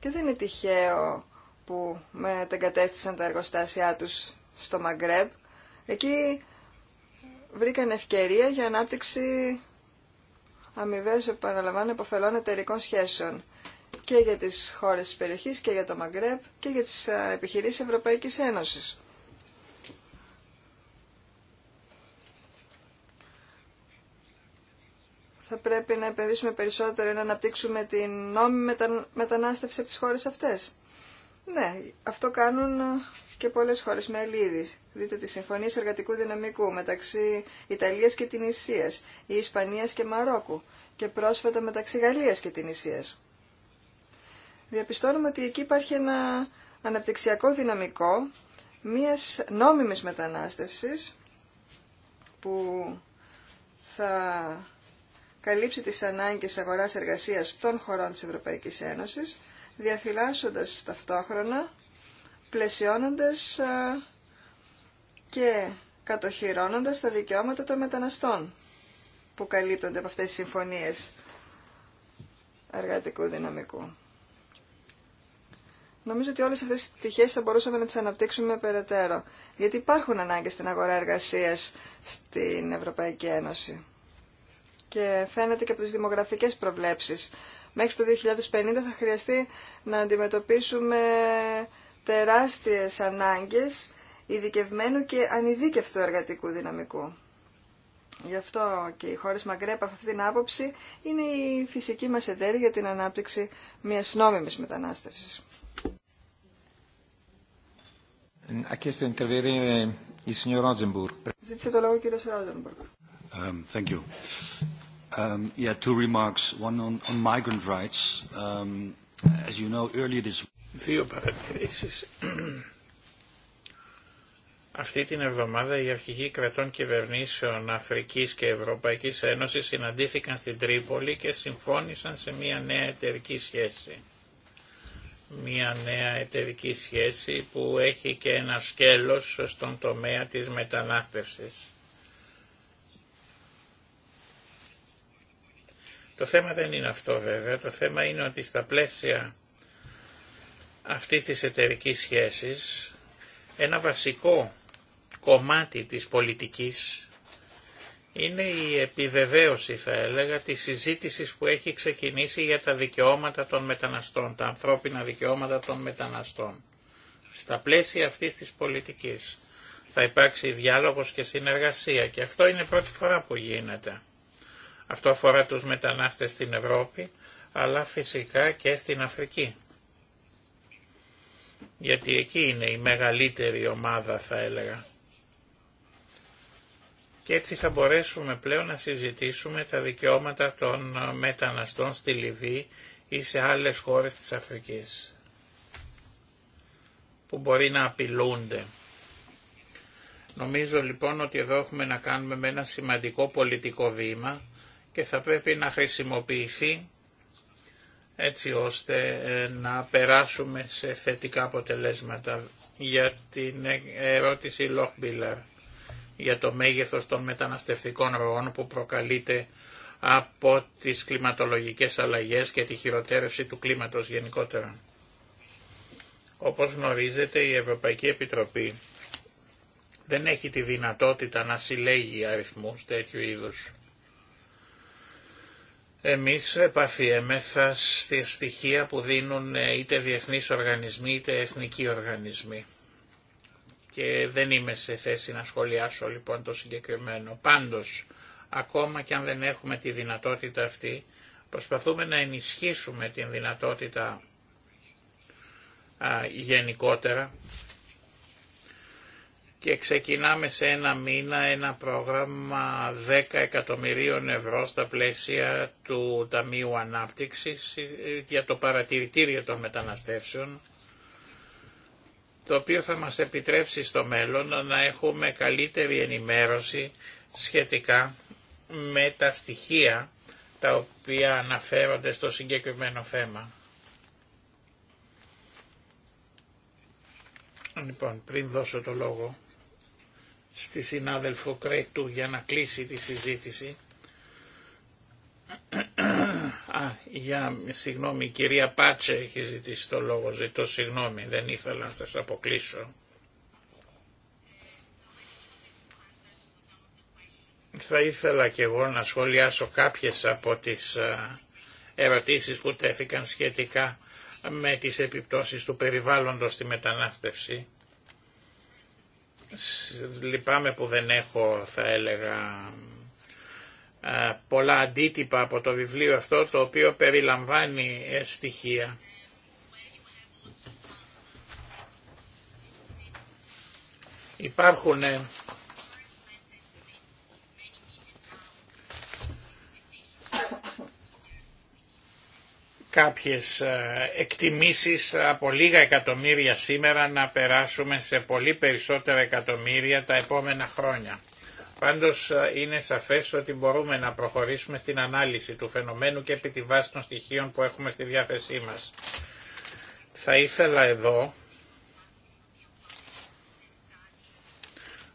Και δεν είναι τυχαίο που μετεγκατέστησαν τα εργοστάσια τους στο Μαγκρέμπ. Εκεί βρήκαν ευκαιρία για ανάπτυξη αμοιβές, επαναλαμβάνω υποφελών εταιρικών σχέσεων και για τις χώρες της περιοχής και για το Μαγκρέπ και για τις ε, επιχειρήσεις Ευρωπαϊκής Ένωσης. Θα πρέπει να επενδύσουμε περισσότερο να αναπτύξουμε την νόμιμη μετανάστευση από τις χώρες αυτές. Ναι, αυτό κάνουν ε, και πολλές χώρες με Δείτε τις συμφωνίες εργατικού δυναμικού μεταξύ Ιταλίας και Τινησίας, ή Ισπανίας και Μαρόκου και πρόσφατα μεταξύ Γαλλίας και Τινησίας διαπιστώνουμε ότι εκεί υπάρχει ένα αναπτυξιακό δυναμικό μίας νόμιμης μετανάστευσης που θα καλύψει τις ανάγκες αγοράς εργασίας των χωρών της Ευρωπαϊκής Ένωσης, διαφυλάσσοντας ταυτόχρονα, πλαισιώνοντας και κατοχυρώνοντας τα δικαιώματα των μεταναστών που καλύπτονται από αυτές τις συμφωνίες εργατικού δυναμικού. Νομίζω ότι όλες αυτές τις πτυχές θα μπορούσαμε να τις αναπτύξουμε περαιτέρω, γιατί υπάρχουν ανάγκες στην αγορά εργασίας στην Ευρωπαϊκή Ένωση. Και φαίνεται και από τις δημογραφικές προβλέψεις. Μέχρι το 2050 θα χρειαστεί να αντιμετωπίσουμε τεράστιες ανάγκες ειδικευμένου και ανειδίκευτου εργατικού δυναμικού. Γι' αυτό και οι χώρες Μαγκρέπ από την άποψη είναι η φυσική μας εταίρη για την ανάπτυξη μιας νόμιμης μετανάστευσης. Ha chiesto di intervenire il signor Ζήτησε το λόγο ο κύριος Ρόζενμπουργκ. Um, thank you. Um, yeah, two remarks. One on, on migrant rights. Um, as you know, earlier this Δύο παρατηρήσεις. Αυτή την εβδομάδα οι αρχηγοί κρατών κυβερνήσεων Αφρικής και Ευρωπαϊκής Ένωσης συναντήθηκαν στην Τρίπολη και συμφώνησαν σε μια νέα εταιρική σχέση μια νέα εταιρική σχέση που έχει και ένα σκέλος στον τομέα της μετανάστευσης. Το θέμα δεν είναι αυτό βέβαια, το θέμα είναι ότι στα πλαίσια αυτή της εταιρική σχέσης ένα βασικό κομμάτι της πολιτικής είναι η επιβεβαίωση θα έλεγα τη συζήτηση που έχει ξεκινήσει για τα δικαιώματα των μεταναστών, τα ανθρώπινα δικαιώματα των μεταναστών. Στα πλαίσια αυτή της πολιτικής θα υπάρξει διάλογος και συνεργασία και αυτό είναι πρώτη φορά που γίνεται. Αυτό αφορά τους μετανάστες στην Ευρώπη αλλά φυσικά και στην Αφρική. Γιατί εκεί είναι η μεγαλύτερη ομάδα θα έλεγα και έτσι θα μπορέσουμε πλέον να συζητήσουμε τα δικαιώματα των μεταναστών στη Λιβύη ή σε άλλες χώρες της Αφρικής που μπορεί να απειλούνται. Νομίζω λοιπόν ότι εδώ έχουμε να κάνουμε με ένα σημαντικό πολιτικό βήμα και θα πρέπει να χρησιμοποιηθεί έτσι ώστε ε, να περάσουμε σε θετικά αποτελέσματα για την ε, ερώτηση Λόχμπιλερ για το μέγεθος των μεταναστευτικών ροών που προκαλείται από τις κλιματολογικές αλλαγές και τη χειροτέρευση του κλίματος γενικότερα. Όπως γνωρίζετε η Ευρωπαϊκή Επιτροπή δεν έχει τη δυνατότητα να συλλέγει αριθμούς τέτοιου είδους. Εμείς επαφιέμεθα στη στοιχεία που δίνουν είτε διεθνείς οργανισμοί είτε εθνικοί οργανισμοί και δεν είμαι σε θέση να σχολιάσω λοιπόν το συγκεκριμένο. Πάντως, ακόμα και αν δεν έχουμε τη δυνατότητα αυτή, προσπαθούμε να ενισχύσουμε την δυνατότητα γενικότερα και ξεκινάμε σε ένα μήνα ένα πρόγραμμα 10 εκατομμυρίων ευρώ στα πλαίσια του Ταμείου Ανάπτυξης ε, για το παρατηρητήριο των μεταναστεύσεων το οποίο θα μας επιτρέψει στο μέλλον να έχουμε καλύτερη ενημέρωση σχετικά με τα στοιχεία τα οποία αναφέρονται στο συγκεκριμένο θέμα. Λοιπόν, πριν δώσω το λόγο στη συνάδελφο Κρέτου για να κλείσει τη συζήτηση, Α, για, συγγνώμη, η κυρία Πάτσε έχει ζητήσει το λόγο, ζητώ συγγνώμη, δεν ήθελα να σας αποκλείσω. Θα ήθελα και εγώ να σχολιάσω κάποιες από τις ερωτήσεις που τέθηκαν σχετικά με τις επιπτώσεις του περιβάλλοντος στη μετανάστευση. Λυπάμαι που δεν έχω, θα έλεγα, πολλά αντίτυπα από το βιβλίο αυτό το οποίο περιλαμβάνει ε, στοιχεία. Υπάρχουν ε, κάποιες ε, εκτιμήσεις από λίγα εκατομμύρια σήμερα να περάσουμε σε πολύ περισσότερα εκατομμύρια τα επόμενα χρόνια. Πάντως ε, είναι σαφές ότι μπορούμε να προχωρήσουμε στην ανάλυση του φαινομένου και επί τη βάση των στοιχείων που έχουμε στη διάθεσή μας. Θα ήθελα εδώ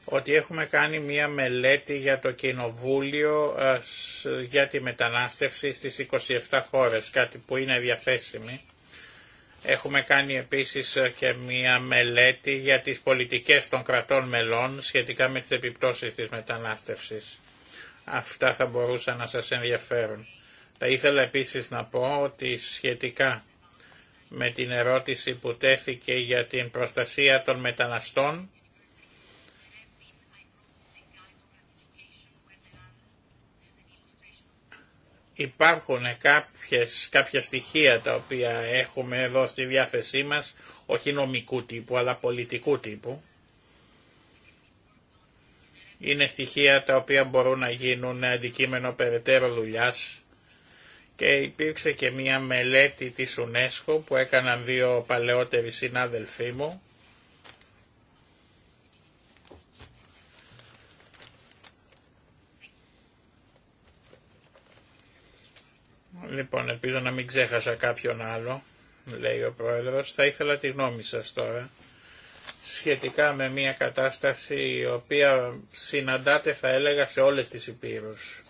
ότι έχουμε κάνει μία μελέτη για το Κοινοβούλιο ε, για τη μετανάστευση στις 27 χώρες, κάτι που είναι διαθέσιμη Έχουμε κάνει επίσης ε, και μία μελέτη για τις πολιτικές των κρατών μελών σχετικά με τις επιπτώσεις της μετανάστευσης. Αυτά θα μπορούσαν να σας ενδιαφέρουν. Θα ήθελα επίσης να πω ότι σχετικά με την ερώτηση που τέθηκε για την προστασία των μεταναστών, υπάρχουν κάποιες, κάποια στοιχεία τα οποία έχουμε εδώ στη διάθεσή μας, όχι νομικού τύπου αλλά πολιτικού τύπου. Είναι στοιχεία τα οποία μπορούν να γίνουν αντικείμενο περαιτέρω δουλειάς και υπήρξε και μία μελέτη της UNESCO που έκαναν δύο παλαιότεροι συνάδελφοί μου Λοιπόν, ελπίζω να μην ξέχασα κάποιον άλλο, λέει ο Πρόεδρος. Θα ήθελα τη γνώμη σας τώρα σχετικά με μια κατάσταση η οποία συναντάται θα έλεγα σε όλες τις υπήρους.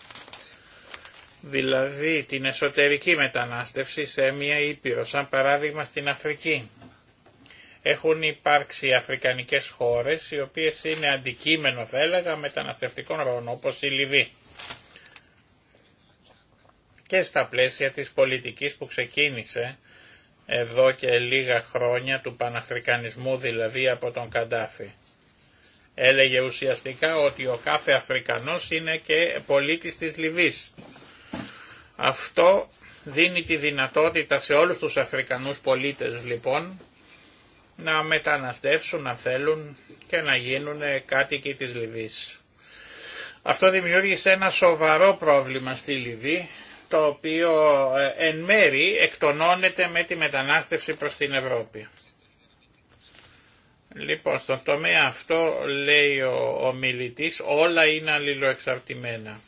Δηλαδή την εσωτερική μετανάστευση σε μια ήπειρο, σαν παράδειγμα στην Αφρική. Έχουν υπάρξει αφρικανικές χώρες οι οποίες είναι αντικείμενο θα έλεγα μεταναστευτικών ροών όπως η Λιβύη και στα πλαίσια της πολιτικής που ξεκίνησε εδώ και λίγα χρόνια του Παναφρικανισμού δηλαδή από τον Καντάφη. Έλεγε ουσιαστικά ότι ο κάθε Αφρικανός είναι και πολίτης της Λιβύης. Αυτό δίνει τη δυνατότητα σε όλους τους Αφρικανούς πολίτες λοιπόν να μεταναστεύσουν να θέλουν και να γίνουν κάτοικοι της Λιβύης. Αυτό δημιούργησε ένα σοβαρό πρόβλημα στη Λιβύη το οποίο ε, εν μέρη εκτονώνεται με τη μετανάστευση προς την Ευρώπη. Λοιπόν, στον τομέα αυτό λέει ο, ο μιλητής, όλα είναι αλληλοεξαρτημένα.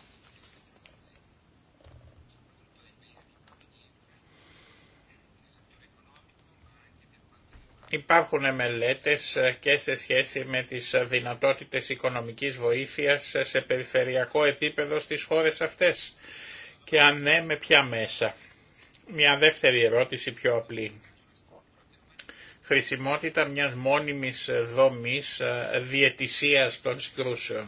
Υπάρχουν μελέτες ε, και σε σχέση με τις δυνατότητες οικονομικής βοήθειας ε, σε περιφερειακό επίπεδο στις χώρες αυτές και αν ναι με ποια μέσα. Μια δεύτερη ερώτηση πιο απλή. Χρησιμότητα μιας μόνιμης δομής ε, διαιτησίας των συγκρούσεων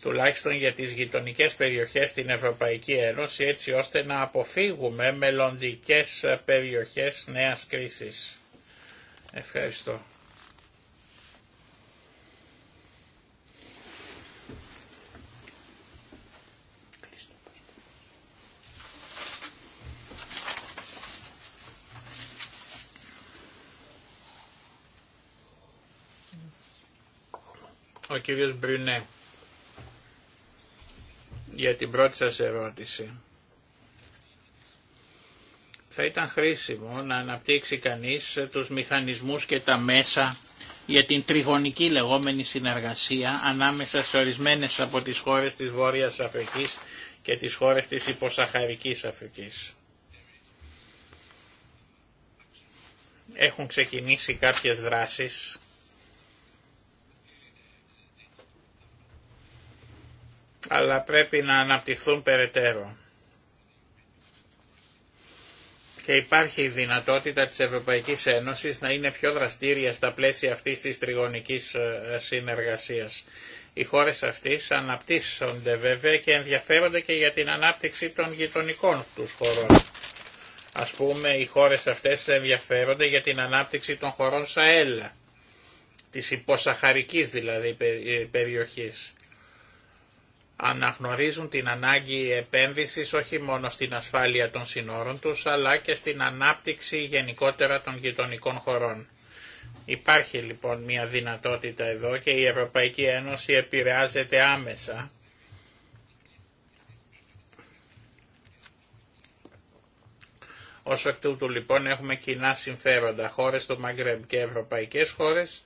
τουλάχιστον για τις γειτονικές περιοχές στην Ευρωπαϊκή Ένωση, έτσι ώστε να αποφύγουμε μελλοντικές περιοχές νέας κρίσης. Ευχαριστώ. ο κύριος Μπρινέ για την πρώτη σας ερώτηση. Θα ήταν χρήσιμο να αναπτύξει κανείς τους μηχανισμούς και τα μέσα για την τριγωνική λεγόμενη συνεργασία ανάμεσα σε ορισμένες από τις χώρες της Βόρειας Αφρικής και τις χώρες της υποσαχαρικής Αφρικής. Έχουν ξεκινήσει κάποιες δράσεις αλλά πρέπει να αναπτυχθούν περαιτέρω. Και υπάρχει η δυνατότητα της Ευρωπαϊκής Ένωσης να είναι πιο δραστήρια στα πλαίσια αυτής της τριγωνικής ε, συνεργασίας. Οι χώρες αυτές αναπτύσσονται βέβαια και ενδιαφέρονται και για την ανάπτυξη των γειτονικών τους χωρών. Ας πούμε οι χώρες αυτές ενδιαφέρονται για την ανάπτυξη των χωρών Σαέλα, της υποσαχαρικής δηλαδή ε, περιοχής αναγνωρίζουν την ανάγκη επένδυσης όχι μόνο στην ασφάλεια των συνόρων τους, αλλά και στην ανάπτυξη γενικότερα των γειτονικών χωρών. Υπάρχει λοιπόν μια δυνατότητα εδώ και η Ευρωπαϊκή Ένωση επηρεάζεται άμεσα Όσο εκ τούτου λοιπόν έχουμε κοινά συμφέροντα χώρες του Μαγκρέμπ και ευρωπαϊκές χώρες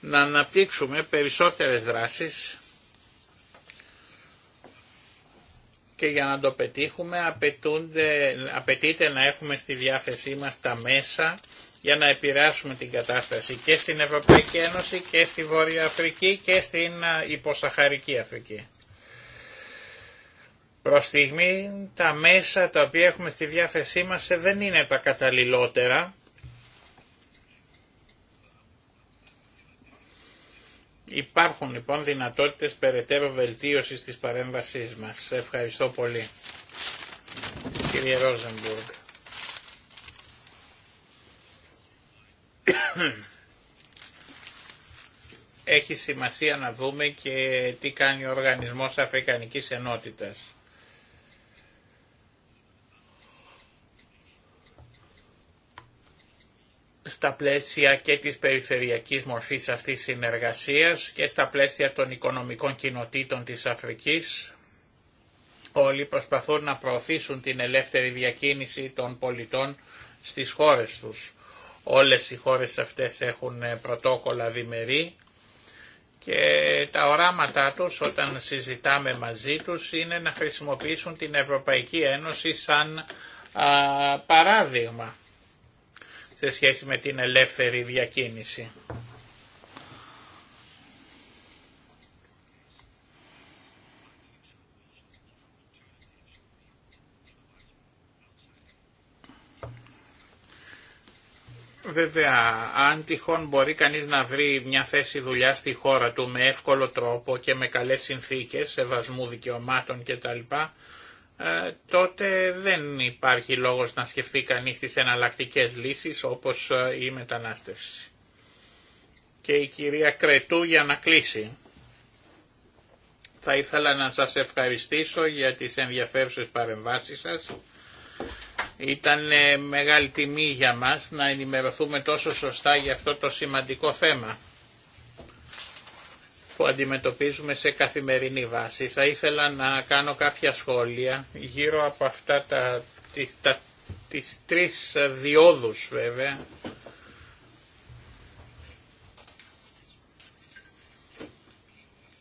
να αναπτύξουμε περισσότερες δράσεις και για να το πετύχουμε απαιτείται να έχουμε στη διάθεσή μας τα μέσα για να επηρεάσουμε την κατάσταση και στην Ευρωπαϊκή Ένωση και στη Βόρεια Αφρική και στην υποσαχαρική Αφρική. Προ στιγμή τα μέσα τα οποία έχουμε στη διάθεσή μας δεν είναι τα καταλληλότερα Υπάρχουν λοιπόν δυνατότητες περαιτέρω βελτίωσης της παρέμβασής μας. Ευχαριστώ πολύ. Κύριε Ρόζενμπουργκ. Έχει σημασία να δούμε και τι κάνει ο Οργανισμός Αφρικανικής Ενότητας. στα πλαίσια και της περιφερειακής μορφής αυτής συνεργασίας και στα πλαίσια των οικονομικών κοινοτήτων της Αφρικής. Όλοι προσπαθούν να προωθήσουν την ελεύθερη διακίνηση των πολιτών στις χώρες τους. Όλες οι χώρες αυτές έχουν ε, πρωτόκολλα διμερεί και τα οράματά τους όταν συζητάμε μαζί τους είναι να χρησιμοποιήσουν την Ευρωπαϊκή Ένωση σαν παράδειγμα σε σχέση με την ελεύθερη διακίνηση. Βέβαια, αν τυχόν μπορεί κανείς να βρει μια θέση δουλειά στη χώρα του με εύκολο τρόπο και με καλές συνθήκες, σεβασμού δικαιωμάτων κτλ, ε, τότε δεν υπάρχει λόγος να σκεφτεί κανείς τις εναλλακτικές λύσεις όπως ε, η μετανάστευση. Και η κυρία Κρετού για να κλείσει. Θα ήθελα να σας ευχαριστήσω για τις ενδιαφέρουσες παρεμβάσεις σας. Ήταν ε, μεγάλη τιμή για μας να ενημερωθούμε τόσο σωστά για αυτό το σημαντικό θέμα που αντιμετωπίζουμε σε καθημερινή βάση. Θα ήθελα να κάνω κάποια σχόλια γύρω από αυτά τα, τις, τα, τις τρεις διόδους βέβαια.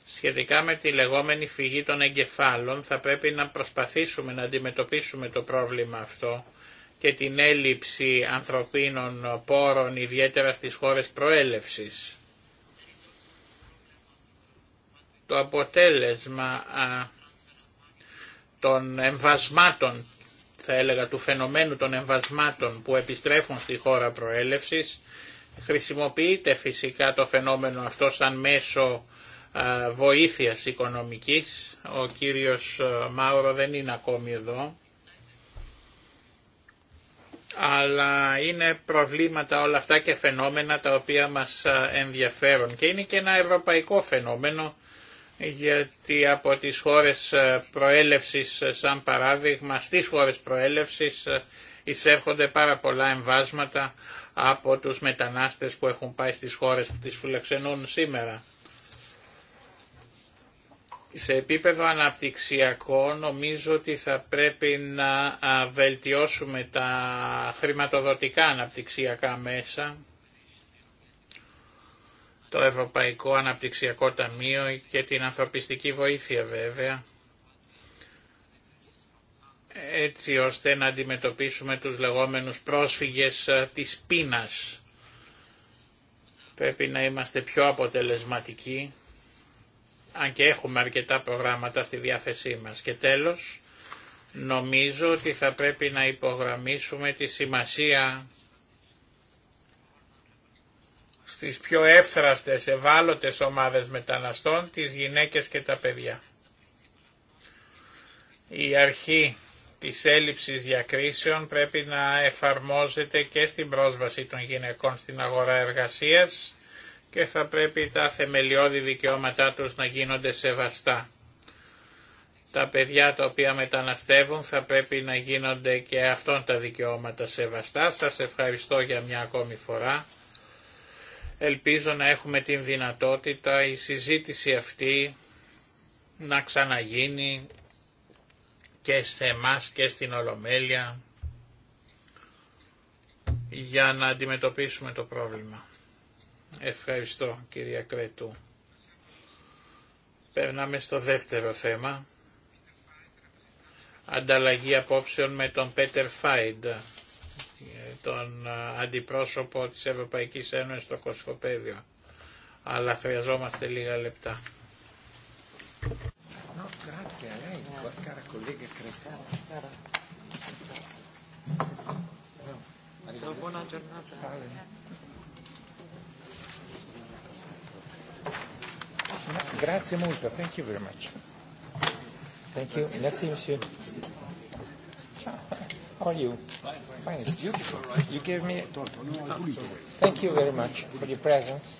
Σχετικά με τη λεγόμενη φυγή των εγκεφάλων θα πρέπει να προσπαθήσουμε να αντιμετωπίσουμε το πρόβλημα αυτό και την έλλειψη ανθρωπίνων πόρων ιδιαίτερα στις χώρες προέλευσης το αποτέλεσμα των εμβασμάτων, θα έλεγα του φαινομένου των εμβασμάτων που επιστρέφουν στη χώρα προέλευσης, χρησιμοποιείται φυσικά το φαινόμενο αυτό σαν μέσο βοήθειας οικονομικής. Ο κύριος Μάουρο δεν είναι ακόμη εδώ. Αλλά είναι προβλήματα όλα αυτά και φαινόμενα τα οποία μας ενδιαφέρουν. Και είναι και ένα ευρωπαϊκό φαινόμενο γιατί από τις χώρες ε, προέλευσης, ε, σαν παράδειγμα, στις χώρες προέλευσης ε, εισέρχονται πάρα πολλά εμβάσματα από τους μετανάστες που έχουν πάει στις χώρες που τις φουλεξενούν σήμερα. Σε επίπεδο αναπτυξιακό νομίζω ότι θα πρέπει να βελτιώσουμε τα χρηματοδοτικά αναπτυξιακά μέσα το Ευρωπαϊκό Αναπτυξιακό Ταμείο και την ανθρωπιστική βοήθεια βέβαια, έτσι ώστε να αντιμετωπίσουμε τους λεγόμενους πρόσφυγες ε, της πείνας. Πρέπει να είμαστε πιο αποτελεσματικοί, αν και έχουμε αρκετά προγράμματα στη διάθεσή μας. Και τέλος, νομίζω ότι θα πρέπει να υπογραμμίσουμε τη σημασία στις πιο εύθραστες, ευάλωτες ομάδες μεταναστών, τις γυναίκες και τα παιδιά. Η αρχή της έλλειψης διακρίσεων πρέπει να εφαρμόζεται και στην πρόσβαση των γυναικών στην αγορά εργασίας και θα πρέπει τα θεμελιώδη δικαιώματά τους να γίνονται σεβαστά. Τα παιδιά τα οποία μεταναστεύουν θα πρέπει να γίνονται και αυτών τα δικαιώματα σεβαστά. Σας ευχαριστώ για μια ακόμη φορά. Ελπίζω να έχουμε την δυνατότητα η συζήτηση αυτή να ξαναγίνει και σε εμά και στην Ολομέλεια για να αντιμετωπίσουμε το πρόβλημα. Ευχαριστώ κυρία Κρέτου. Περνάμε στο δεύτερο θέμα. Ανταλλαγή απόψεων με τον Πέτερ Φάιντα τον αντιπρόσωπο της Ευρωπαϊκής Ένωσης στο Κοσφοπέδιο. Αλλά χρειαζόμαστε λίγα λεπτά. Grazie molto, thank you very much. Thank you, merci monsieur. Ciao. How are you? Fine. Fine. It's beautiful. You gave me. Thank you very much for your presence.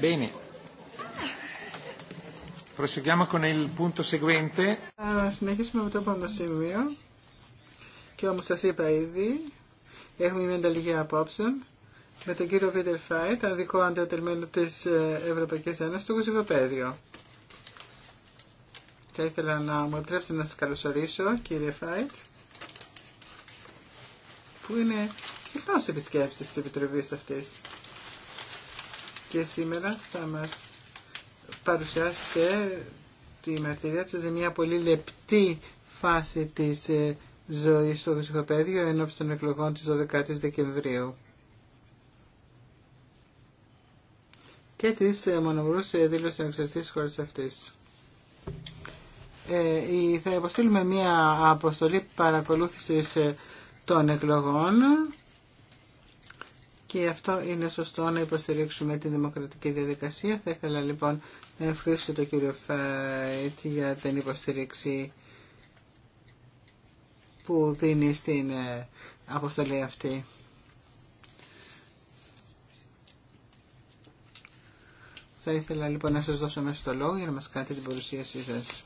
Bene. Proseguiamo con il punto seguente. Συνεχίσουμε με το επόμενο σημείο. Και όμως σας είπα ήδη, έχουμε μια ανταλλαγή απόψεων με τον κύριο Βίτερ Φάιτ, αδικό αντιοτελμένο της ε, Ευρωπαϊκής Ένωσης, του Κουσιβοπαίδιο. Θα ήθελα να μου επιτρέψετε να σας καλωσορίσω, κύριε Φάιτ, που είναι συχνός επισκέψεις της Επιτροπής αυτής και σήμερα θα μας παρουσιάσετε τη μαρτυρία της σε μια πολύ λεπτή φάση της ε, ζωής στο ψυχοπαίδιο ενώπιση των εκλογών της 12 η Δεκεμβρίου. και της ε, μονομερούς ε, δήλωσης της χώρας αυτής. Ε, θα υποστείλουμε μία αποστολή παρακολούθησης των εκλογών και αυτό είναι σωστό να υποστηρίξουμε τη δημοκρατική διαδικασία. Θα ήθελα λοιπόν να ευχαριστήσω τον κύριο Φάιτ για την υποστήριξη που δίνει στην ε, αποστολή αυτή. Θα ήθελα λοιπόν να σας δώσω μέσα στο λόγο για να μας κάνετε την παρουσίασή σας.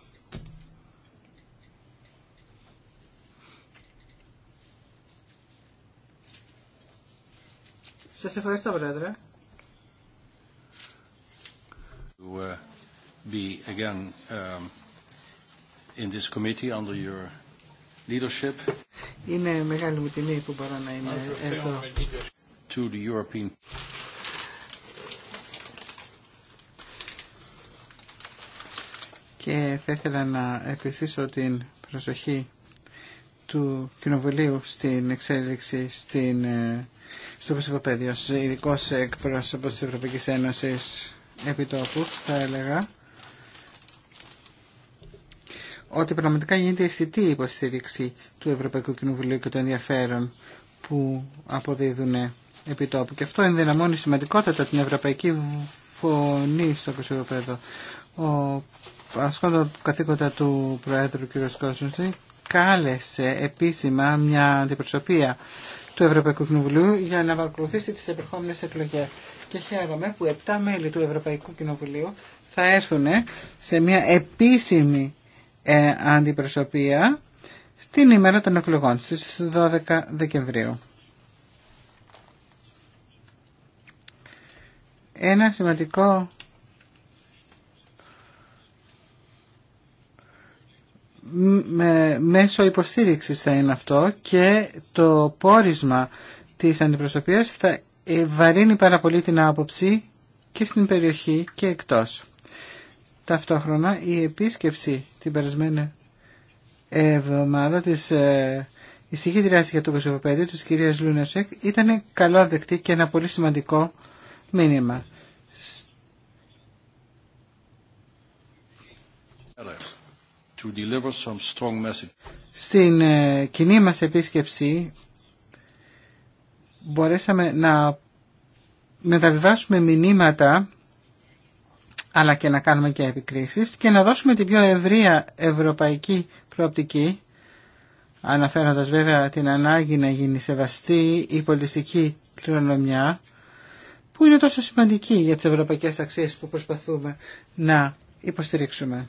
Σας ευχαριστώ, Πρόεδρε. To uh, be again um, in this committee under your leadership. Είναι μεγάλη μου τιμή που μπορώ να είμαι εδώ. To the European. Και θα ήθελα να επιστήσω την προσοχή του Κοινοβουλίου στην εξέλιξη στην ε, στο Πεσικοπαίδιο, ως ειδικό εκπρόσωπος της Ευρωπαϊκής Ένωσης επιτόπου, θα έλεγα ότι πραγματικά γίνεται αισθητή η υποστήριξη του Ευρωπαϊκού Κοινοβουλίου και των ενδιαφέρων που αποδίδουν επιτόπου. Και αυτό ενδυναμώνει σημαντικότατα την ευρωπαϊκή φωνή στο Πέδιο. Ο ασκόντο καθήκοντα του Προέδρου κ. Κόσνουστη κάλεσε επίσημα μια αντιπροσωπεία του Ευρωπαϊκού Κοινοβουλίου για να παρακολουθήσει τις επερχόμενε εκλογέ. Και χαίρομαι που 7 μέλη του Ευρωπαϊκού Κοινοβουλίου θα έρθουν σε μια επίσημη ε, αντιπροσωπεία στην ημέρα των εκλογών, στις 12 Δεκεμβρίου. Ένα σημαντικό Μέσω υποστήριξης θα είναι αυτό και το πόρισμα της αντιπροσωπείας θα ε, βαρύνει πάρα πολύ την άποψη και στην περιοχή και εκτός. Ταυτόχρονα η επίσκεψη την περασμένη εβδομάδα της ε, η για το κοσμοπέδιο της κυρίας Λούνασεκ ήταν καλό δεκτή και ένα πολύ σημαντικό μήνυμα. Στην ε, κοινή μας επίσκεψη μπορέσαμε να μεταβιβάσουμε μηνύματα αλλά και να κάνουμε και επικρίσεις και να δώσουμε την πιο ευρεία ευρωπαϊκή προοπτική αναφέροντας βέβαια την ανάγκη να γίνει σεβαστή η πολιτιστική κληρονομιά που είναι τόσο σημαντική για τις ευρωπαϊκές αξίες που προσπαθούμε να υποστηρίξουμε.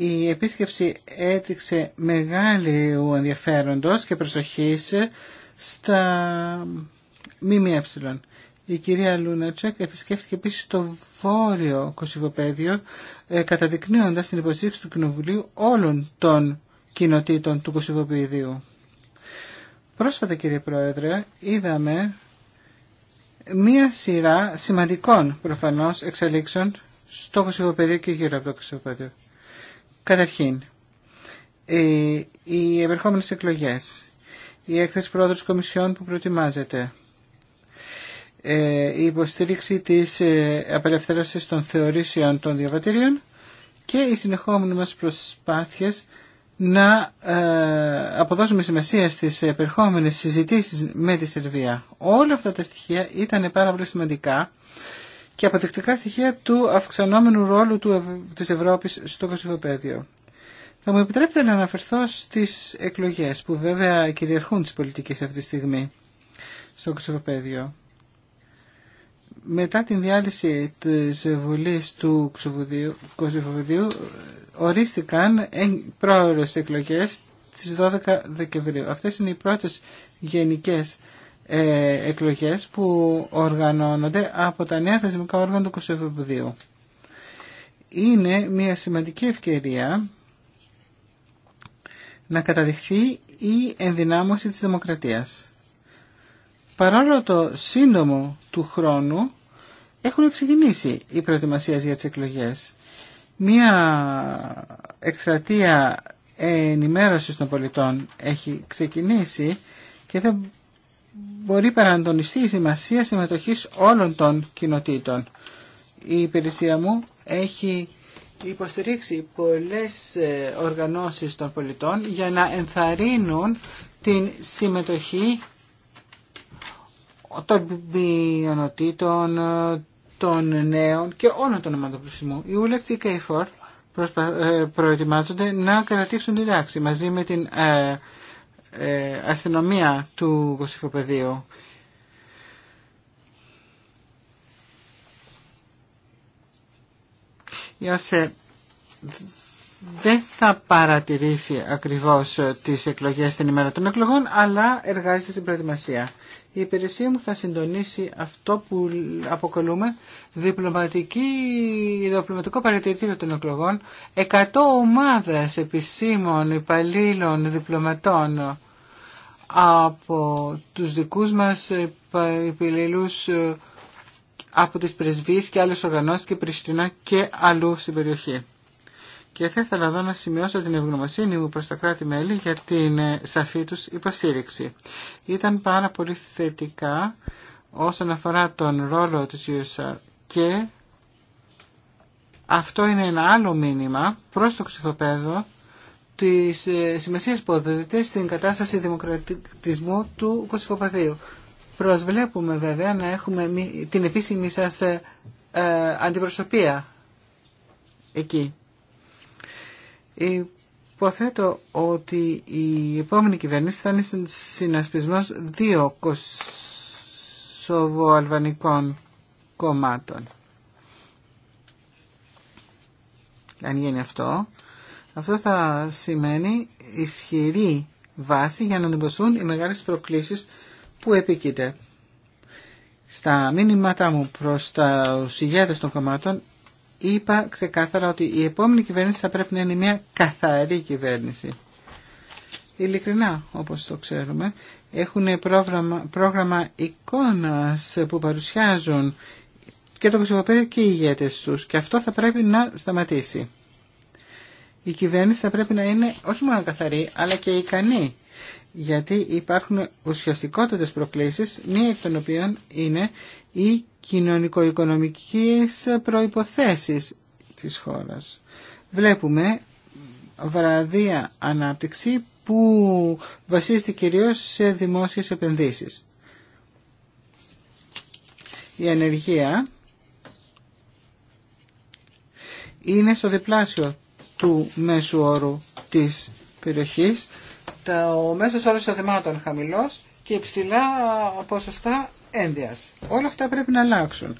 Η επίσκεψη έδειξε μεγάλη ενδιαφέροντος και προσοχής στα ΜΜΕ. Η κυρία Λούνατσεκ επισκέφθηκε επίσης το βόρειο κοσυβοπαίδιο ε, καταδεικνύοντας την υποστήριξη του Κοινοβουλίου όλων των κοινοτήτων του κοσυβοπαιδίου. Πρόσφατα κύριε Πρόεδρε είδαμε μία σειρά σημαντικών προφανώς εξελίξεων στο κοσυβοπαίδιο και γύρω από το Καταρχήν, ε, οι επερχόμενες εκλογές, η έκθεση πρόεδρος της που προετοιμάζεται, ε, η υποστήριξη της ε, απελευθέρωσης των θεωρήσεων των διαβατήριων και οι συνεχόμενες μας προσπάθειες να αποδώσουμε σημασία στις επερχόμενες συζητήσεις με τη Σερβία. Όλα αυτά τα στοιχεία ήταν πάρα πολύ σημαντικά και αποδεικτικά στοιχεία του αυξανόμενου ρόλου του, της Ευρώπης στο κωσυφοπαίδιο. Θα μου επιτρέπετε να αναφερθώ στις εκλογές που βέβαια κυριαρχούν τις πολιτικές αυτή τη στιγμή στο κωσυφοπαίδιο. Μετά την διάλυση της Βουλής του Κωσυφοπαίδιου ορίστηκαν πρόορες εκλογές στις 12 Δεκεμβρίου. Αυτές είναι οι πρώτες γενικές ε, εκλογές που οργανώνονται από τα νέα θεσμικά όργανα του Κωσυφοπηδίου. Είναι μια σημαντική ευκαιρία να καταδειχθεί η ενδυνάμωση της δημοκρατίας. Παρόλο το σύντομο του χρόνου έχουν ξεκινήσει οι προετοιμασίες για τις εκλογές. Μία εκστρατεία ενημέρωσης των πολιτών έχει ξεκινήσει και θα μπορεί παραντονιστεί η σημασία συμμετοχής όλων των κοινοτήτων. Η υπηρεσία μου έχει υποστηρίξει πολλές ε, οργανώσεις των πολιτών για να ενθαρρύνουν την συμμετοχή των μειονοτήτων, ε, των νέων και όλων των ομάδων Οι Η και οι ε, προετοιμάζονται να κρατήσουν την τάξη μαζί με την ε, αστυνομία του Κωσυφοπεδίου. Ιώσε, δεν θα παρατηρήσει ακριβώς τις εκλογές την ημέρα των εκλογών, αλλά εργάζεται στην προετοιμασία. Η υπηρεσία μου θα συντονίσει αυτό που αποκαλούμε διπλωματική, διπλωματικό παρατηρητήριο των εκλογών, Εκατό ομάδες επισήμων, υπαλλήλων, διπλωματών από τους δικούς μας ε, υπηλήλους ε, από τις πρεσβείες και άλλες οργανώσεις και Πριστινά και αλλού στην περιοχή. Και θα ήθελα εδώ να σημειώσω την ευγνωμοσύνη μου προς τα κράτη-μέλη για την ε, σαφή τους υποστήριξη. Ήταν πάρα πολύ θετικά όσον αφορά τον ρόλο της USR και αυτό είναι ένα άλλο μήνυμα προς το ξεφοπέδο τις ε, σημασία που αποδίδεται στην κατάσταση δημοκρατισμού του Κωσυφοπαθείου. Προσβλέπουμε βέβαια να έχουμε την επίσημη σας ε, ε, αντιπροσωπεία εκεί. Υποθέτω ότι η επόμενη κυβέρνηση θα είναι στον συνασπισμό δύο κοσοβοαλβανικών κομμάτων. Αν γίνει αυτό, αυτό θα σημαίνει ισχυρή βάση για να αντιμετωπιστούν οι μεγάλες προκλήσεις που επίκειται. Στα μήνυματά μου προς τα ηγέτες των κομμάτων είπα ξεκάθαρα ότι η επόμενη κυβέρνηση θα πρέπει να είναι μια καθαρή κυβέρνηση. Ειλικρινά, όπως το ξέρουμε, έχουν πρόγραμμα, πρόγραμμα εικόνας που παρουσιάζουν και το κοσμοπέδιο και οι ηγέτες τους και αυτό θα πρέπει να σταματήσει η κυβέρνηση θα πρέπει να είναι όχι μόνο καθαρή, αλλά και ικανή. Γιατί υπάρχουν ουσιαστικότατες προκλήσεις, μία εκ των οποίων είναι οι κοινωνικο-οικονομικές προϋποθέσεις της χώρας. Βλέπουμε βραδία ανάπτυξη που βασίζεται κυρίως σε δημόσιες επενδύσεις. Η ανεργία είναι στο διπλάσιο του μέσου όρου της περιοχής. Ο μέσος όρος εισοδημάτων χαμηλός και υψηλά ποσοστά ένδυας. Όλα αυτά πρέπει να αλλάξουν.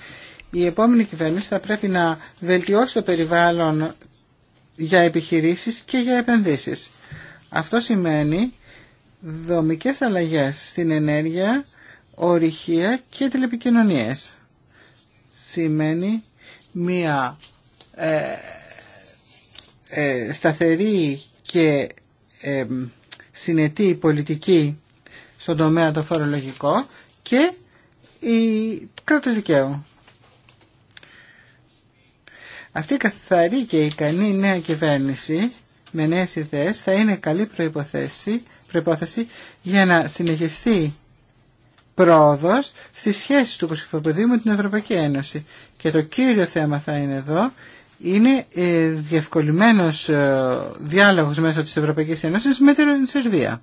Η επόμενη κυβέρνηση θα πρέπει να βελτιώσει το περιβάλλον για επιχειρήσεις και για επενδύσεις. Αυτό σημαίνει δομικές αλλαγές στην ενέργεια, ορυχεία και τηλεπικοινωνίες. Σημαίνει μία ε, ε, σταθερή και ε, συνετή πολιτική στον τομέα το φορολογικό και η κράτος δικαίου. Αυτή η καθαρή και ικανή νέα κυβέρνηση με νέες ιδέες θα είναι καλή προϋπόθεση, προϋπόθεση για να συνεχιστεί πρόοδος στις σχέσεις του Κωσυφοποδίου με την Ευρωπαϊκή Ένωση. Και το κύριο θέμα θα είναι εδώ είναι ε, διευκολυμένος ε, διάλογος μέσω της Ευρωπαϊκής Ένωσης με την Σερβία.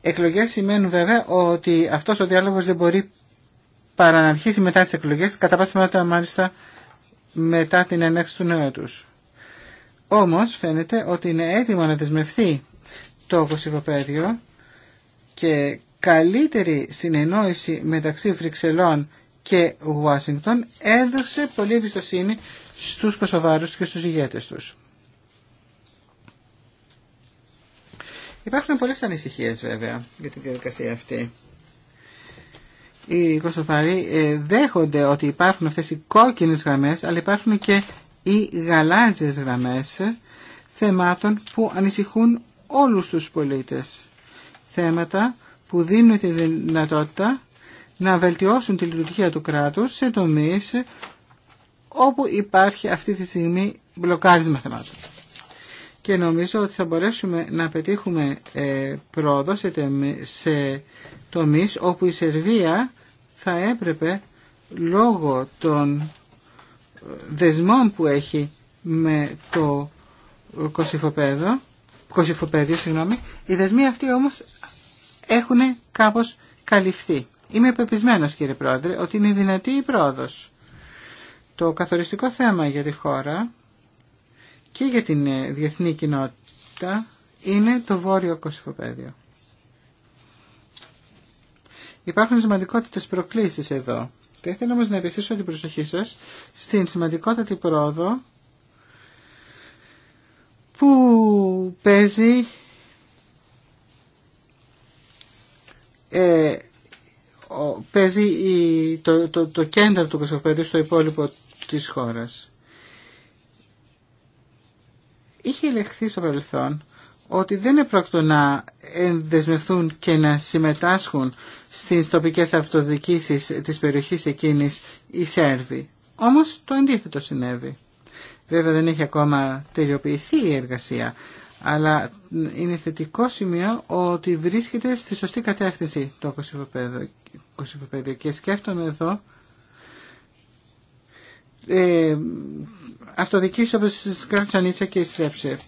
Εκλογές σημαίνουν βέβαια ότι αυτός ο διάλογος δεν μπορεί παρά να αρχίσει μετά τις εκλογές, κατά πάση μετά μάλιστα μετά την ενέξη του νέου τους. Όμως φαίνεται ότι είναι έτοιμο να δεσμευθεί το κοσυβοπαίδιο και καλύτερη συνεννόηση μεταξύ Βρυξελών και Ουάσιγκτον έδωσε πολύ εμπιστοσύνη στους Κωσοβάρους και στους ηγέτες τους. Υπάρχουν πολλές ανησυχίες βέβαια για την διαδικασία αυτή. Οι Κωσοβάροι ε, δέχονται ότι υπάρχουν αυτές οι κόκκινες γραμμές, αλλά υπάρχουν και οι γαλάζιες γραμμές θεμάτων που ανησυχούν όλους τους πολίτες. Θέματα που δίνουν τη δυνατότητα να βελτιώσουν τη λειτουργία του κράτους σε τομείς όπου υπάρχει αυτή τη στιγμή μπλοκάρισμα θεμάτων. Και νομίζω ότι θα μπορέσουμε να πετύχουμε ε, πρόοδο σε, σε τομείς όπου η Σερβία θα έπρεπε λόγω των ε, δεσμών που έχει με το κοσυφοπέδιο, συγγνώμη, οι δεσμοί αυτοί όμως έχουν κάπως καλυφθεί. Είμαι πεπισμένος κύριε Πρόεδρε ότι είναι δυνατή η πρόοδος. Το καθοριστικό θέμα για τη χώρα και για την ε, διεθνή κοινότητα είναι το βόρειο κοσυφοπαίδιο. Υπάρχουν σημαντικότητε προκλήσεις εδώ. Θα ήθελα όμως να επιστήσω την προσοχή σας στην τη πρόοδο που παίζει Ε, ο, παίζει το, το, κέντρο του κοσμοπέδιου στο υπόλοιπο της χώρας. Είχε ελεγχθεί στο παρελθόν ότι δεν επρόκειτο να ενδεσμευθούν και να συμμετάσχουν στις τοπικές αυτοδικήσεις της περιοχής εκείνης οι Σέρβοι. Όμως το αντίθετο συνέβη. Βέβαια δεν έχει ακόμα τελειοποιηθεί η εργασία, αλλά είναι θετικό σημείο ότι βρίσκεται στη σωστή κατεύθυνση το κοσυφοπέδιο. Και σκέφτομαι εδώ ε, όπως όπως Σκρατσανίτσα και Σρέψε.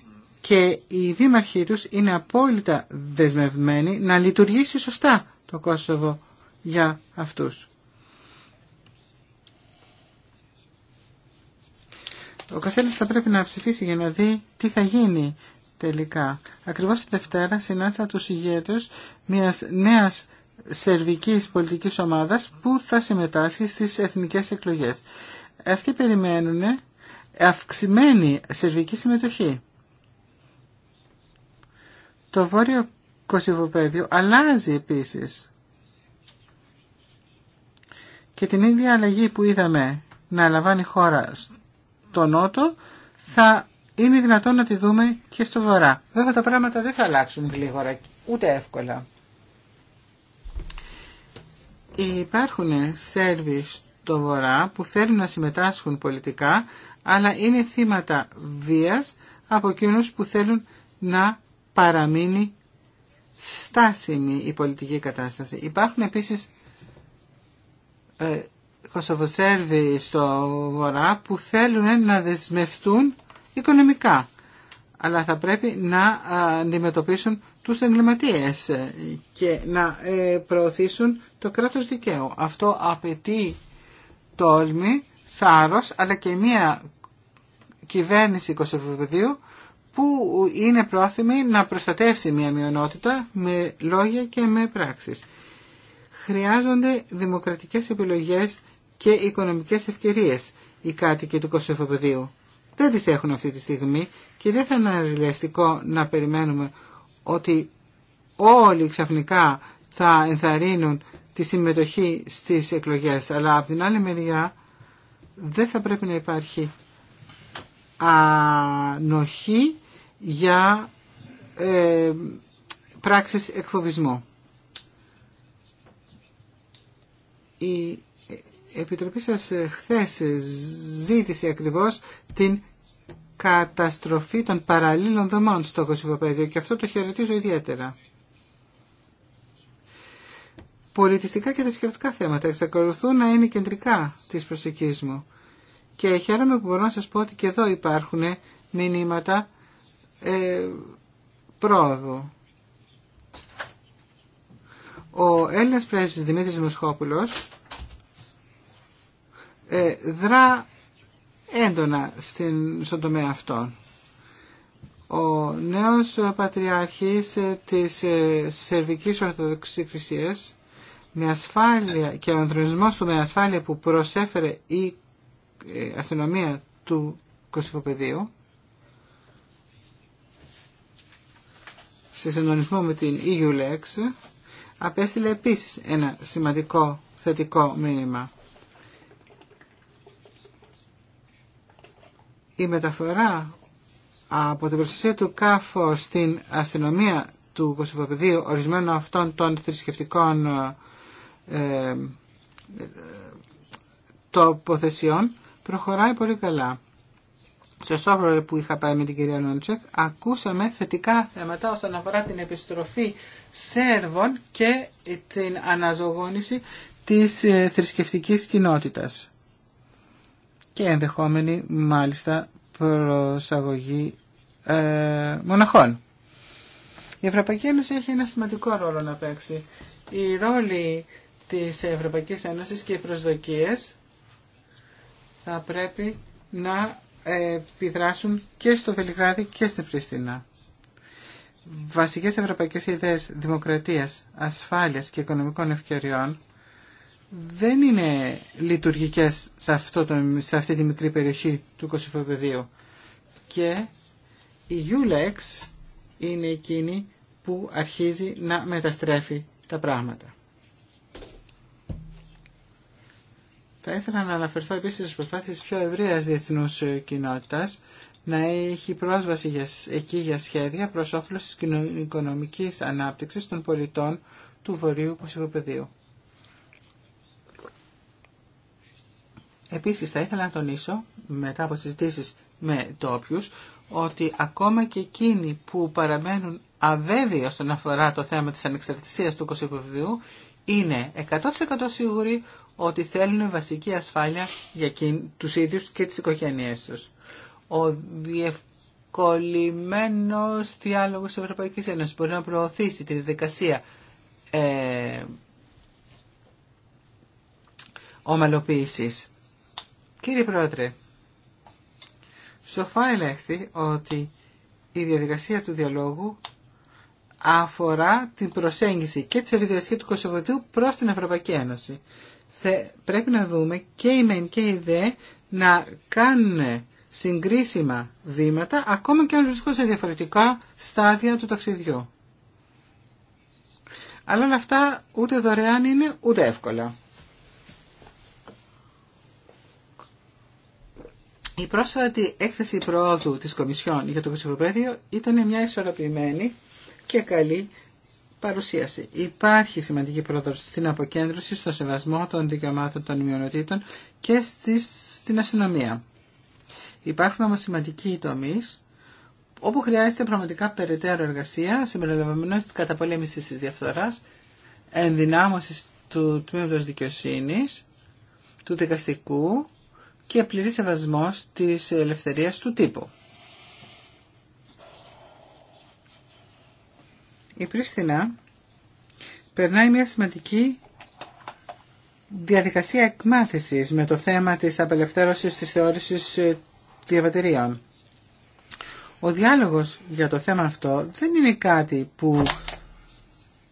Και οι δήμαρχοι τους είναι απόλυτα δεσμευμένοι να λειτουργήσει σωστά το Κόσοβο για αυτούς. Ο καθένα θα πρέπει να ψηφίσει για να δει τι θα γίνει τελικά. Ακριβώς τη Δευτέρα συνάντησα τους ηγέτους μιας νέας σερβικής πολιτικής ομάδας που θα συμμετάσχει στις εθνικές εκλογές. Αυτοί περιμένουν αυξημένη σερβική συμμετοχή. Το βόρειο κοσυβοπαίδιο αλλάζει επίσης. Και την ίδια αλλαγή που είδαμε να λαμβάνει η χώρα στο νότο θα είναι δυνατόν να τη δούμε και στο βορρά. Βέβαια τα πράγματα δεν θα αλλάξουν γλίγορα, ούτε εύκολα. Υπάρχουν Σέρβοι στο βορρά που θέλουν να συμμετάσχουν πολιτικά, αλλά είναι θύματα βίας από εκείνους που θέλουν να παραμείνει στάσιμη η πολιτική κατάσταση. Υπάρχουν επίσης ε, Κωσοβοσέρβοι στο βορρά που θέλουν να δεσμευτούν οικονομικά. Αλλά θα πρέπει να αντιμετωπίσουν τους εγκληματίες και να ε, προωθήσουν το κράτος δικαίου. Αυτό απαιτεί τόλμη, θάρρος, αλλά και μια κυβέρνηση Κωσοπεδίου που είναι πρόθυμη να προστατεύσει μια μειονότητα με λόγια και με πράξεις. Χρειάζονται δημοκρατικές επιλογές και οικονομικές ευκαιρίες οι κάτοικοι του Κωσοφοπεδίου δεν τις έχουν αυτή τη στιγμή και δεν θα είναι ρεαλιστικό να περιμένουμε ότι όλοι ξαφνικά θα ενθαρρύνουν τη συμμετοχή στις εκλογές. Αλλά από την άλλη μεριά δεν θα πρέπει να υπάρχει ανοχή για ε, πράξεις εκφοβισμού. Επιτροπή σας ε, χθες ζήτησε ακριβώς την καταστροφή των παραλλήλων δομών στο Κωσυφοπαίδιο και αυτό το χαιρετίζω ιδιαίτερα. Πολιτιστικά και θρησκευτικά θέματα εξακολουθούν να είναι κεντρικά της προσοχής μου. Και χαίρομαι που μπορώ να σας πω ότι και εδώ υπάρχουν μηνύματα ε, πρόοδου. Ο Έλληνας πρέσβης Δημήτρης Μοσχόπουλος ε, δρά έντονα στην, στον τομέα αυτόν. Ο νέος πατριάρχης ε, της ε, Σερβικής Ορθοδοξής Εκκλησίας με ασφάλεια και ο ανθρωπισμός του με ασφάλεια που προσέφερε η αστυνομία του Κωσυφοπεδίου σε συντονισμό με την EULEX απέστειλε επίσης ένα σημαντικό θετικό μήνυμα. η μεταφορά από την προστασία του ΚΑΦΟ στην αστυνομία του Κωσυφοπεδίου ορισμένων αυτών των θρησκευτικών ε, ε, τοποθεσιών προχωράει πολύ καλά. Σε Σόβρο που είχα πάει με την κυρία Νόντσεκ ακούσαμε θετικά θέματα όσον αφορά την επιστροφή Σέρβων και την αναζωογόνηση της ε, θρησκευτικής κοινότητας και ενδεχόμενη μάλιστα προσαγωγή ε, μοναχών. Η Ευρωπαϊκή Ένωση έχει ένα σημαντικό ρόλο να παίξει. Η ρόλοι της Ευρωπαϊκής Ένωσης και οι προσδοκίες θα πρέπει να επιδράσουν και στο Βελιγράδι και στην Πριστίνα. Βασικές ευρωπαϊκές ιδέες δημοκρατίας, ασφάλειας και οικονομικών ευκαιριών δεν είναι λειτουργικές σε, αυτό το, σε αυτή τη μικρή περιοχή του Κωσυφοπεδίου. Και η Ulex είναι εκείνη που αρχίζει να μεταστρέφει τα πράγματα. Θα ήθελα να αναφερθώ επίσης στις προσπάθειες πιο ευρείας διεθνούς ε, κοινότητας να έχει πρόσβαση εκεί για σχέδια προς όφελος της οικονομικής ανάπτυξης των πολιτών του Βορείου Κωσυφοπεδίου. Επίσης θα ήθελα να τονίσω μετά από συζητήσεις με τόπιους ότι ακόμα και εκείνοι που παραμένουν αβέβαιοι όσον αφορά το θέμα της ανεξαρτησίας του Κωσυφοβιδίου είναι 100% σίγουροι ότι θέλουν βασική ασφάλεια για τους ίδιους και τις οικογένειές τους. Ο διευκολυμένος διάλογος της Ευρωπαϊκής Ένωσης μπορεί να προωθήσει τη διαδικασία ε, ομαλοποίησης. Κύριε Πρόεδρε, σοφά ελέγχθη ότι η διαδικασία του διαλόγου αφορά την προσέγγιση και τη εργασίας του Κωσοβοδίου προς την Ευρωπαϊκή Ένωση. Θε, πρέπει να δούμε και οι μεν και οι δε να κάνουν συγκρίσιμα βήματα ακόμα και αν βρισκούν σε διαφορετικά στάδια του ταξιδιού. Αλλά όλα αυτά ούτε δωρεάν είναι ούτε εύκολα. Η πρόσφατη έκθεση προόδου της Κομισιόν για το Κωσυφοπαίδιο ήταν μια ισορροπημένη και καλή παρουσίαση. Υπάρχει σημαντική πρόοδος στην αποκέντρωση, στο σεβασμό των δικαιωμάτων των μειονοτήτων και στις, στην αστυνομία. Υπάρχουν όμως σημαντικοί τομείς όπου χρειάζεται πραγματικά περαιτέρω εργασία, συμπεριλαμβανομένως της καταπολέμησης της διαφθοράς, ενδυνάμωσης του τμήματος δικαιοσύνης, του δικαστικού, και πλήρη σεβασμός της ελευθερίας του τύπου. Η Πρίστινα περνάει μια σημαντική διαδικασία εκμάθησης με το θέμα της απελευθέρωσης της θεώρησης ε, διαβατηρίων. Ο διάλογος για το θέμα αυτό δεν είναι κάτι που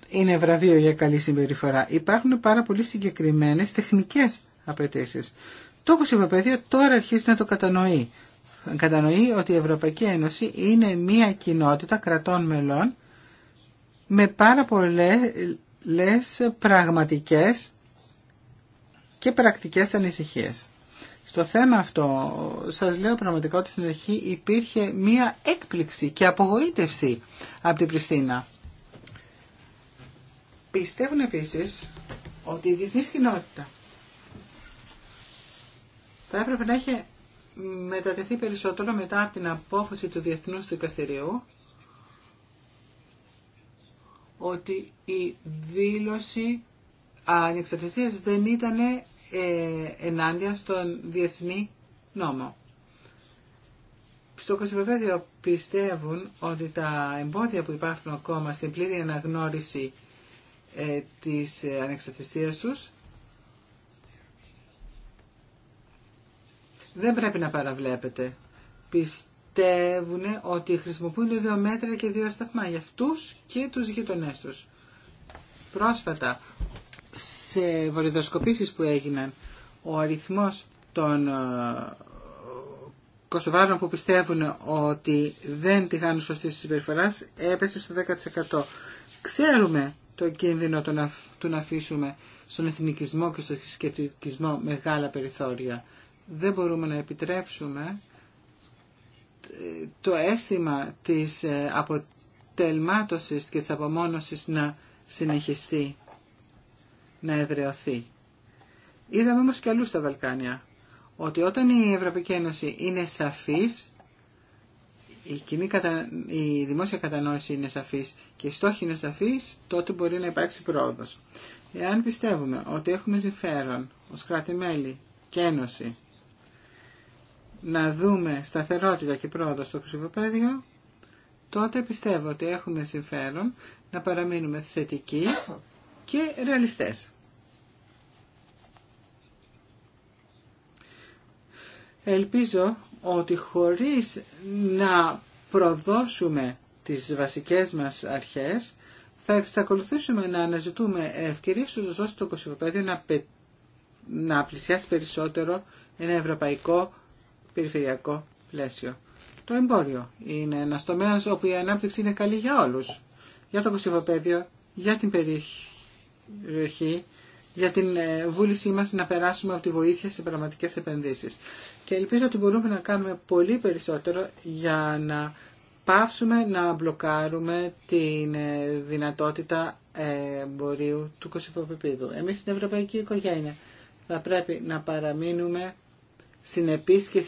είναι βραβείο για καλή συμπεριφορά. Υπάρχουν πάρα πολύ συγκεκριμένες τεχνικές απαιτήσει. Το παιδί, τώρα αρχίζει να το κατανοεί. Κατανοεί ότι η Ευρωπαϊκή Ένωση είναι μια κοινότητα κρατών μελών με πάρα πολλές πραγματικές και πρακτικές ανησυχίες. Στο θέμα αυτό, σας λέω πραγματικά ότι στην αρχή υπήρχε μία έκπληξη και απογοήτευση από την Πριστίνα. Πιστεύουν επίσης ότι η διεθνής κοινότητα θα έπρεπε να έχει μετατεθεί περισσότερο μετά από την απόφαση του Διεθνούς Δικαστηριού ότι η δήλωση ανεξαρτησίας δεν ήταν ε, ενάντια στον διεθνή νόμο. Στο Κωσυμπεπέδιο πιστεύουν ότι τα εμπόδια που υπάρχουν ακόμα στην πλήρη αναγνώριση ε, της ανεξαρτησίας τους δεν πρέπει να παραβλέπετε. Πιστεύουν ότι χρησιμοποιούν δύο μέτρα και δύο σταθμά για αυτούς και τους γειτονές τους. Πρόσφατα, σε βολιδοσκοπήσεις που έγιναν, ο αριθμός των ε, Κωσοβάρων που πιστεύουν ότι δεν τη χάνουν σωστή συμπεριφορά έπεσε στο 10%. Ξέρουμε το κίνδυνο του να αφήσουμε στον εθνικισμό και στον σκεπτικισμό μεγάλα περιθώρια δεν μπορούμε να επιτρέψουμε το αίσθημα της ε, αποτελμάτωσης και της απομόνωσης να συνεχιστεί, να εδραιωθεί. Είδαμε όμως και αλλού στα Βαλκάνια ότι όταν η Ευρωπαϊκή Ένωση είναι σαφής, η, η δημόσια κατανόηση είναι σαφής και η στόχη είναι σαφής, τότε μπορεί να υπάρξει πρόοδος. Εάν πιστεύουμε ότι έχουμε συμφέρον ως κράτη-μέλη και ένωση να δούμε σταθερότητα και πρόοδο στο ψηφοπαίδιο, τότε πιστεύω ότι έχουμε συμφέρον να παραμείνουμε θετικοί και ρεαλιστές. Ελπίζω ότι χωρίς να προδώσουμε τις βασικές μας αρχές, θα εξακολουθήσουμε να αναζητούμε ευκαιρίες ώστε το Κωσυφοπαίδιο να, πε... να πλησιάσει περισσότερο ένα ευρωπαϊκό περιφερειακό πλαίσιο. Το εμπόριο είναι ένα τομέα όπου η ανάπτυξη είναι καλή για όλου. Για το κοσυφοπαίδιο, για την περιοχή, για την ε, βούλησή μα να περάσουμε από τη βοήθεια σε πραγματικέ επενδύσει. Και ελπίζω ότι μπορούμε να κάνουμε πολύ περισσότερο για να πάψουμε να μπλοκάρουμε την ε, δυνατότητα ε, εμπορίου του κοσυφοπαιδίου. Εμεί στην Ευρωπαϊκή Οικογένεια θα πρέπει να παραμείνουμε συνεπείς και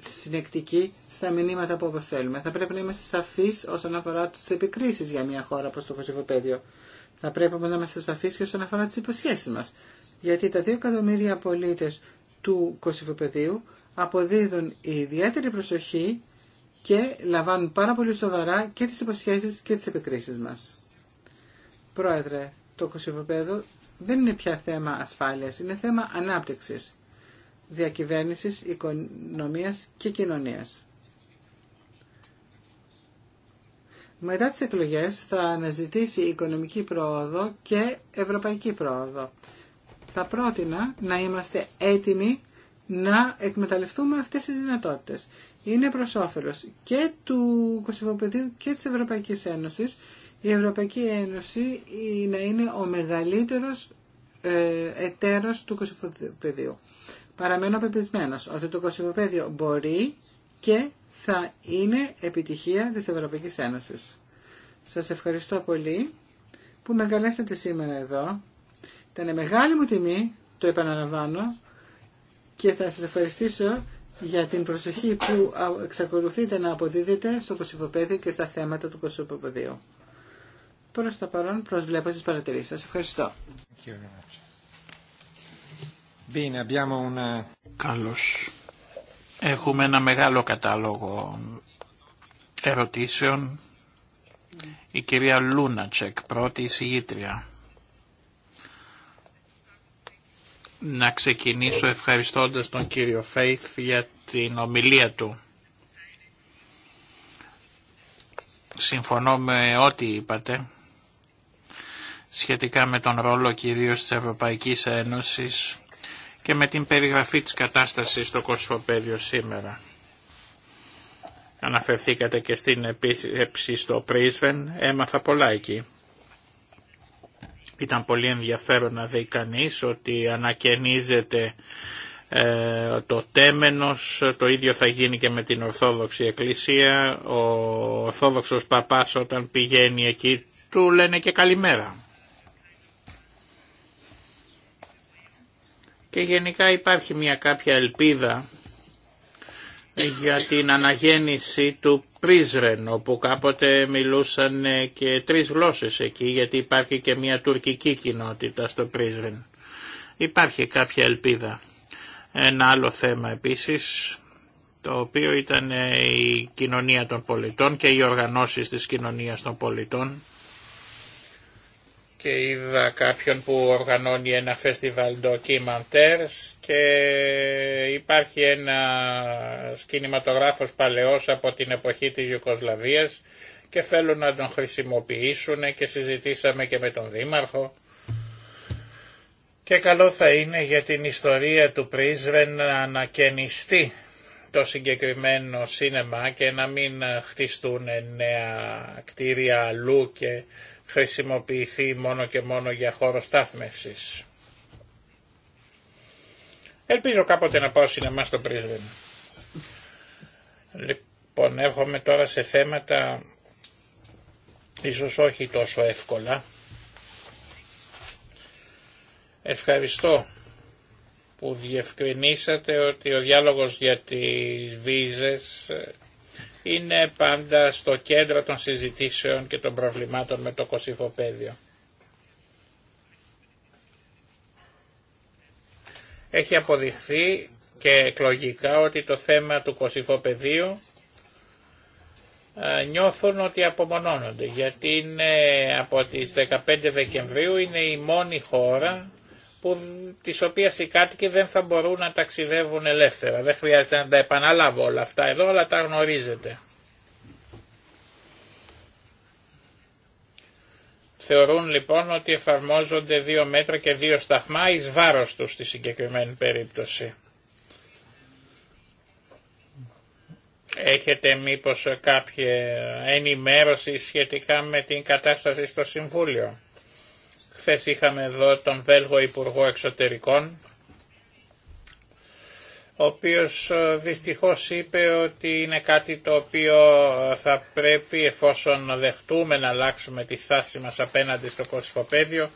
συνεκτική στα μηνύματα που θέλουμε. Θα πρέπει να είμαστε σαφείς όσον αφορά τις επικρίσεις για μια χώρα όπως το Κωσυφοπέδιο. Θα πρέπει όμως να είμαστε σαφείς και όσον αφορά τις υποσχέσεις μας. Γιατί τα δύο εκατομμύρια πολίτες του Κωσυφοπεδίου αποδίδουν ιδιαίτερη προσοχή και λαμβάνουν πάρα πολύ σοβαρά και τις υποσχέσεις και τις επικρίσεις μας. Πρόεδρε, το Κωσυφοπέδιο δεν είναι πια θέμα ασφάλειας, είναι θέμα ανάπτυξης διακυβέρνησης, οικονομίας και κοινωνίας. Μετά τις εκλογές θα αναζητήσει οικονομική πρόοδο και ευρωπαϊκή πρόοδο. Θα πρότεινα να είμαστε έτοιμοι να εκμεταλλευτούμε αυτές τις δυνατότητες. Είναι προς όφελος και του Κωσυφοπεδίου και της Ευρωπαϊκής Ένωσης η Ευρωπαϊκή Ένωση να είναι ο μεγαλύτερος ε, εταίρος του Κωσυφοπεδίου. Παραμένω πεπισμένο ότι το κοσυφοπαίδιο μπορεί και θα είναι επιτυχία της Ευρωπαϊκής Ένωσης. Σας ευχαριστώ πολύ που με καλέσατε σήμερα εδώ. Ήταν μεγάλη μου τιμή, το επαναλαμβάνω, και θα σας ευχαριστήσω για την προσοχή που εξακολουθείτε να αποδίδετε στο κοσυφοπαίδιο και στα θέματα του κοσυφοπαιδίου. Προς τα παρόν προσβλέπω στις παρατηρήσεις σας. Ευχαριστώ. Thank you Bene, eh, Καλώς. Έχουμε ένα μεγάλο κατάλογο ερωτήσεων. Η κυρία Λούνατσεκ, πρώτη εισηγήτρια. Να ξεκινήσω ευχαριστώντας τον κύριο Φέιθ για την ομιλία του. Συμφωνώ με ό,τι είπατε σχετικά με τον ρόλο κυρίως της Ευρωπαϊκής Ένωσης και με την περιγραφή της κατάστασης στο Κοσμοπέδιο σήμερα. Αναφερθήκατε και στην επίσκεψη στο Πρίσβεν, έμαθα πολλά εκεί. Ήταν πολύ ενδιαφέρον να δει κανεί ότι ανακαινίζεται ε, το τέμενος, το ίδιο θα γίνει και με την Ορθόδοξη Εκκλησία. Ο Ορθόδοξος Παπάς όταν πηγαίνει εκεί του λένε και καλημέρα. και γενικά υπάρχει μια κάποια ελπίδα για την αναγέννηση του Πρίζρεν, όπου κάποτε μιλούσαν και τρεις γλώσσες εκεί, γιατί υπάρχει και μια τουρκική κοινότητα στο Πρίζρεν. Υπάρχει κάποια ελπίδα. Ένα άλλο θέμα επίσης, το οποίο ήταν η κοινωνία των πολιτών και οι οργανώσεις της κοινωνίας των πολιτών, και είδα κάποιον που οργανώνει ένα φεστιβάλ ντοκιμαντέρς και υπάρχει ένα κινηματογράφος παλαιός από την εποχή της Ιουκοσλαβίας και θέλουν να τον χρησιμοποιήσουν και συζητήσαμε και με τον Δήμαρχο. Και καλό θα είναι για την ιστορία του Πρίσβεν να ανακαινιστεί το συγκεκριμένο σίνεμα και να μην χτιστούν νέα κτίρια αλλού και χρησιμοποιηθεί μόνο και μόνο για χώρο στάθμευσης. Ελπίζω κάποτε να πάω σινεμά στο πρίσβεν. Λοιπόν, έρχομαι τώρα σε θέματα ίσως όχι τόσο εύκολα. Ευχαριστώ που διευκρινίσατε ότι ο διάλογος για τις βίζες ε, είναι πάντα στο κέντρο των συζητήσεων και των προβλημάτων με το κοσυφοπαίδιο. Έχει αποδειχθεί και εκλογικά ότι το θέμα του κοσυφοπαιδίου νιώθουν ότι απομονώνονται γιατί είναι από τις 15 Δεκεμβρίου είναι η μόνη χώρα που, τις οποίες οι κάτοικοι δεν θα μπορούν να ταξιδεύουν ελεύθερα. Δεν χρειάζεται να τα επαναλάβω όλα αυτά εδώ, αλλά τα γνωρίζετε. Θεωρούν λοιπόν ότι εφαρμόζονται δύο μέτρα και δύο σταθμά εις βάρος τους στη συγκεκριμένη περίπτωση. Έχετε μήπως κάποια ενημέρωση σχετικά με την κατάσταση στο Συμβούλιο. Χθε είχαμε εδώ τον Βέλγο Υπουργό Εξωτερικών, ο οποίος ε, δυστυχώς είπε ότι είναι κάτι το οποίο ε, θα πρέπει εφόσον δεχτούμε να αλλάξουμε τη θάση μας απέναντι στο κοσφοπέδιο,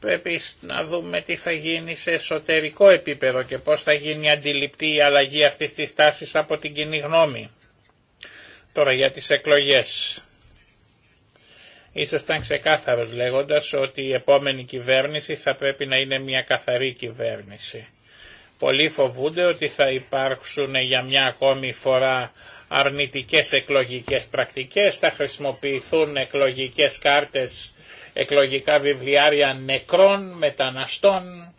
πρέπει να δούμε τι θα γίνει σε εσωτερικό επίπεδο και πώς θα γίνει αντιληπτή η αλλαγή αυτής της τάσης από την κοινή γνώμη. Τώρα για τις εκλογές. Ήσασταν ξεκάθαρος λέγοντας ότι η επόμενη κυβέρνηση θα πρέπει να είναι μια καθαρή κυβέρνηση. Πολλοί φοβούνται ότι θα υπάρξουν για μια ακόμη φορά αρνητικές εκλογικές πρακτικές, θα χρησιμοποιηθούν εκλογικές κάρτες, εκλογικά βιβλιάρια νεκρών, μεταναστών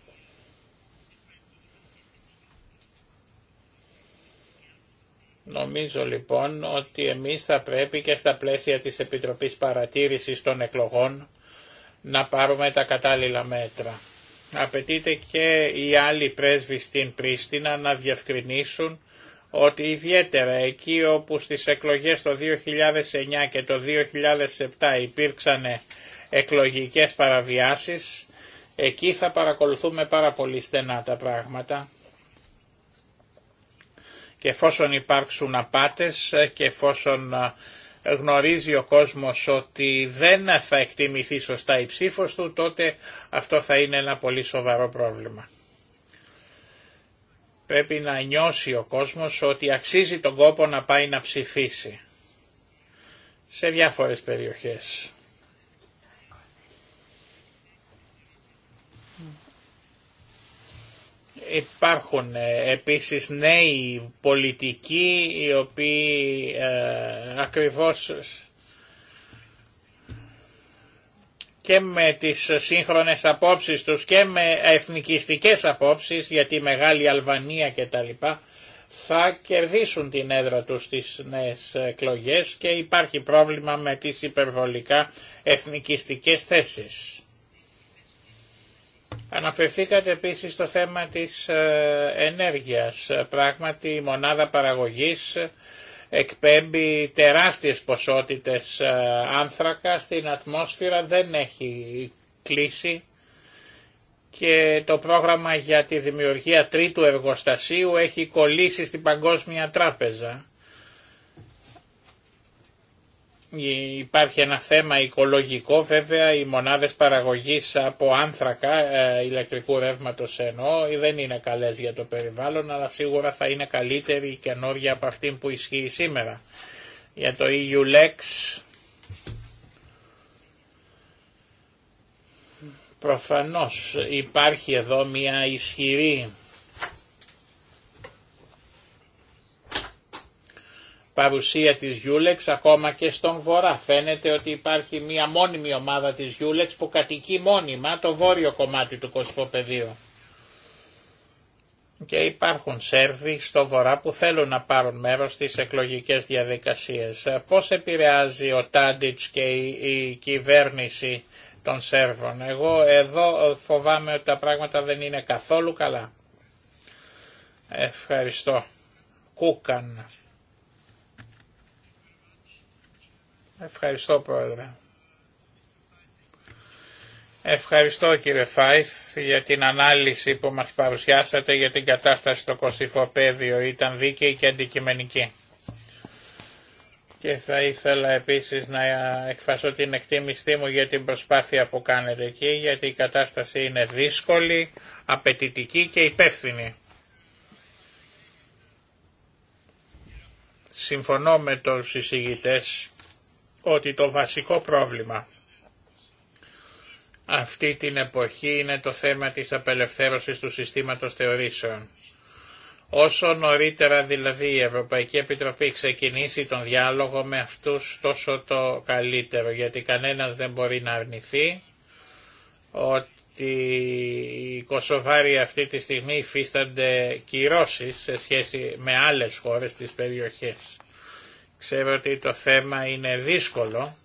Νομίζω λοιπόν ότι εμείς θα πρέπει και στα πλαίσια της Επιτροπής Παρατήρησης των Εκλογών να πάρουμε τα κατάλληλα μέτρα. Απαιτείται και οι άλλοι πρέσβοι στην Πρίστινα να διευκρινίσουν ότι ιδιαίτερα εκεί όπου στις εκλογές το 2009 και το 2007 υπήρξαν εκλογικές παραβιάσεις, εκεί θα παρακολουθούμε πάρα πολύ στενά τα πράγματα και εφόσον υπάρξουν απάτες και εφόσον ε, γνωρίζει ο κόσμος ότι δεν θα εκτιμηθεί σωστά η ψήφος του, τότε αυτό θα είναι ένα πολύ σοβαρό πρόβλημα. Πρέπει να νιώσει ο κόσμος ότι αξίζει τον κόπο να πάει να ψηφίσει σε διάφορες περιοχές. Υπάρχουν ε, επίσης νέοι πολιτικοί οι οποίοι ε, ακριβώς και με τις σύγχρονες απόψεις τους και με εθνικιστικές απόψεις για τη Μεγάλη Αλβανία και τα λοιπά θα κερδίσουν την έδρα τους στις νέες εκλογές και υπάρχει πρόβλημα με τις υπερβολικά εθνικιστικές θέσεις. Αναφερθήκατε επίσης στο θέμα της ε, ενέργειας. Πράγματι η μονάδα παραγωγής εκπέμπει τεράστιες ποσότητες ε, άνθρακα στην ατμόσφαιρα, δεν έχει κλείσει και το πρόγραμμα για τη δημιουργία τρίτου εργοστασίου έχει κολλήσει στην Παγκόσμια Τράπεζα. Υπάρχει ένα θέμα οικολογικό βέβαια, οι μονάδες παραγωγής από άνθρακα ε, ηλεκτρικού ρεύματος εννοώ δεν είναι καλές για το περιβάλλον αλλά σίγουρα θα είναι καλύτερη και νόρια από αυτή που ισχύει σήμερα. Για το EULEX προφανώς υπάρχει εδώ μια ισχυρή παρουσία της Γιούλεξ ακόμα και στον Βορρά. Φαίνεται ότι υπάρχει μια μόνιμη ομάδα της Γιούλεξ που κατοικεί μόνιμα το βόρειο κομμάτι του Κοσμοπεδίου. Και υπάρχουν Σέρβοι στο Βορρά που θέλουν να πάρουν μέρος στις εκλογικές διαδικασίες. Πώς επηρεάζει ο Τάντιτς και η κυβέρνηση των Σέρβων. Εγώ εδώ φοβάμαι ότι τα πράγματα δεν είναι καθόλου καλά. Ευχαριστώ. Κούκαν. Ευχαριστώ Πρόεδρε. Ευχαριστώ κύριε Φάιθ για την ανάλυση που μας παρουσιάσατε για την κατάσταση στο κοσυφοπέδιο. Ήταν δίκαιη και αντικειμενική. Και θα ήθελα επίσης να εκφράσω την εκτίμησή μου για την προσπάθεια που κάνετε εκεί, γιατί η κατάσταση είναι δύσκολη, απαιτητική και υπεύθυνη. Συμφωνώ με τους εισηγητές ότι το βασικό πρόβλημα αυτή την εποχή είναι το θέμα της απελευθέρωσης του συστήματος θεωρήσεων. Όσο νωρίτερα δηλαδή η Ευρωπαϊκή Επιτροπή ξεκινήσει τον διάλογο με αυτούς τόσο το καλύτερο, γιατί κανένας δεν μπορεί να αρνηθεί ότι οι Κωσοβάροι αυτή τη στιγμή υφίστανται κυρώσεις σε σχέση με άλλες χώρες της περιοχής. Ξέρω ότι το θέμα είναι δύσκολο,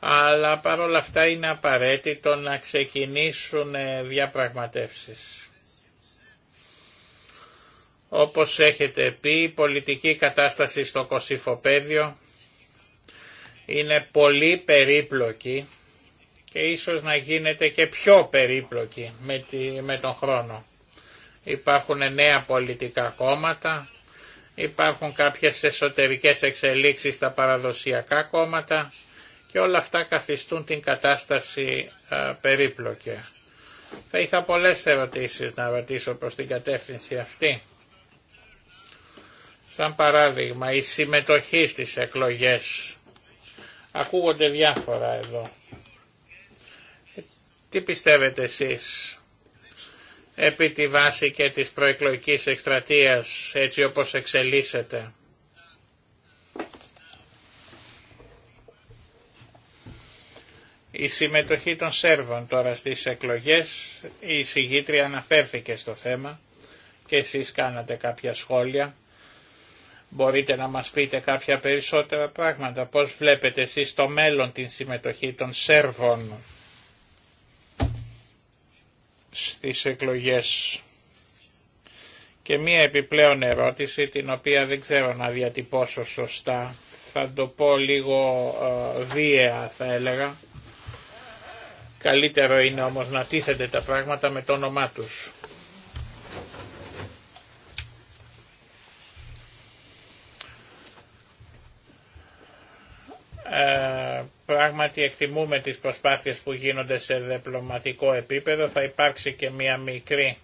αλλά παρόλα αυτά είναι απαραίτητο να ξεκινήσουν ε, διαπραγματεύσεις. Όπως έχετε πει, η πολιτική κατάσταση στο Κωσυφοπέδιο είναι πολύ περίπλοκη και ίσως να γίνεται και πιο περίπλοκη με, με τον χρόνο. Υπάρχουν νέα πολιτικά κόμματα, Υπάρχουν κάποιες εσωτερικές εξελίξεις στα παραδοσιακά κόμματα και όλα αυτά καθιστούν την κατάσταση ε, περίπλοκη. Θα είχα πολλές ερωτήσεις να ρωτήσω προς την κατεύθυνση αυτή. Σαν παράδειγμα, η συμμετοχή στις εκλογές. Ακούγονται διάφορα εδώ. Ε, τι πιστεύετε εσείς επί τη βάση και της προεκλογικής εκστρατείας έτσι όπως εξελίσσεται. Η συμμετοχή των Σέρβων τώρα στις εκλογές, η συγγήτρια αναφέρθηκε στο θέμα και εσείς κάνατε κάποια σχόλια. Μπορείτε να μας πείτε κάποια περισσότερα πράγματα, πώς βλέπετε εσείς το μέλλον την συμμετοχή των Σέρβων στις εκλογές. Και μία επιπλέον ερώτηση την οποία δεν ξέρω να διατυπώσω σωστά. Θα το πω λίγο ε, βίαια θα έλεγα. Καλύτερο είναι όμως να τίθεται τα πράγματα με το όνομά τους. Ε, πράγματι εκτιμούμε τις προσπάθειες που γίνονται σε διπλωματικό επίπεδο. Θα υπάρξει και μια μικρή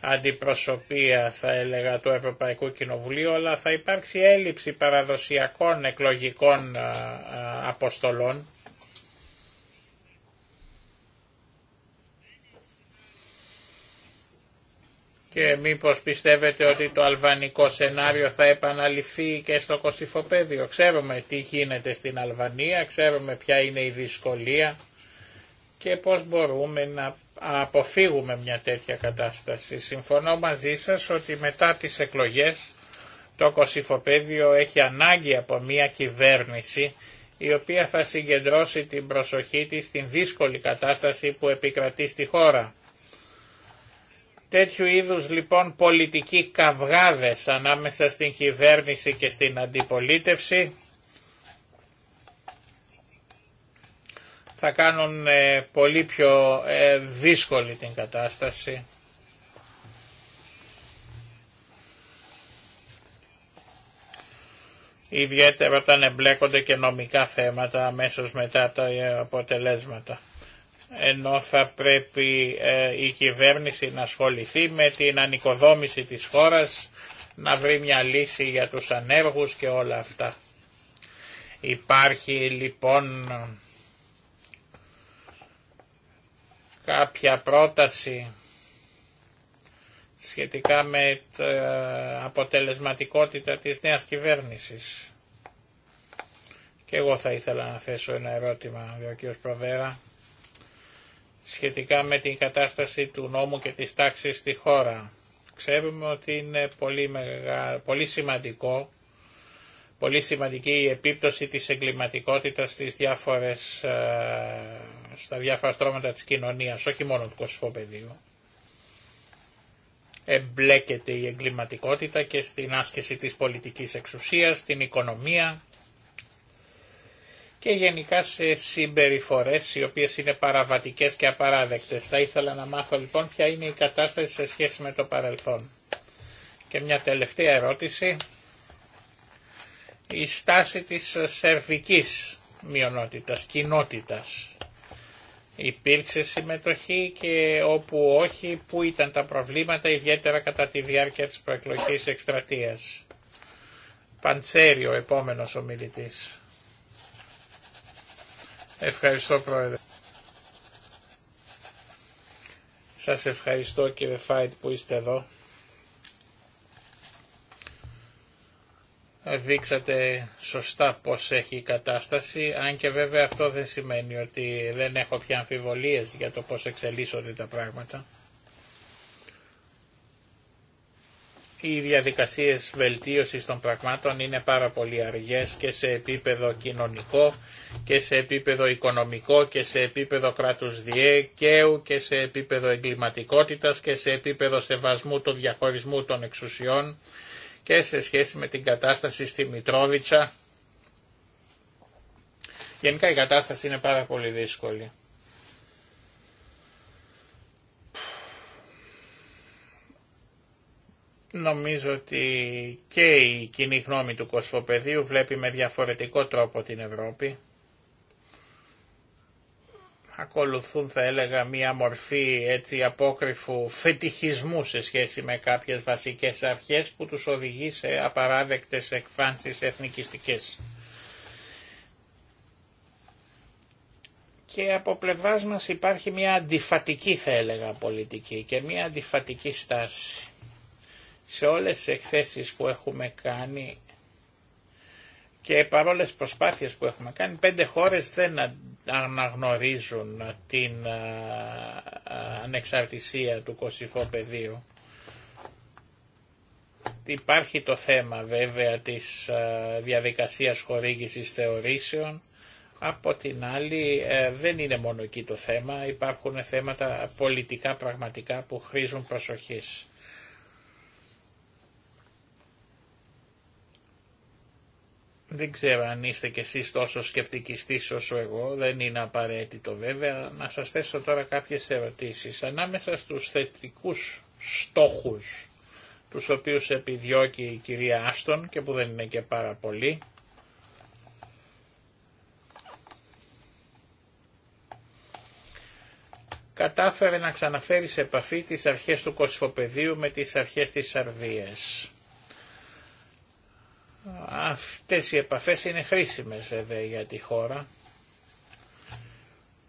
αντιπροσωπεία θα έλεγα του Ευρωπαϊκού Κοινοβουλίου αλλά θα υπάρξει έλλειψη παραδοσιακών εκλογικών ε, ε, αποστολών Και μήπως πιστεύετε ότι το αλβανικό σενάριο θα επαναληφθεί και στο κοσυφοπέδιο. Ξέρουμε τι γίνεται στην Αλβανία, ξέρουμε ποια είναι η δυσκολία και πώς μπορούμε να αποφύγουμε μια τέτοια κατάσταση. Συμφωνώ μαζί σας ότι μετά τις εκλογές το κοσυφοπέδιο έχει ανάγκη από μια κυβέρνηση η οποία θα συγκεντρώσει την προσοχή της στην δύσκολη κατάσταση που επικρατεί στη χώρα Τέτοιου είδους λοιπόν πολιτικοί καυγάδες ανάμεσα στην κυβέρνηση και στην αντιπολίτευση θα κάνουν ε, πολύ πιο ε, δύσκολη την κατάσταση. Ιδιαίτερα όταν εμπλέκονται και νομικά θέματα αμέσως μετά τα ε, αποτελέσματα ενώ θα πρέπει ε, η κυβέρνηση να ασχοληθεί με την ανοικοδόμηση της χώρας, να βρει μια λύση για τους ανέργους και όλα αυτά. Υπάρχει λοιπόν κάποια πρόταση σχετικά με την ε, αποτελεσματικότητα της νέας κυβέρνησης. Και εγώ θα ήθελα να θέσω ένα ερώτημα, ο κ. Προβέρα σχετικά με την κατάσταση του νόμου και της τάξης στη χώρα. Ξέρουμε ότι είναι πολύ, μεγα... πολύ σημαντικό πολύ σημαντική η επίπτωση της εγκληματικότητας στις διάφορες, ε, στα διάφορα στρώματα της κοινωνίας, όχι μόνο του κοσφοπεδίου. Εμπλέκεται η εγκληματικότητα και στην άσκηση της πολιτικής εξουσίας, στην οικονομία, και γενικά σε συμπεριφορές οι οποίες είναι παραβατικές και απαράδεκτες. Θα ήθελα να μάθω λοιπόν ποια είναι η κατάσταση σε σχέση με το παρελθόν. Και μια τελευταία ερώτηση. Η στάση της σερβικής μειονότητας, κοινότητας. Υπήρξε συμμετοχή και όπου όχι, πού ήταν τα προβλήματα, ιδιαίτερα κατά τη διάρκεια της προεκλογικής εκστρατείας. ο επόμενος ομιλητής. Ευχαριστώ Πρόεδρε. Σας ευχαριστώ κύριε Φάιτ που είστε εδώ. Δείξατε σωστά πώς έχει η κατάσταση, αν και βέβαια αυτό δεν σημαίνει ότι δεν έχω πια αμφιβολίες για το πώς εξελίσσονται τα πράγματα. οι διαδικασίες βελτίωσης των πραγμάτων είναι πάρα πολύ αργές και σε επίπεδο κοινωνικό και σε επίπεδο οικονομικό και σε επίπεδο κράτους διεκαίου και σε επίπεδο εγκληματικότητας και σε επίπεδο σεβασμού του διαχωρισμού των εξουσιών και σε σχέση με την κατάσταση στη Μητρόβιτσα. Γενικά η κατάσταση είναι πάρα πολύ δύσκολη. Νομίζω ότι και η κοινή γνώμη του κοσμοπεδίου βλέπει με διαφορετικό τρόπο την Ευρώπη. Ακολουθούν θα έλεγα μία μορφή έτσι απόκριφου φετιχισμού σε σχέση με κάποιες βασικές αρχές που τους οδηγεί σε απαράδεκτες εκφάνσεις εθνικιστικές. και από πλευράς μας υπάρχει μια αντιφατική θα έλεγα πολιτική και μια αντιφατική στάση. Σε όλες τις εκθέσεις που έχουμε κάνει και παρόλες προσπάθειες που έχουμε κάνει, πέντε χώρες δεν αναγνωρίζουν την ανεξαρτησία του κοσυφό πεδίου. Υπάρχει το θέμα βέβαια της διαδικασίας χορήγησης θεωρήσεων, από την άλλη ε, δεν είναι μόνο εκεί το θέμα, υπάρχουν θέματα πολιτικά πραγματικά που χρήζουν προσοχής. Δεν ξέρω αν είστε κι εσείς τόσο σκεπτικιστής όσο εγώ, δεν είναι απαραίτητο βέβαια. Να σας θέσω τώρα κάποιες ερωτήσεις. Ανάμεσα στους θετικούς στόχους, τους οποίους επιδιώκει η κυρία Άστον και που δεν είναι και πάρα πολύ κατάφερε να ξαναφέρει σε επαφή τις αρχές του Κοσφοπεδίου με τις αρχές της Σαρβίας. Αυτές οι επαφές είναι χρήσιμες βέβαια για τη χώρα.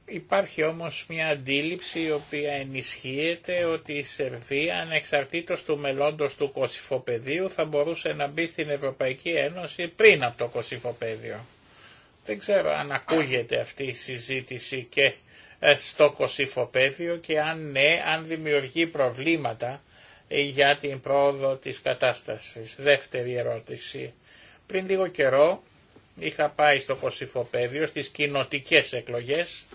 Υπάρχει όμως μια αντίληψη η οποία ενισχύεται ότι η Σερβία ανεξαρτήτως του μελόντος του κοσυφοπεδίου θα μπορούσε να μπει στην Ευρωπαϊκή Ένωση πριν από το κοσυφοπέδιο. Δεν ξέρω αν ακούγεται αυτή η συζήτηση και ε, στο κοσυφοπέδιο και αν ναι, αν δημιουργεί προβλήματα για την πρόοδο της κατάστασης. Δεύτερη ερώτηση. Πριν λίγο καιρό είχα πάει στο Κωσυφοπέδιο στις κοινοτικέ εκλογές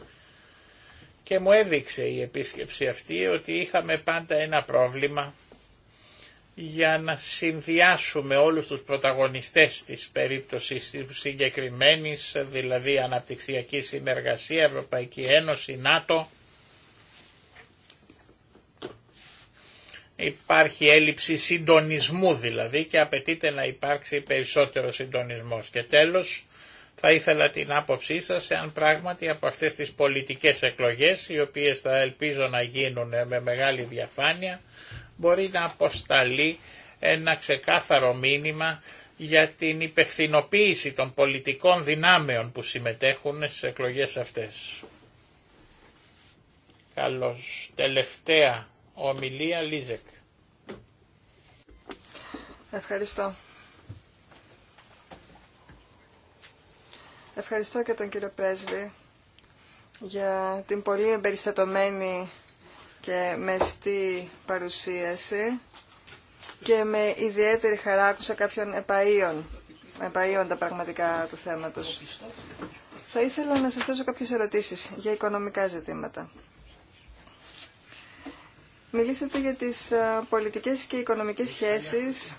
και μου έδειξε η επίσκεψη αυτή ότι είχαμε πάντα ένα πρόβλημα για να συνδυάσουμε όλους τους πρωταγωνιστές της περίπτωσης της συγκεκριμένης, δηλαδή αναπτυξιακή συνεργασία, Ευρωπαϊκή Ένωση, ΝΑΤΟ, Υπάρχει έλλειψη συντονισμού δηλαδή και απαιτείται να υπάρξει περισσότερο συντονισμός. Και τέλος, θα ήθελα την άποψή σας εάν πράγματι από αυτές τις πολιτικές εκλογές, οι οποίες θα ελπίζω να γίνουν με μεγάλη διαφάνεια, μπορεί να αποσταλεί ένα ξεκάθαρο μήνυμα για την υπευθυνοποίηση των πολιτικών δυνάμεων που συμμετέχουν στις εκλογές αυτές. Καλώς. Τελευταία Ομιλία Λίζεκ. Ευχαριστώ. Ευχαριστώ και τον κύριο Πρέσβη για την πολύ εμπεριστατωμένη και μεστή παρουσίαση και με ιδιαίτερη χαρά άκουσα κάποιων επαΐων, επαΐων τα πραγματικά του θέματος. Θα ήθελα να σας θέσω κάποιες ερωτήσεις για οικονομικά ζητήματα. Μιλήσατε για τις ε, πολιτικές και οικονομικές σχέσεις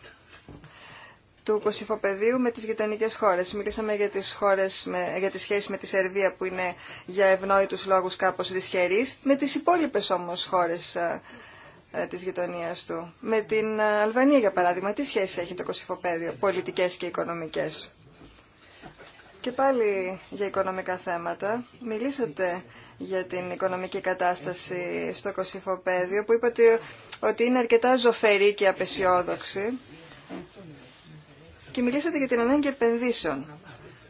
του Κωσυφοπεδίου με τις γειτονικές χώρες. Μιλήσαμε για τις, χώρες με, για τις σχέσεις με τη Σερβία που είναι για ευνόητους λόγους κάπως δυσχερείς, με τις υπόλοιπες όμως χώρες ε, ε, της γειτονίας του. Με την Αλβανία, για παράδειγμα, τι σχέσεις έχει το Κωσυφοπέδιο, πολιτικές και οικονομικές. Και πάλι για οικονομικά θέματα. Μιλήσατε για την οικονομική κατάσταση στο Κωσυφοπαίδιο που είπατε ότι είναι αρκετά ζωφερή και απεσιόδοξη και μιλήσατε για την ανάγκη επενδύσεων.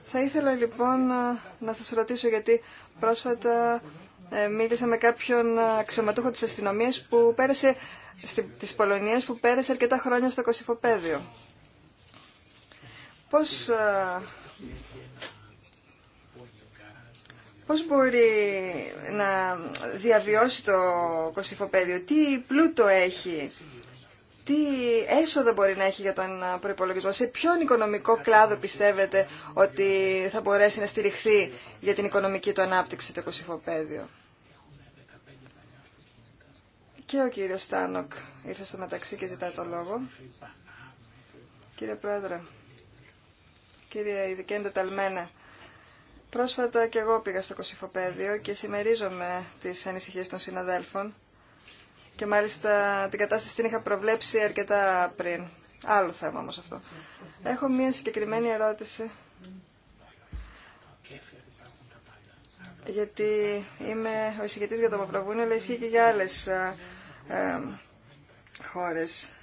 Θα ήθελα λοιπόν να σας ρωτήσω γιατί πρόσφατα ε, μίλησα με κάποιον αξιωματούχο της αστυνομίας που πέρασε, της Πολωνίας που πέρασε αρκετά χρόνια στο Κωσυφοπαίδιο. Πώς ε, πώς μπορεί να διαβιώσει το κοσυφοπέδιο, τι πλούτο έχει, τι έσοδο μπορεί να έχει για τον προϋπολογισμό, σε ποιον οικονομικό κλάδο πιστεύετε ότι θα μπορέσει να στηριχθεί για την οικονομική του ανάπτυξη το κοσυφοπέδιο. Και ο κύριος Στάνοκ ήρθε στο μεταξύ και ζητάει το λόγο. Κύριε Πρόεδρε, κύριε Ειδικέντο Ταλμένα, Πρόσφατα και εγώ πήγα στο Κωσυφοπαίδιο και συμμερίζομαι τις ανησυχίες των συναδέλφων και μάλιστα την κατάσταση την είχα προβλέψει αρκετά πριν. Άλλο θέμα όμως αυτό. Έχω μία συγκεκριμένη ερώτηση. Γιατί είμαι ο εισηγητής για το Μαυροβούνιο, αλλά ισχύει και για άλλες ε, χώρες.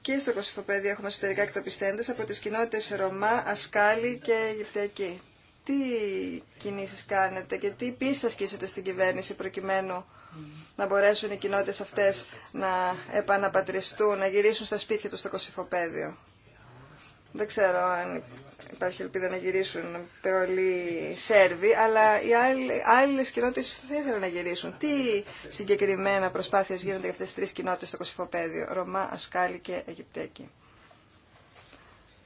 Και στο Κωσυφοπέδιο έχουμε εσωτερικά εκτοπιστέντες από τις κοινότητες Ρωμά, Ασκάλη και Αιγυπτιακή τι κινήσεις κάνετε και τι πίστα ασκήσετε στην κυβέρνηση προκειμένου να μπορέσουν οι κοινότητες αυτές να επαναπατριστούν, να γυρίσουν στα σπίτια τους στο κοσυφοπαίδιο. Δεν ξέρω αν υπάρχει ελπίδα να γυρίσουν πολύ Σέρβοι, αλλά οι άλλε κοινότητε θα ήθελαν να γυρίσουν. Τι συγκεκριμένα προσπάθειε γίνονται για αυτέ τι τρει κοινότητε στο Κωσυφοπαίδιο, Ρωμά, Ασκάλη και Αιγυπτιακή.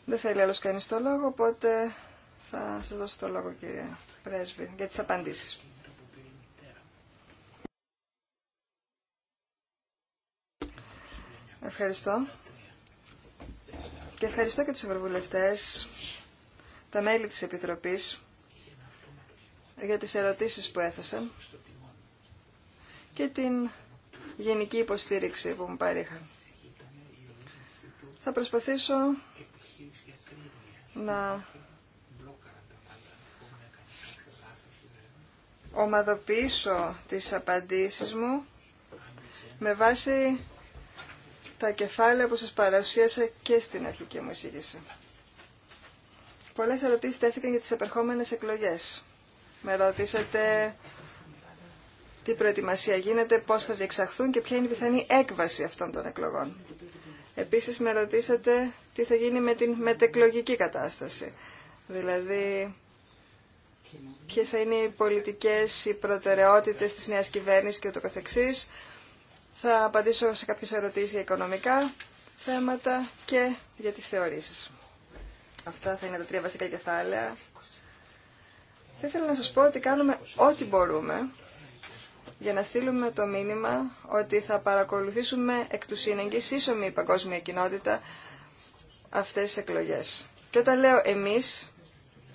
Δεν θέλει άλλο κανεί το λόγο, οπότε θα σας δώσω το λόγο κύριε Πρέσβη για τις απαντήσεις. Ευχαριστώ. Και ευχαριστώ και τους ευρωβουλευτές, τα μέλη της Επιτροπής, για τις ερωτήσεις που έθεσαν και την γενική υποστήριξη που μου παρήχαν. Θα προσπαθήσω να ομαδοποιήσω τις απαντήσεις μου με βάση τα κεφάλαια που σας παρουσίασα και στην αρχική μου εισήγηση. Πολλές ερωτήσεις τέθηκαν για τις επερχόμενες εκλογές. Με ρωτήσατε τι προετοιμασία γίνεται, πώς θα διεξαχθούν και ποια είναι η πιθανή έκβαση αυτών των εκλογών. Επίσης με ρωτήσατε τι θα γίνει με την μετεκλογική κατάσταση. Δηλαδή ποιες θα είναι οι πολιτικές, οι προτεραιότητες της νέας κυβέρνησης και ούτω καθεξής. Θα απαντήσω σε κάποιες ερωτήσεις για οικονομικά θέματα και για τις θεωρήσεις. Αυτά θα είναι τα τρία βασικά κεφάλαια. Θα ήθελα να σας πω ότι κάνουμε ό,τι μπορούμε για να στείλουμε το μήνυμα ότι θα παρακολουθήσουμε εκ του σύνεγγυς ίσομη η παγκόσμια κοινότητα αυτές τις εκλογές. Και όταν λέω εμείς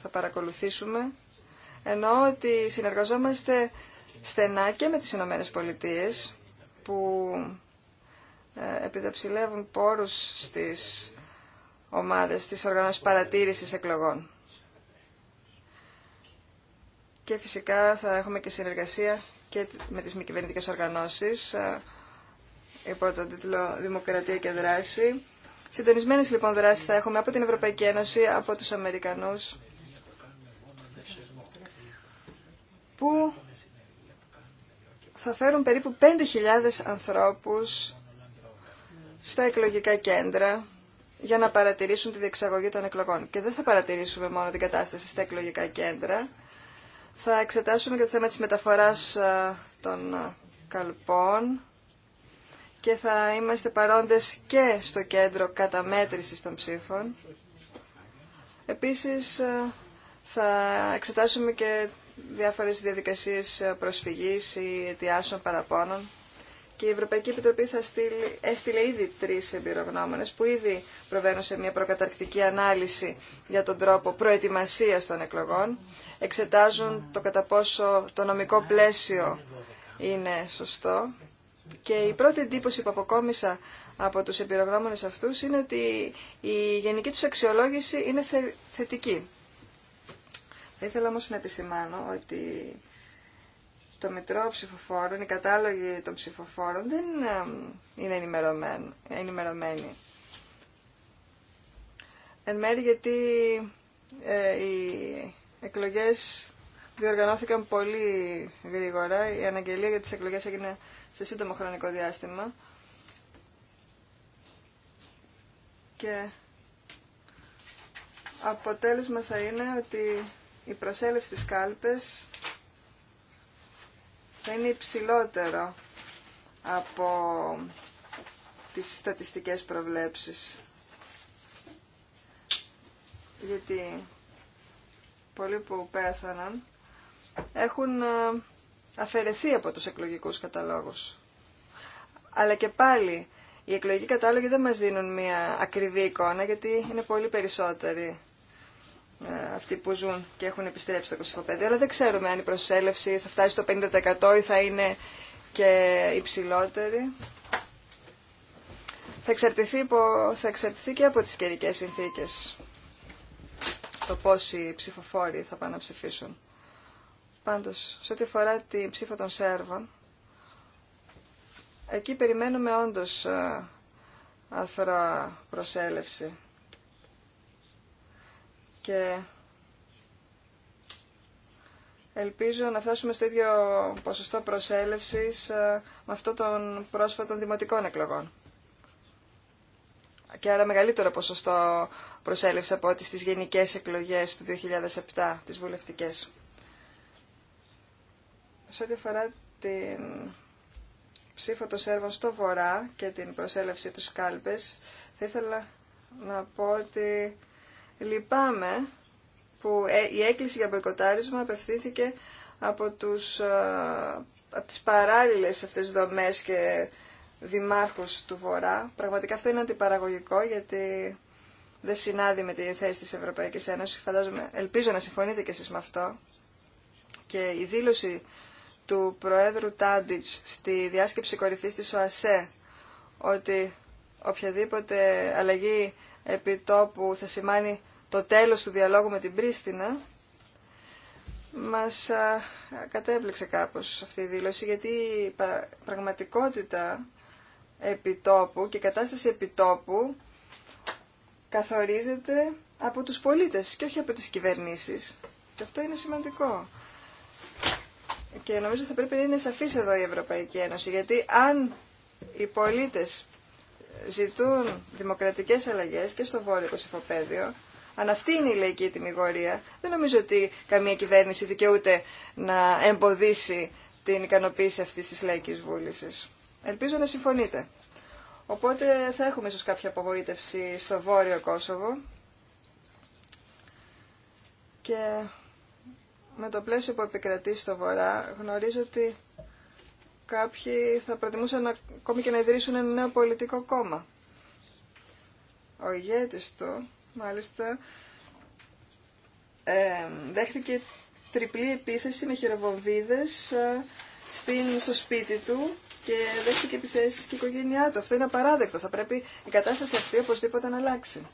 θα παρακολουθήσουμε, ενώ ότι συνεργαζόμαστε στενά και με τις Ηνωμένε Πολιτείε που ε, επιδεψιλεύουν πόρους στις ομάδες της οργανώσεις παρατήρησης εκλογών. Και φυσικά θα έχουμε και συνεργασία και με τις μη κυβερνητικέ οργανώσεις ε, υπό τον τίτλο «Δημοκρατία και δράση». Συντονισμένες λοιπόν δράσεις θα έχουμε από την Ευρωπαϊκή Ένωση, από τους Αμερικανούς που θα φέρουν περίπου 5.000 ανθρώπους στα εκλογικά κέντρα για να παρατηρήσουν τη διεξαγωγή των εκλογών. Και δεν θα παρατηρήσουμε μόνο την κατάσταση στα εκλογικά κέντρα, θα εξετάσουμε και το θέμα της μεταφοράς των καλπών και θα είμαστε παρόντες και στο κέντρο καταμέτρησης των ψήφων. Επίσης θα εξετάσουμε και διάφορες διαδικασίες προσφυγής ή αιτιάσεων παραπώνων. Και η Ευρωπαϊκή Επιτροπή θα έστειλε ήδη τρεις εμπειρογνώμονες που ήδη προβαίνουν σε μια προκαταρκτική ανάλυση για τον τρόπο προετοιμασίας των εκλογών. Εξετάζουν το κατά πόσο το νομικό πλαίσιο είναι σωστό. Και η πρώτη εντύπωση που αποκόμισα από τους εμπειρογνώμονες αυτούς είναι ότι η γενική τους αξιολόγηση είναι θετική. Θα ήθελα όμως να επισημάνω ότι το Μητρό Ψηφοφόρων, οι κατάλογοι των ψηφοφόρων δεν είναι ενημερωμένοι. Εν μέρει γιατί ε, οι εκλογές διοργανώθηκαν πολύ γρήγορα. Η αναγγελία για τις εκλογές έγινε σε σύντομο χρονικό διάστημα. Και αποτέλεσμα θα είναι ότι η προσέλευση στις κάλπες θα είναι υψηλότερο από τις στατιστικές προβλέψεις. Γιατί πολλοί που πέθαναν έχουν ε, αφαιρεθεί από τους εκλογικούς καταλόγους. Αλλά και πάλι οι εκλογικοί κατάλογοι δεν μας δίνουν μια ακριβή εικόνα γιατί είναι πολύ περισσότεροι ε, αυτοί που ζουν και έχουν επιστρέψει στο κοσυφοπέδιο. Αλλά δεν ξέρουμε αν η προσέλευση θα φτάσει στο 50% ή θα είναι και υψηλότερη. Θα εξαρτηθεί, θα εξαρτηθεί και από τις καιρικέ συνθήκες το πόσοι ψηφοφόροι θα πάνε να ψηφίσουν. Πάντως, σε ό,τι αφορά την ψήφα των Σέρβων, εκεί περιμένουμε όντως άθρα ε, προσέλευση και ελπίζω να φτάσουμε στο ίδιο ποσοστό προσέλευσης ε, με αυτό των πρόσφατων δημοτικών εκλογών. Και άρα μεγαλύτερο ποσοστό προσέλευση από ό,τι στις γενικές εκλογές του 2007, τις βουλευτικές. Σε ό,τι αφορά την ψήφο των Σέρβων στο Βορρά και την προσέλευση του Κάλπες, θα ήθελα να πω ότι Λυπάμαι που ε, η έκκληση για μποϊκοτάρισμα απευθύνθηκε από, τους, ε, τις παράλληλες αυτές δομές και δημάρχους του Βορρά. Πραγματικά αυτό είναι αντιπαραγωγικό γιατί δεν συνάδει με τη θέση της Ευρωπαϊκής Ένωσης. Φαντάζομαι, ελπίζω να συμφωνείτε κι εσείς με αυτό. Και η δήλωση του Προέδρου Τάντιτς στη διάσκεψη κορυφής της ΟΑΣΕ ότι οποιαδήποτε αλλαγή επιτόπου θα σημάνει το τέλος του διαλόγου με την Πρίστινα, μας κατέβλεξε κάπως αυτή η δήλωση, γιατί η πραγματικότητα επιτόπου και η κατάσταση επιτόπου καθορίζεται από τους πολίτες και όχι από τις κυβερνήσεις. Και αυτό είναι σημαντικό. Και νομίζω θα πρέπει να είναι σαφής εδώ η Ευρωπαϊκή Ένωση, γιατί αν οι πολίτες ζητούν δημοκρατικές αλλαγές και στο βόρειο κοσυφοπαίδιο, αν αυτή είναι η λαϊκή τιμιγορία, δεν νομίζω ότι καμία κυβέρνηση δικαιούται να εμποδίσει την ικανοποίηση αυτή τη λαϊκή βούληση. Ελπίζω να συμφωνείτε. Οπότε θα έχουμε ίσω κάποια απογοήτευση στο βόρειο Κόσοβο. Και με το πλαίσιο που επικρατεί στο βορρά γνωρίζω ότι κάποιοι θα προτιμούσαν να, ακόμη και να ιδρύσουν ένα νέο πολιτικό κόμμα. Ο ηγέτης του μάλιστα ε, δέχτηκε τριπλή επίθεση με χειροβομβίδες ε, στην, στο σπίτι του και δέχτηκε επιθέσεις και η οικογένειά του. Αυτό είναι απαράδεκτο. Θα πρέπει η κατάσταση αυτή οπωσδήποτε να αλλάξει.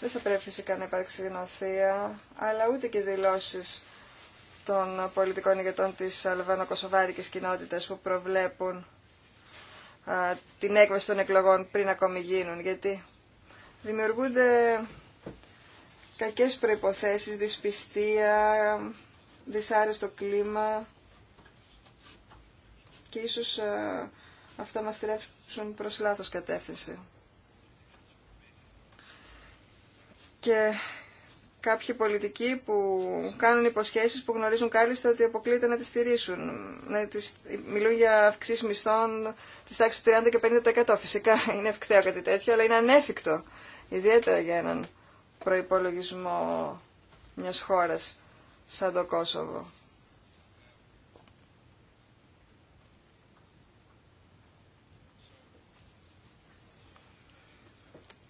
Δεν θα πρέπει φυσικά να υπάρξει γνωθεία, αλλά ούτε και δηλώσεις των πολιτικών ηγετών της αλβανοκοσοβάρικης κοινότητας που προβλέπουν την έκβαση των εκλογών πριν ακόμη γίνουν, γιατί δημιουργούνται κακές προϋποθέσεις, δυσπιστία, δυσάρεστο κλίμα και ίσως αυτά μας τρέψουν προς λάθος κατεύθυνση. Και κάποιοι πολιτικοί που κάνουν υποσχέσεις που γνωρίζουν κάλλιστα ότι αποκλείεται να τις στηρίσουν. Να τις, μιλούν για αυξήσει μισθών της τάξης του 30 και 50%. Φυσικά είναι ευκταίο κάτι τέτοιο, αλλά είναι ανέφικτο. Ιδιαίτερα για έναν προϋπολογισμό μιας χώρας σαν το Κόσοβο.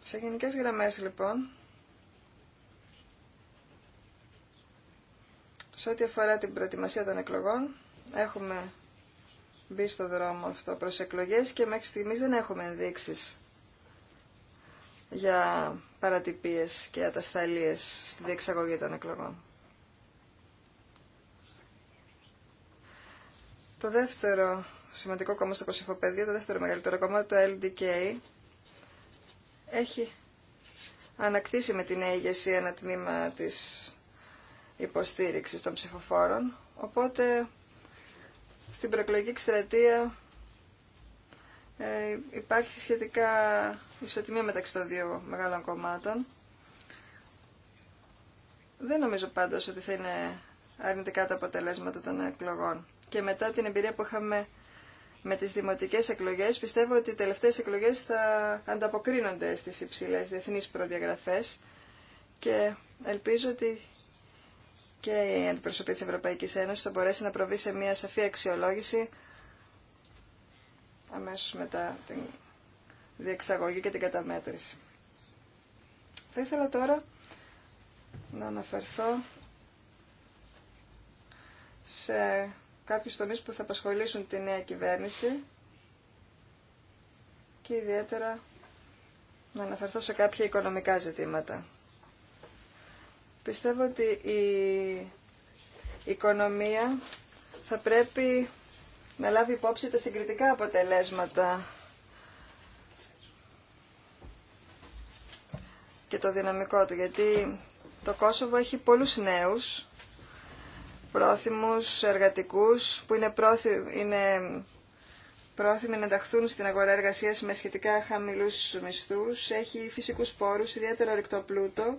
Σε γενικές γραμμές λοιπόν, Σε ό,τι αφορά την προετοιμασία των εκλογών, έχουμε μπει στο δρόμο αυτό προς εκλογές και μέχρι στιγμής δεν έχουμε ενδείξεις για παρατυπίες και ατασταλίες στη διεξαγωγή των εκλογών. Το δεύτερο σημαντικό κόμμα στο Κωσυφοπέδιο, το δεύτερο μεγαλύτερο κόμμα, το LDK, έχει ανακτήσει με την ηγεσία ένα τμήμα της υποστήριξης των ψηφοφόρων. Οπότε στην προεκλογική εκστρατεία ε, υπάρχει σχετικά ισοτιμία μεταξύ των δύο μεγάλων κομμάτων. Δεν νομίζω πάντως ότι θα είναι αρνητικά τα αποτελέσματα των εκλογών. Και μετά την εμπειρία που είχαμε με τις δημοτικές εκλογές, πιστεύω ότι οι τελευταίες εκλογές θα ανταποκρίνονται στις υψηλές διεθνείς προδιαγραφές και ελπίζω ότι και η αντιπροσωπή της Ευρωπαϊκής Ένωσης θα μπορέσει να προβεί σε μια σαφή αξιολόγηση αμέσως μετά την διεξαγωγή και την καταμέτρηση. Θα ήθελα τώρα να αναφερθώ σε κάποιους τομείς που θα απασχολήσουν τη νέα κυβέρνηση και ιδιαίτερα να αναφερθώ σε κάποια οικονομικά ζητήματα. Πιστεύω ότι η οικονομία θα πρέπει να λάβει υπόψη τα συγκριτικά αποτελέσματα και το δυναμικό του, γιατί το Κόσοβο έχει πολλούς νέους, πρόθυμους, εργατικούς, που είναι, πρόθυμοι, είναι να ενταχθούν στην αγορά εργασίας με σχετικά χαμηλούς μισθούς, έχει φυσικούς πόρους, ιδιαίτερα ρηκτό πλούτο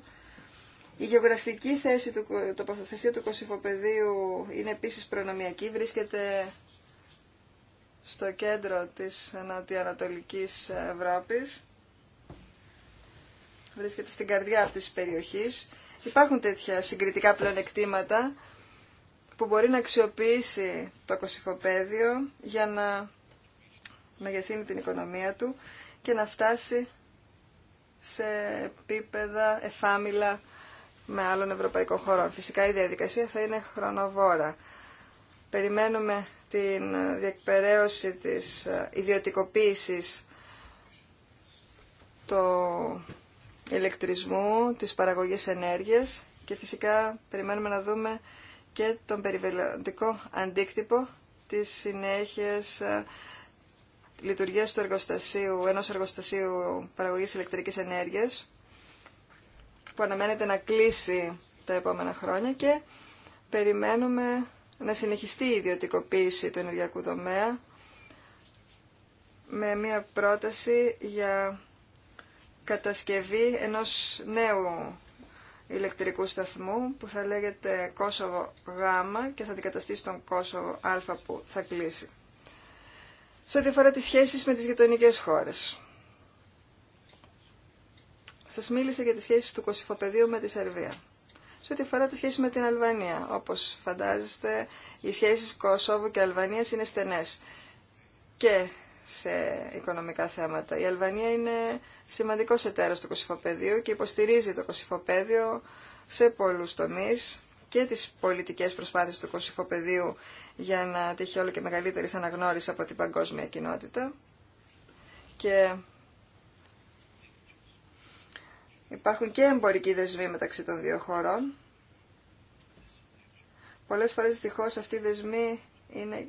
η γεωγραφική θέση του, τοποθεσία του Κωσυφοπεδίου είναι επίσης προνομιακή. Βρίσκεται στο κέντρο της νοτιοανατολικής Ευρώπης. Βρίσκεται στην καρδιά αυτής της περιοχής. Υπάρχουν τέτοια συγκριτικά πλεονεκτήματα που μπορεί να αξιοποιήσει το Κωσυφοπέδιο για να μεγεθύνει την οικονομία του και να φτάσει σε επίπεδα εφάμιλα με άλλων ευρωπαϊκών χωρών. Φυσικά η διαδικασία θα είναι χρονοβόρα. Περιμένουμε την διεκπαιρέωση της ε, ιδιωτικοποίησης του ηλεκτρισμού, της παραγωγής ενέργειας και φυσικά περιμένουμε να δούμε και τον περιβαλλοντικό αντίκτυπο της συνέχειας ε, λειτουργίας του εργοστασίου, ενός εργοστασίου παραγωγής ηλεκτρικής ενέργειας που αναμένεται να κλείσει τα επόμενα χρόνια και περιμένουμε να συνεχιστεί η ιδιωτικοποίηση του ενεργειακού τομέα με μια πρόταση για κατασκευή ενός νέου ηλεκτρικού σταθμού που θα λέγεται Κόσοβο Γ και θα αντικαταστήσει τον Κόσοβο Α που θα κλείσει. Σε ό,τι αφορά τις σχέσεις με τις γειτονικές χώρες. Σα μίλησα για τις σχέσεις του Κωσυφοπεδίου με τη Σερβία. Σε ό,τι αφορά τη σχέση με την Αλβανία, όπως φαντάζεστε, οι σχέσεις Κωσόβου και Αλβανίας είναι στενές και σε οικονομικά θέματα. Η Αλβανία είναι σημαντικό εταίρος του Κωσυφοπεδίου και υποστηρίζει το Κωσυφοπέδιο σε πολλούς τομείς και τις πολιτικέ προσπάθειες του Κωσυφοπεδίου για να τύχει όλο και μεγαλύτερη αναγνώριση από την παγκόσμια κοινότητα. Και Υπάρχουν και εμπορικοί δεσμοί μεταξύ των δύο χωρών. Πολλές φορές δυστυχώς αυτοί οι δεσμοί είναι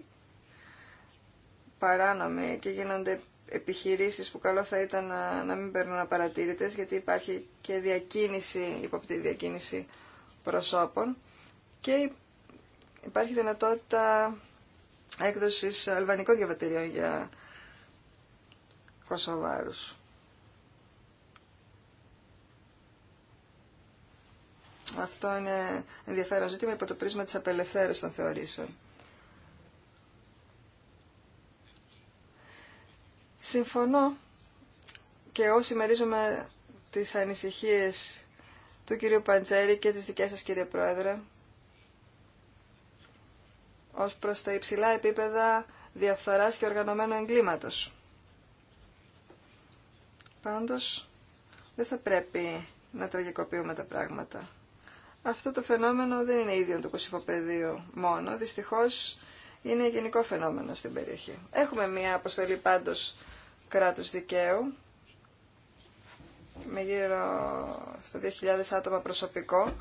παράνομοι και γίνονται επιχειρήσεις που καλό θα ήταν να, να μην παίρνουν απαρατήρητες γιατί υπάρχει και διακίνηση, υποπτή διακίνηση προσώπων και υπάρχει δυνατότητα έκδοσης αλβανικών διαβατηρίων για Κωσοβάρους. Αυτό είναι ενδιαφέρον ζήτημα υπό το πρίσμα της απελευθέρωσης των θεωρήσεων. Συμφωνώ και όσοι μερίζομαι τις ανησυχίες του κυρίου Παντζέρη και της δικές σας κύριε Πρόεδρε ως προς τα υψηλά επίπεδα διαφθοράς και οργανωμένου εγκλήματος. Πάντως, δεν θα πρέπει να τραγικοποιούμε τα πράγματα. Αυτό το φαινόμενο δεν είναι ίδιο του κοσυφοπεδίου μόνο. Δυστυχώς είναι γενικό φαινόμενο στην περιοχή. Έχουμε μια αποστολή πάντως κράτους δικαίου με γύρω στα 2.000 άτομα προσωπικό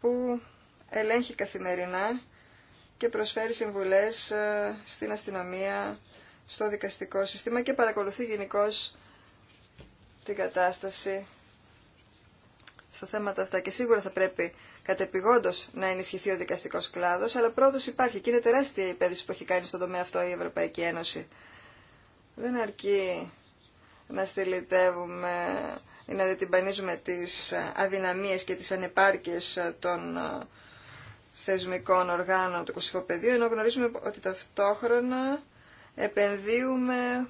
που ελέγχει καθημερινά και προσφέρει συμβουλές ε, στην αστυνομία, στο δικαστικό σύστημα και παρακολουθεί γενικώ την κατάσταση στα θέματα αυτά και σίγουρα θα πρέπει κατεπηγόντω να ενισχυθεί ο δικαστικό κλάδο, αλλά πρόοδο υπάρχει και είναι τεράστια η επένδυση που έχει κάνει στον τομέα αυτό η Ευρωπαϊκή Ένωση. Δεν αρκεί να στυλιτεύουμε ή να διτυμπανίζουμε τις αδυναμίες και τις ανεπάρκειες των ε, θεσμικών οργάνων του κοσυφοπεδίου, ενώ γνωρίζουμε ότι ταυτόχρονα επενδύουμε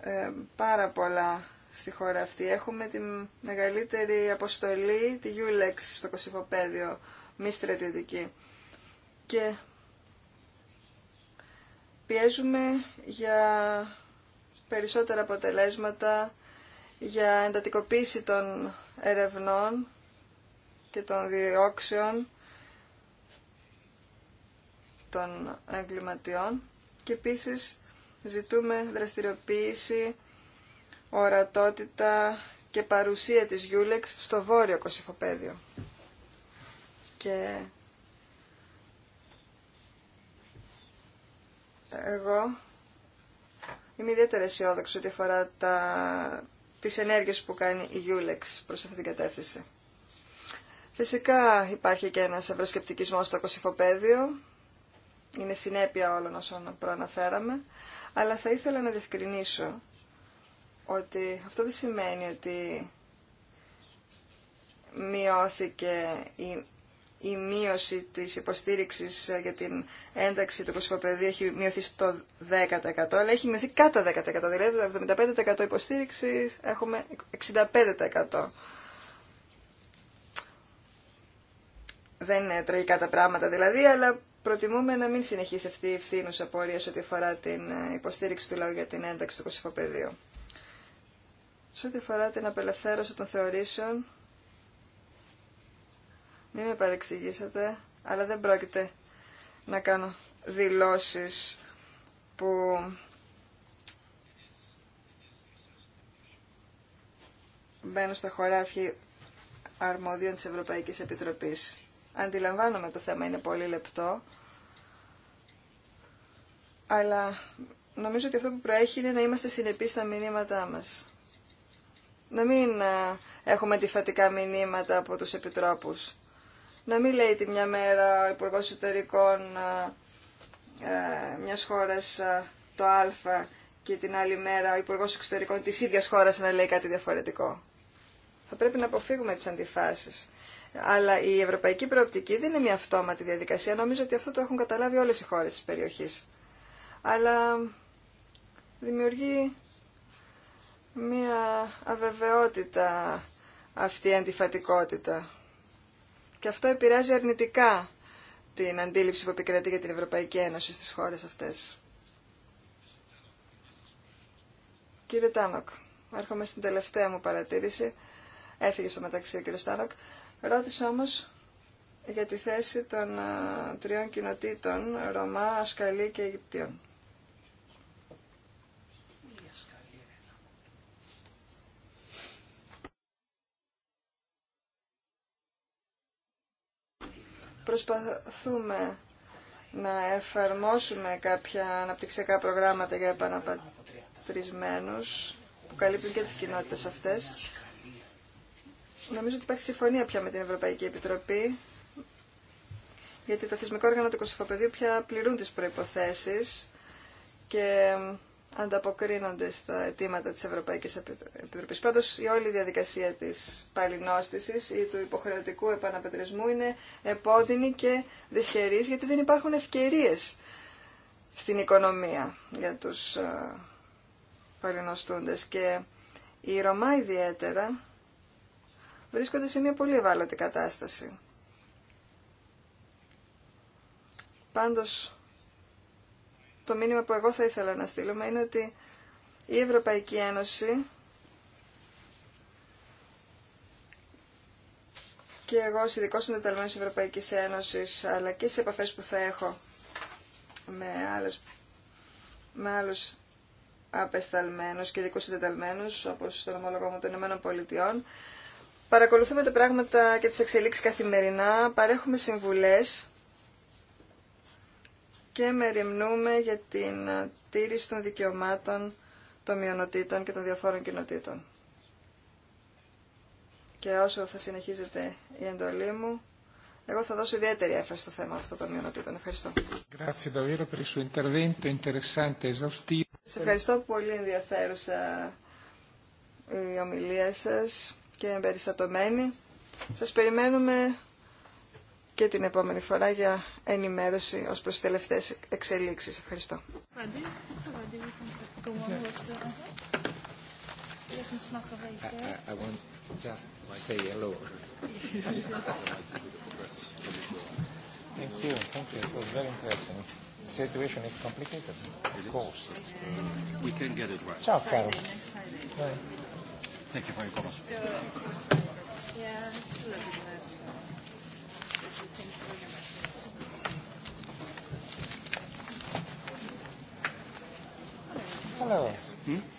ε, πάρα πολλά στη χώρα αυτή. Έχουμε τη μεγαλύτερη αποστολή, τη ULEX στο Κωσυφοπαίδιο, μη στρατιωτική. Και πιέζουμε για περισσότερα αποτελέσματα, για εντατικοποίηση των ερευνών και των διώξεων των εγκληματιών και επίσης ζητούμε δραστηριοποίηση ορατότητα και παρουσία της Γιούλεξ στο βόρειο Κωσυφοπαίδιο. Και εγώ είμαι ιδιαίτερα αισιόδοξη ότι αφορά τα... τις ενέργειες που κάνει η Γιούλεξ προς αυτή την κατεύθυνση. Φυσικά υπάρχει και ένας ευρωσκεπτικισμός στο Κωσυφοπαίδιο, είναι συνέπεια όλων όσων προαναφέραμε, αλλά θα ήθελα να διευκρινίσω ότι αυτό δεν σημαίνει ότι μειώθηκε η, η μείωση της υποστήριξης για την ένταξη του κοσμοπεδίου έχει μειωθεί στο 10% αλλά έχει μειωθεί κατά 10% δηλαδή το 75% υποστήριξη έχουμε 65% δεν είναι τραγικά τα πράγματα δηλαδή αλλά προτιμούμε να μην συνεχίσει αυτή η ευθύνουσα πορεία σε ό,τι αφορά την ε, υποστήριξη του λαού για την ένταξη του κοσμοπεδίου σε ό,τι αφορά την απελευθέρωση των θεωρήσεων, μην με παρεξηγήσετε, αλλά δεν πρόκειται να κάνω δηλώσεις που μπαίνουν στα χωράφια αρμόδιων της Ευρωπαϊκής Επιτροπής. Αντιλαμβάνομαι το θέμα είναι πολύ λεπτό, αλλά νομίζω ότι αυτό που προέχει είναι να είμαστε συνεπείς στα μηνύματά μας να μην ε, έχουμε αντιφατικά μηνύματα από τους επιτρόπους. Να μην λέει τη μια μέρα ο υπουργό Εξωτερικών ε, ε, μιας χώρας το α και την άλλη μέρα ο υπουργό Εξωτερικών της ίδιας χώρας να λέει κάτι διαφορετικό. Θα πρέπει να αποφύγουμε τις αντιφάσεις. Αλλά η ευρωπαϊκή προοπτική δεν είναι μια αυτόματη διαδικασία. Νομίζω ότι αυτό το έχουν καταλάβει όλες οι χώρες της περιοχής. Αλλά δημιουργεί μία αβεβαιότητα αυτή η αντιφατικότητα. Και αυτό επηρεάζει αρνητικά την αντίληψη που επικρατεί για την Ευρωπαϊκή Ένωση στις χώρες αυτές. Κύριε Τάνοκ, έρχομαι στην τελευταία μου παρατήρηση. Έφυγε στο μεταξύ ο κύριος Τάνοκ. Ρώτησε όμως για τη θέση των ε, τριών κοινοτήτων Ρωμά, Ασκαλή και Αιγυπτίων. προσπαθούμε να εφαρμόσουμε κάποια αναπτυξιακά προγράμματα για επαναπατρισμένους που καλύπτουν και τις κοινότητες αυτές. Νομίζω ότι υπάρχει συμφωνία πια με την Ευρωπαϊκή Επιτροπή γιατί τα θεσμικά όργανα του Κωσυφοπεδίου πια πληρούν τις προϋποθέσεις και ανταποκρίνονται στα αιτήματα της Ευρωπαϊκής Επιτροπής. Πάντως η όλη διαδικασία της παλινόστησης ή του υποχρεωτικού επαναπετρισμού είναι επώδυνη και δυσχερής γιατί δεν υπάρχουν ευκαιρίες στην οικονομία για τους παλινοστούντες και οι Ρωμά ιδιαίτερα βρίσκονται σε μια πολύ ευάλωτη κατάσταση. Πάντως το μήνυμα που εγώ θα ήθελα να στείλουμε είναι ότι η Ευρωπαϊκή Ένωση και εγώ ως ειδικό συντεταλμένος της Ευρωπαϊκής Ένωσης αλλά και σε επαφές που θα έχω με, άλλες, με άλλους απεσταλμένους και ειδικού συντεταλμένους όπως τον ομολογό μου των Ηνωμένων Πολιτειών παρακολουθούμε τα πράγματα και τις εξελίξεις καθημερινά παρέχουμε συμβουλές και μεριμνούμε για την ε, τήρηση των δικαιωμάτων των μειονοτήτων και των διαφόρων κοινοτήτων. Και όσο θα συνεχίζεται η εντολή μου, εγώ θα δώσω ιδιαίτερη έφαση στο θέμα αυτό των μειονοτήτων. Ευχαριστώ. Σε ευχαριστώ πολύ ενδιαφέρουσα η ομιλία σας και εμπεριστατωμένη. Σας περιμένουμε και την επόμενη φορά για ενημέρωση ως προς τις τελευταίες εξελίξεις. Ευχαριστώ.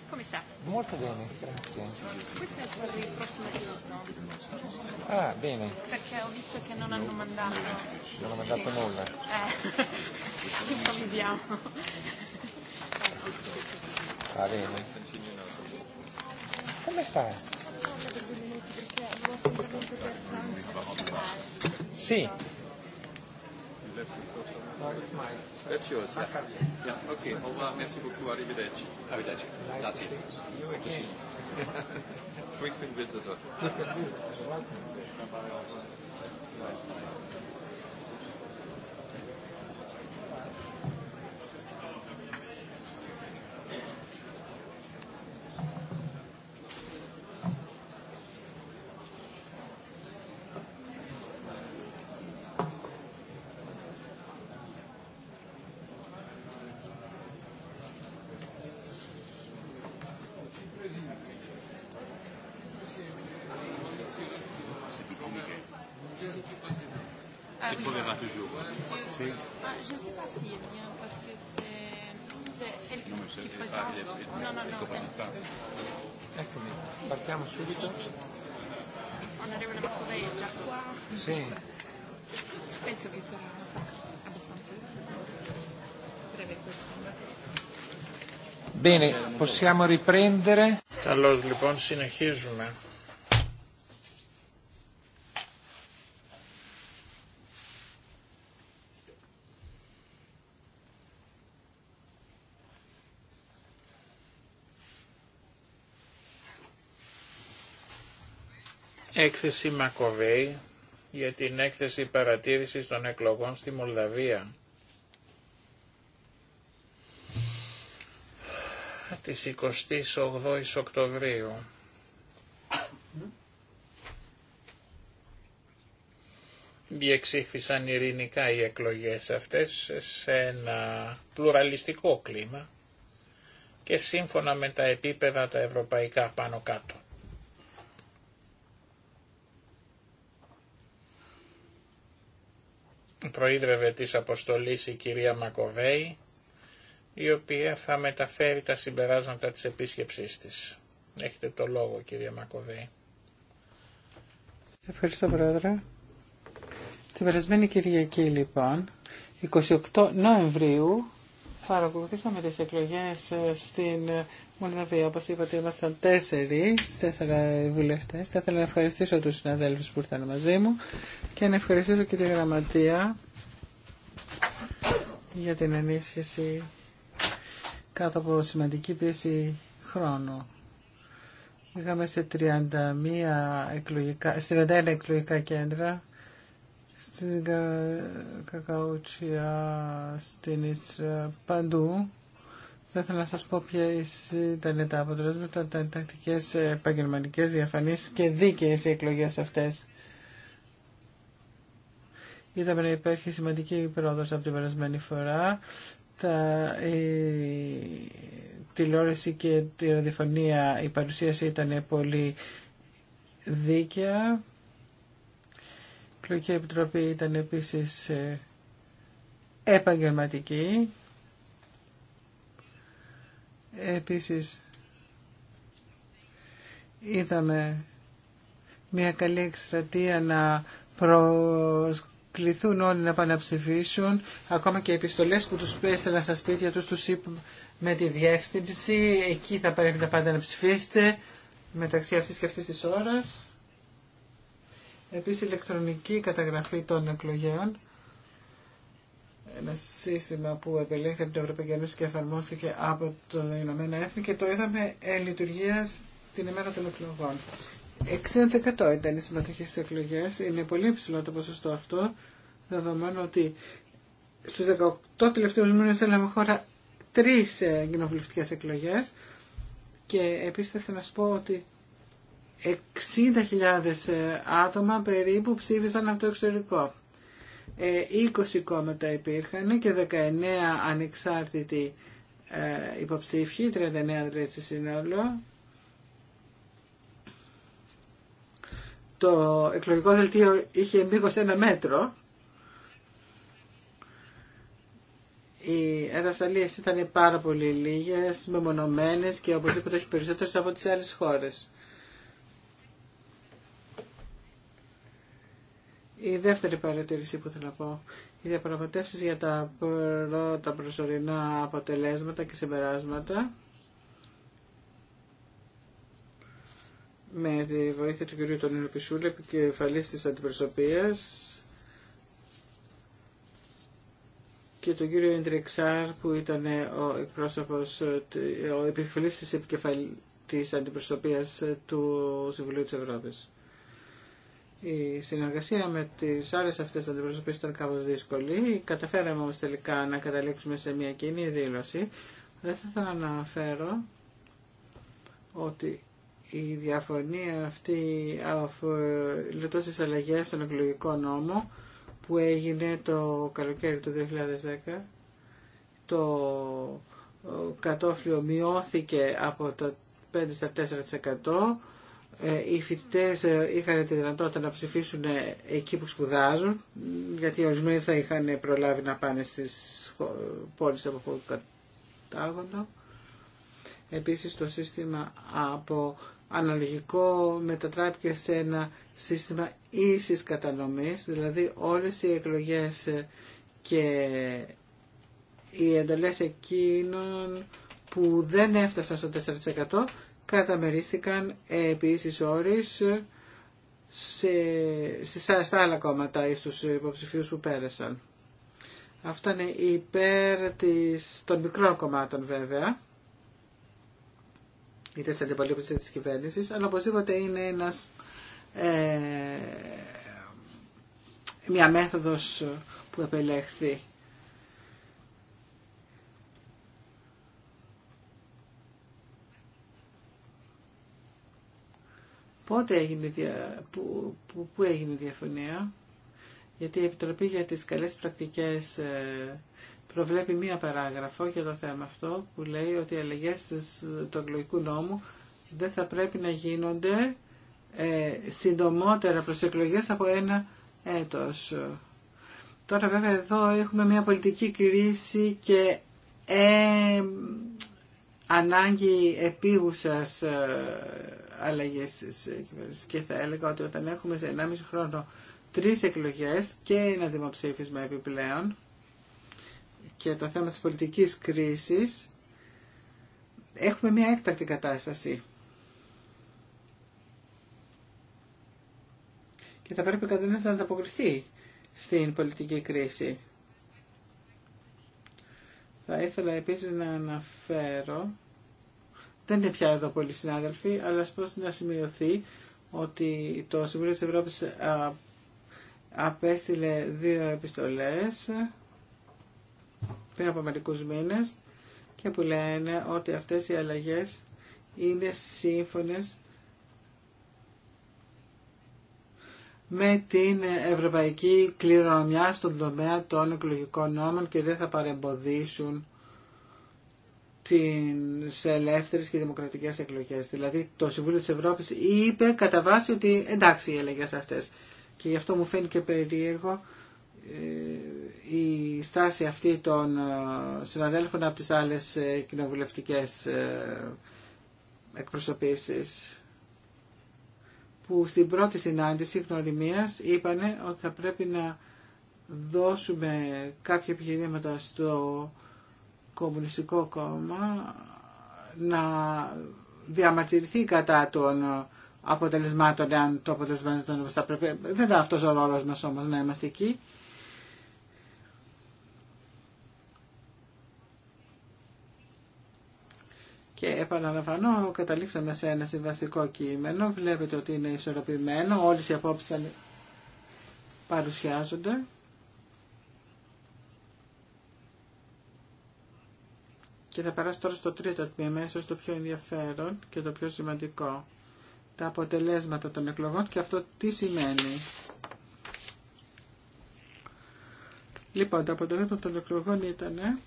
come sta? Molto bene, grazie. Questo è solo il prossimo giorno. Ah, bene. Perché ho visto che non hanno mandato. Non hanno mandato nulla. Eh, improvvisiamo. Va bene. Come sta? Sì. That's yours. Yeah. yeah. Okay. Au revoir. Merci beaucoup. Arrivederci. Arrivederci. Grazie. You again. Frequent visitor. ah, Je ne sais pas si elle vient parce que c'est elle qui présente. Non, non, no. Eccomi, partiamo subito. Onorevole Maccovei è già qua. Sì. Penso che sarà abbastanza breve questo. Bene, possiamo riprendere. Allora, λοιπόν συνεχίζουμε. Έκθεση Μακοβέη για την έκθεση παρατήρησης των εκλογών στη Μολδαβία. της 28 Οκτωβρίου. Διεξήχθησαν ειρηνικά οι εκλογές αυτές σε ένα πλουραλιστικό κλίμα και σύμφωνα με τα επίπεδα τα ευρωπαϊκά πάνω κάτω. προείδρευε της αποστολής η κυρία Μακοβέη, η οποία θα μεταφέρει τα συμπεράσματα της επίσκεψής της. Έχετε το λόγο κυρία Μακοβέη. Σας ευχαριστώ πρόεδρε. Την περασμένη Κυριακή λοιπόν, 28 Νοεμβρίου, παρακολουθήσαμε τις εκλογές ε, στην Μολδαβία, όπω είπατε, ήμασταν τέσσερις, τέσσερα βουλευτές. Θα ήθελα να ευχαριστήσω τους συναδέλφου που ήρθαν μαζί μου και να ευχαριστήσω και τη γραμματεία για την ενίσχυση κάτω από σημαντική πίεση χρόνου. Είχαμε σε 31 εκλογικά, 31 εκλογικά κέντρα, στην Κακαούτσια, στην Ίστρα, παντού θα ήθελα να σας πω ποιες ήταν τα αποτελέσματα, τα τακτικές, επαγγελματικέ διαφανείς και δίκαιες οι εκλογές αυτές. Είδαμε να υπάρχει σημαντική πρόοδος από την περασμένη φορά. Τα, η τηλεόραση και η ραδιοφωνία, η παρουσίαση ήταν πολύ δίκαια. Η επιτροπή ήταν επίσης ε, επαγγελματική. Επίσης, είδαμε μια καλή εκστρατεία να προσκληθούν όλοι να ψηφίσουν, Ακόμα και οι επιστολές που τους έστελαν στα σπίτια τους, τους είπαν με τη διεύθυνση, εκεί θα πρέπει να πάνε να ψηφίσετε μεταξύ αυτής και αυτής της ώρας. Επίσης ηλεκτρονική καταγραφή των εκλογέων ένα σύστημα που επελέχθη από την Ευρωπαϊκή Ένωση και εφαρμόστηκε από το Ηνωμένα Έθνη και το είδαμε εν λειτουργία την ημέρα των εκλογών. 60% ήταν η συμμετοχή στι εκλογέ είναι πολύ υψηλό το ποσοστό αυτό, δεδομένου ότι στου 18 τελευταίου μήνε έλαβε χώρα τρεις ε, κοινοβουλευτικέ εκλογέ. και επίση θα ήθελα να σου πω ότι 60.000 ε, άτομα περίπου ψήφισαν από το εξωτερικό. 20 ε, κόμματα υπήρχαν και 19 ανεξάρτητοι ε, υποψήφοι, 39 δηλαδή σε σύνολο. Το εκλογικό δελτίο είχε μήκο ένα μέτρο. Οι ερασαλίες ήταν πάρα πολύ λίγες, μεμονωμένες και οπωσδήποτε έχει περισσότερες από τις άλλες χώρες. Η δεύτερη παρατήρηση που θέλω να πω. Οι διαπραγματεύσει για τα πρώτα προσωρινά αποτελέσματα και συμπεράσματα με τη βοήθεια του κυρίου Τονίνου Πισούλη, επικεφαλή τη αντιπροσωπείας και τον κύριο Ιντρεξάρ που ήταν ο εκπρόσωπος, ο επικεφαλής της, της αντιπροσωπείας του Συμβουλίου της Ευρώπης. Η συνεργασία με τις άλλες αυτές αντιπροσωπείς ήταν κάπω δύσκολη. Καταφέραμε όμω τελικά να καταλήξουμε σε μια κοινή δήλωση. Δεν θα ήθελα να αναφέρω ότι η διαφωνία αυτή λόγω της αλλαγή στον εκλογικό νόμο που έγινε το καλοκαίρι του 2010. Το κατόφλιο μειώθηκε από το 5 στα 4% ε, οι φοιτητέ ε, είχαν τη δυνατότητα να ψηφίσουν ε, εκεί που σπουδάζουν, γιατί ορισμένοι θα είχαν προλάβει να πάνε στις πόλεις από που κατάγοντο. Επίσης το σύστημα από αναλογικό μετατράπηκε σε ένα σύστημα ίσης κατανομής, δηλαδή όλες οι εκλογές και οι εντολές εκείνων που δεν έφτασαν στο 4% καταμερίστηκαν επίσης όρις σε, σε, στα άλλα κόμματα ή στους υποψηφίους που πέρασαν. Αυτό είναι υπέρ της, των μικρών κομμάτων βέβαια, είτε στην αντιπολίτευση της κυβέρνησης, αλλά οπωσδήποτε είναι ε, μια μέθοδος που επελέχθη πότε έγινε, που, που, που έγινε η διαφωνία, γιατί η Επιτροπή για τις καλές πρακτικές ε, προβλέπει μία παράγραφο για το θέμα αυτό που λέει ότι οι αλλαγές του εκλογικού νόμου δεν θα πρέπει να γίνονται ε, συντομότερα προς εκλογές από ένα έτος. Τώρα βέβαια εδώ έχουμε μια πολιτική κρίση και ε, ανάγκη επίγουσας ε, αλλαγής της κυβέρνησης. Και θα έλεγα ότι όταν έχουμε σε 1,5 χρόνο τρεις εκλογές και ένα δημοψήφισμα επιπλέον και το θέμα της πολιτικής κρίσης, έχουμε μια έκτακτη κατάσταση. Και θα πρέπει ο να ανταποκριθεί στην πολιτική κρίση. Θα ήθελα επίσης να αναφέρω, δεν είναι πια εδώ πολλοί συνάδελφοι, αλλά ας πω να σημειωθεί ότι το Συμβούλιο της Ευρώπης απέστειλε δύο επιστολές πριν από μερικούς μήνες και που λένε ότι αυτές οι αλλαγές είναι σύμφωνες με την ευρωπαϊκή κληρονομιά στον τομέα των εκλογικών νόμων και δεν θα παρεμποδίσουν τις ελεύθερες και δημοκρατικές εκλογές. Δηλαδή το Συμβούλιο της Ευρώπης είπε κατά βάση ότι εντάξει οι ελεγές αυτές. Και γι' αυτό μου φαίνει και περίεργο ε, η στάση αυτή των ε, συναδέλφων από τις άλλες ε, κοινοβουλευτικές εκπροσωπήσεις που στην πρώτη συνάντηση γνωριμίας είπανε ότι θα πρέπει να δώσουμε κάποια επιχειρήματα στο Κομμουνιστικό Κόμμα να διαμαρτυρηθεί κατά των αποτελεσμάτων, αν το αποτελεσμάτων θα πρέπει. Δεν ήταν αυτός ο ρόλος μας όμως να είμαστε εκεί. Και επαναλαμβάνω, καταλήξαμε σε ένα συμβαστικό κείμενο. Βλέπετε ότι είναι ισορροπημένο. Όλες οι απόψεις παρουσιάζονται. Και θα περάσω τώρα στο τρίτο τμήμα, ίσω το πιο ενδιαφέρον και το πιο σημαντικό. Τα αποτελέσματα των εκλογών και αυτό τι σημαίνει. Λοιπόν, τα αποτελέσματα των εκλογών ήταν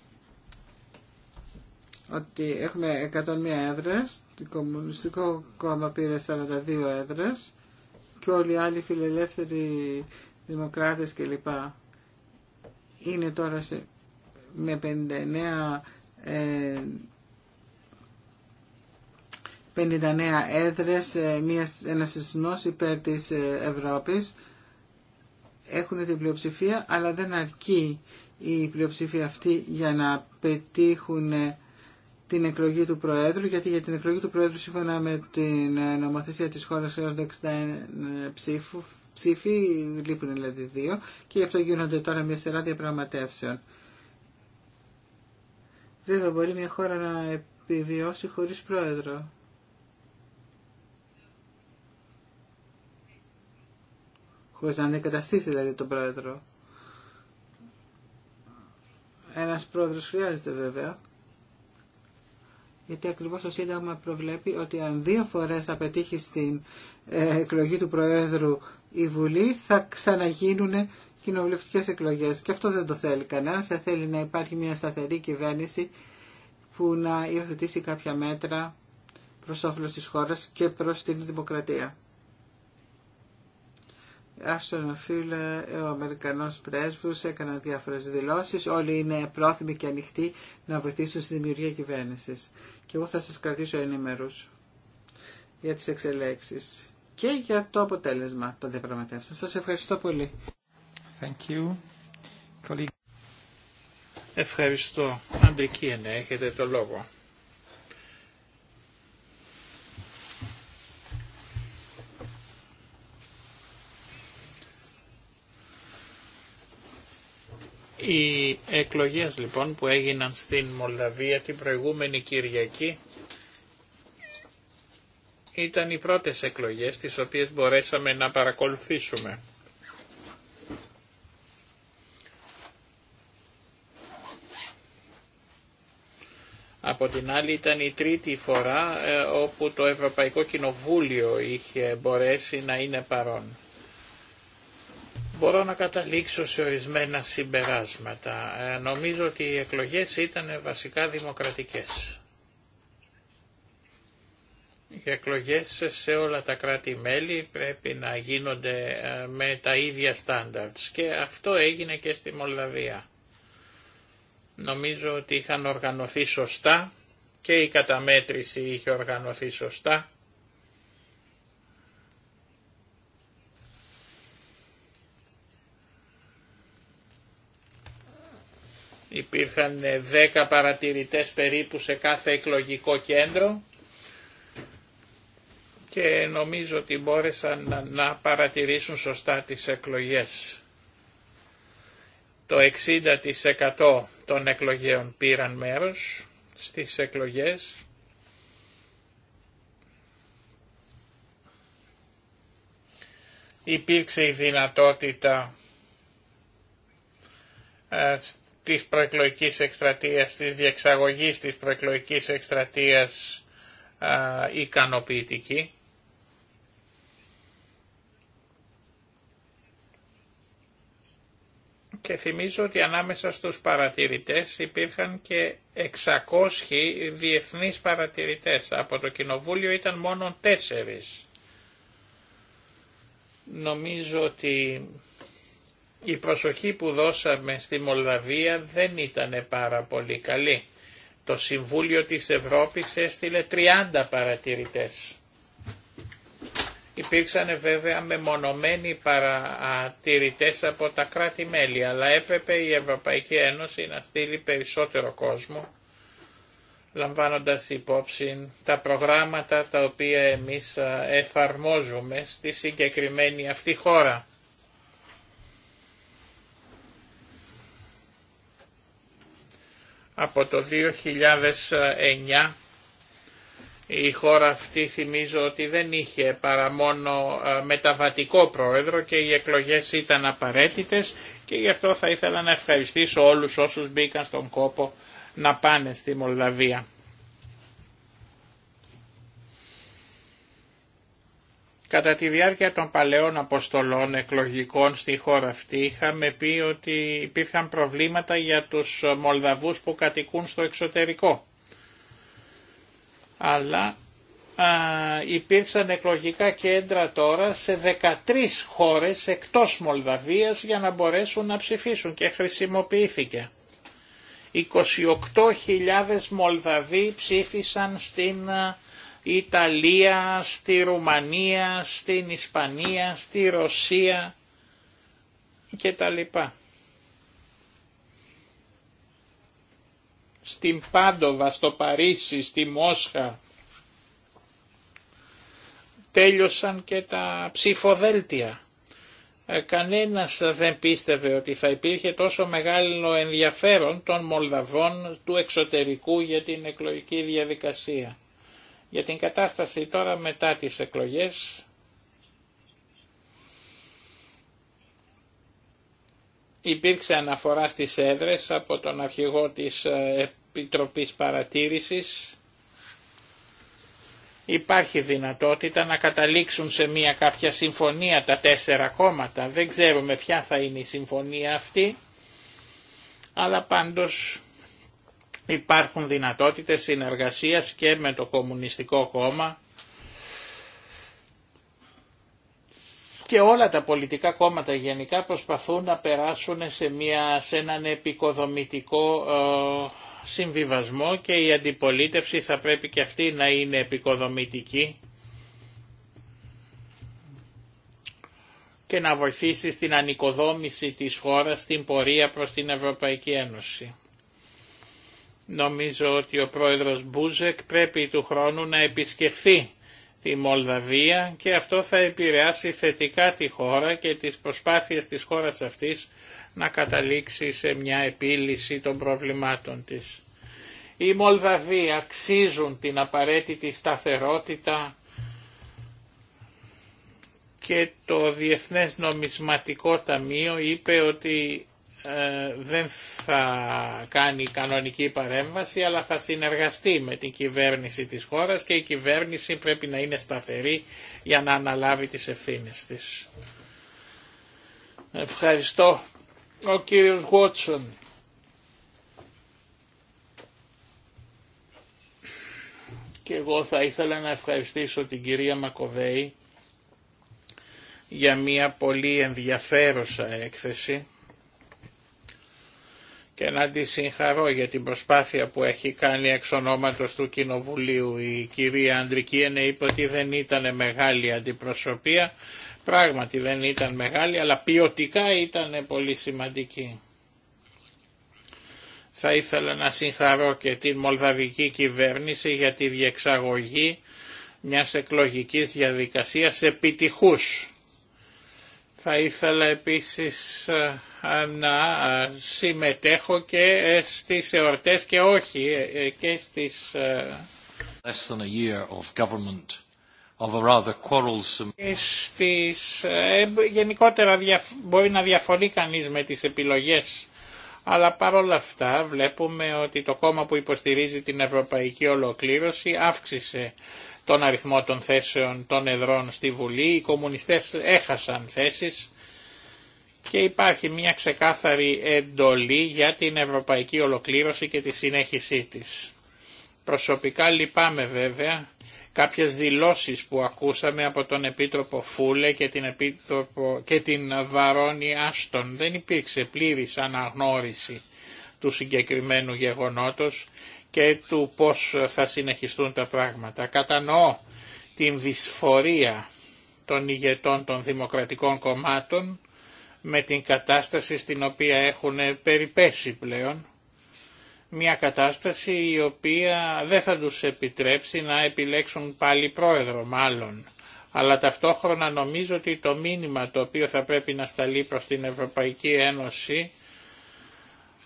ότι έχουμε 101 έδρε, το Κομμουνιστικό Κόμμα πήρε 42 έδρες και όλοι οι άλλοι φιλελεύθεροι δημοκράτες κλπ. Είναι τώρα σε, με 59 ε, 59 έδρες, ένας ε, ένα σεισμός υπέρ της ε, Ευρώπης. Έχουν την πλειοψηφία, αλλά δεν αρκεί η πλειοψηφία αυτή για να πετύχουν την εκλογή του Προέδρου, γιατί για την εκλογή του Προέδρου σύμφωνα με την ε, νομοθεσία της χώρας έως 61 ψήφου, ψήφοι, λείπουν δηλαδή δύο, και γι' αυτό γίνονται τώρα μια σειρά διαπραγματεύσεων. Δεν θα μπορεί μια χώρα να επιβιώσει χωρίς Πρόεδρο. Χωρίς να αντικαταστήσει δηλαδή τον Πρόεδρο. Ένας πρόεδρος χρειάζεται βέβαια γιατί ακριβώ το Σύνταγμα προβλέπει ότι αν δύο φορές θα πετύχει στην ε, εκλογή του Προέδρου η Βουλή θα ξαναγίνουν κοινοβουλευτικέ εκλογές και αυτό δεν το θέλει κανένας, θέλει να υπάρχει μια σταθερή κυβέρνηση που να υιοθετήσει κάποια μέτρα προ όφελο τη χώρα και προς την δημοκρατία. Άστον Φίλε, ο Αμερικανός πρέσβους, έκαναν διάφορες δηλώσεις. Όλοι είναι πρόθυμοι και ανοιχτοί να βοηθήσουν στη δημιουργία κυβέρνησης. Και εγώ θα σας κρατήσω ενημερούς για τις εξελέξεις και για το αποτέλεσμα των διαπραγματεύσεων. Σας ευχαριστώ πολύ. Thank you. Ευχαριστώ. Αντρική ναι, έχετε το λόγο. Οι εκλογές λοιπόν που έγιναν στην Μολδαβία την προηγούμενη Κυριακή ήταν οι πρώτες εκλογές τις οποίες μπορέσαμε να παρακολουθήσουμε. Από την άλλη ήταν η τρίτη φορά ε, όπου το Ευρωπαϊκό Κοινοβούλιο είχε μπορέσει να είναι παρόν μπορώ να καταλήξω σε ορισμένα συμπεράσματα. Ε, νομίζω ότι οι εκλογές ήταν βασικά δημοκρατικές. Οι εκλογές σε όλα τα κράτη-μέλη πρέπει να γίνονται ε, με τα ίδια στάνταρτς και αυτό έγινε και στη Μολδαβία. Νομίζω ότι είχαν οργανωθεί σωστά και η καταμέτρηση είχε οργανωθεί σωστά Υπήρχαν 10 ε, παρατηρητές περίπου σε κάθε εκλογικό κέντρο και νομίζω ότι μπόρεσαν να παρατηρήσουν σωστά τις εκλογές. Το 60% των εκλογέων πήραν μέρος στις εκλογές υπήρξε η δυνατότητα ε, της προεκλογικής εκστρατείας, της διεξαγωγής της προεκλογικής εκστρατείας α, ικανοποιητική. Και θυμίζω ότι ανάμεσα στους παρατηρητές υπήρχαν και 600 διεθνείς παρατηρητές. Από το Κοινοβούλιο ήταν μόνο τέσσερις. Νομίζω ότι η προσοχή που δώσαμε στη Μολδαβία δεν ήταν πάρα πολύ καλή. Το Συμβούλιο της Ευρώπης έστειλε 30 παρατηρητές. Υπήρξαν βέβαια μεμονωμένοι παρατηρητές από τα κράτη-μέλη, αλλά έπρεπε η Ευρωπαϊκή Ένωση να στείλει περισσότερο κόσμο, λαμβάνοντας υπόψη τα προγράμματα τα οποία εμείς ε, εφαρμόζουμε στη συγκεκριμένη αυτή χώρα. Από το 2009 η χώρα αυτή θυμίζω ότι δεν είχε παρά μόνο ε, μεταβατικό πρόεδρο και οι εκλογές ήταν απαραίτητες και γι' αυτό θα ήθελα να ευχαριστήσω όλους όσους μπήκαν στον κόπο να πάνε στη Μολδαβία. Κατά τη διάρκεια των παλαιών αποστολών εκλογικών στη χώρα αυτή είχαμε πει ότι υπήρχαν προβλήματα για τους Μολδαβούς που κατοικούν στο εξωτερικό. Αλλά υπήρξαν εκλογικά κέντρα τώρα σε 13 χώρες εκτός Μολδαβίας για να μπορέσουν να ψηφίσουν και χρησιμοποιήθηκε. 28.000 Μολδαβοί ψήφισαν στην Ιταλία, στη Ρουμανία, στην Ισπανία, στη Ρωσία και τα λοιπά. Στην Πάντοβα, στο Παρίσι, στη Μόσχα τέλειωσαν και τα ψηφοδέλτια. Ε, κανένας δεν πίστευε ότι θα υπήρχε τόσο μεγάλο ενδιαφέρον των Μολδαβών του εξωτερικού για την εκλογική διαδικασία. Για την κατάσταση τώρα μετά τις εκλογές υπήρξε αναφορά στις έδρες από τον αρχηγό της ε, Επιτροπής Παρατήρησης. Υπάρχει δυνατότητα να καταλήξουν σε μια κάποια συμφωνία τα τέσσερα κόμματα. Δεν ξέρουμε ποια θα είναι η συμφωνία αυτή, αλλά πάντως Υπάρχουν δυνατότητες συνεργασίας και με το Κομμουνιστικό Κόμμα και όλα τα πολιτικά κόμματα γενικά προσπαθούν να περάσουν σε, μια, σε έναν επικοδομητικό ε, συμβιβασμό και η αντιπολίτευση θα πρέπει και αυτή να είναι επικοδομητική και να βοηθήσει στην ανοικοδόμηση της χώρας στην πορεία προς την Ευρωπαϊκή Ένωση. Νομίζω ότι ο πρόεδρος Μπούζεκ πρέπει του χρόνου να επισκεφθεί τη Μολδαβία και αυτό θα επηρεάσει θετικά τη χώρα και τις προσπάθειες της χώρας αυτής να καταλήξει σε μια επίλυση των προβλημάτων της. Οι Μολδαβοί αξίζουν την απαραίτητη σταθερότητα και το Διεθνές Νομισματικό Ταμείο είπε ότι ε, δεν θα κάνει κανονική παρέμβαση αλλά θα συνεργαστεί με την κυβέρνηση της χώρας και η κυβέρνηση πρέπει να είναι σταθερή για να αναλάβει τις ευθύνες της. Ευχαριστώ. Ο κύριος Γουότσον. Και εγώ θα ήθελα να ευχαριστήσω την κυρία Μακοβέη για μια πολύ ενδιαφέρουσα έκθεση και να τη συγχαρώ για την προσπάθεια που έχει κάνει εξ ονόματος του Κοινοβουλίου. Η κυρία Ένε είπε ότι δεν ήταν μεγάλη αντιπροσωπεία, πράγματι δεν ήταν μεγάλη, αλλά ποιοτικά ήταν πολύ σημαντική. Θα ήθελα να συγχαρώ και την Μολδαβική κυβέρνηση για τη διεξαγωγή μιας εκλογικής διαδικασίας επιτυχούς. Θα ήθελα επίσης ε, να ε, συμμετέχω και ε, στις εορτές και όχι ε, και στις γενικότερα μπορεί να διαφωνεί κανείς με τις επιλογές αλλά παρόλα αυτά βλέπουμε ότι το κόμμα που υποστηρίζει την ευρωπαϊκή ολοκλήρωση αύξησε τον αριθμό των θέσεων των εδρών στη Βουλή, οι κομμουνιστές έχασαν θέσεις και υπάρχει μια ξεκάθαρη εντολή για την ευρωπαϊκή ολοκλήρωση και τη συνέχισή της. Προσωπικά λυπάμαι βέβαια κάποιες δηλώσεις που ακούσαμε από τον Επίτροπο Φούλε και την, Επίτροπο... και την Βαρόνη Άστον. Δεν υπήρξε πλήρης αναγνώριση του συγκεκριμένου γεγονότος και του πώς θα συνεχιστούν τα πράγματα. Κατανοώ την δυσφορία των ηγετών των δημοκρατικών κομμάτων με την κατάσταση στην οποία έχουν περιπέσει πλέον. Μια κατάσταση η οποία δεν θα τους επιτρέψει να επιλέξουν πάλι πρόεδρο μάλλον. Αλλά ταυτόχρονα νομίζω ότι το μήνυμα το οποίο θα πρέπει να σταλεί προς την Ευρωπαϊκή Ένωση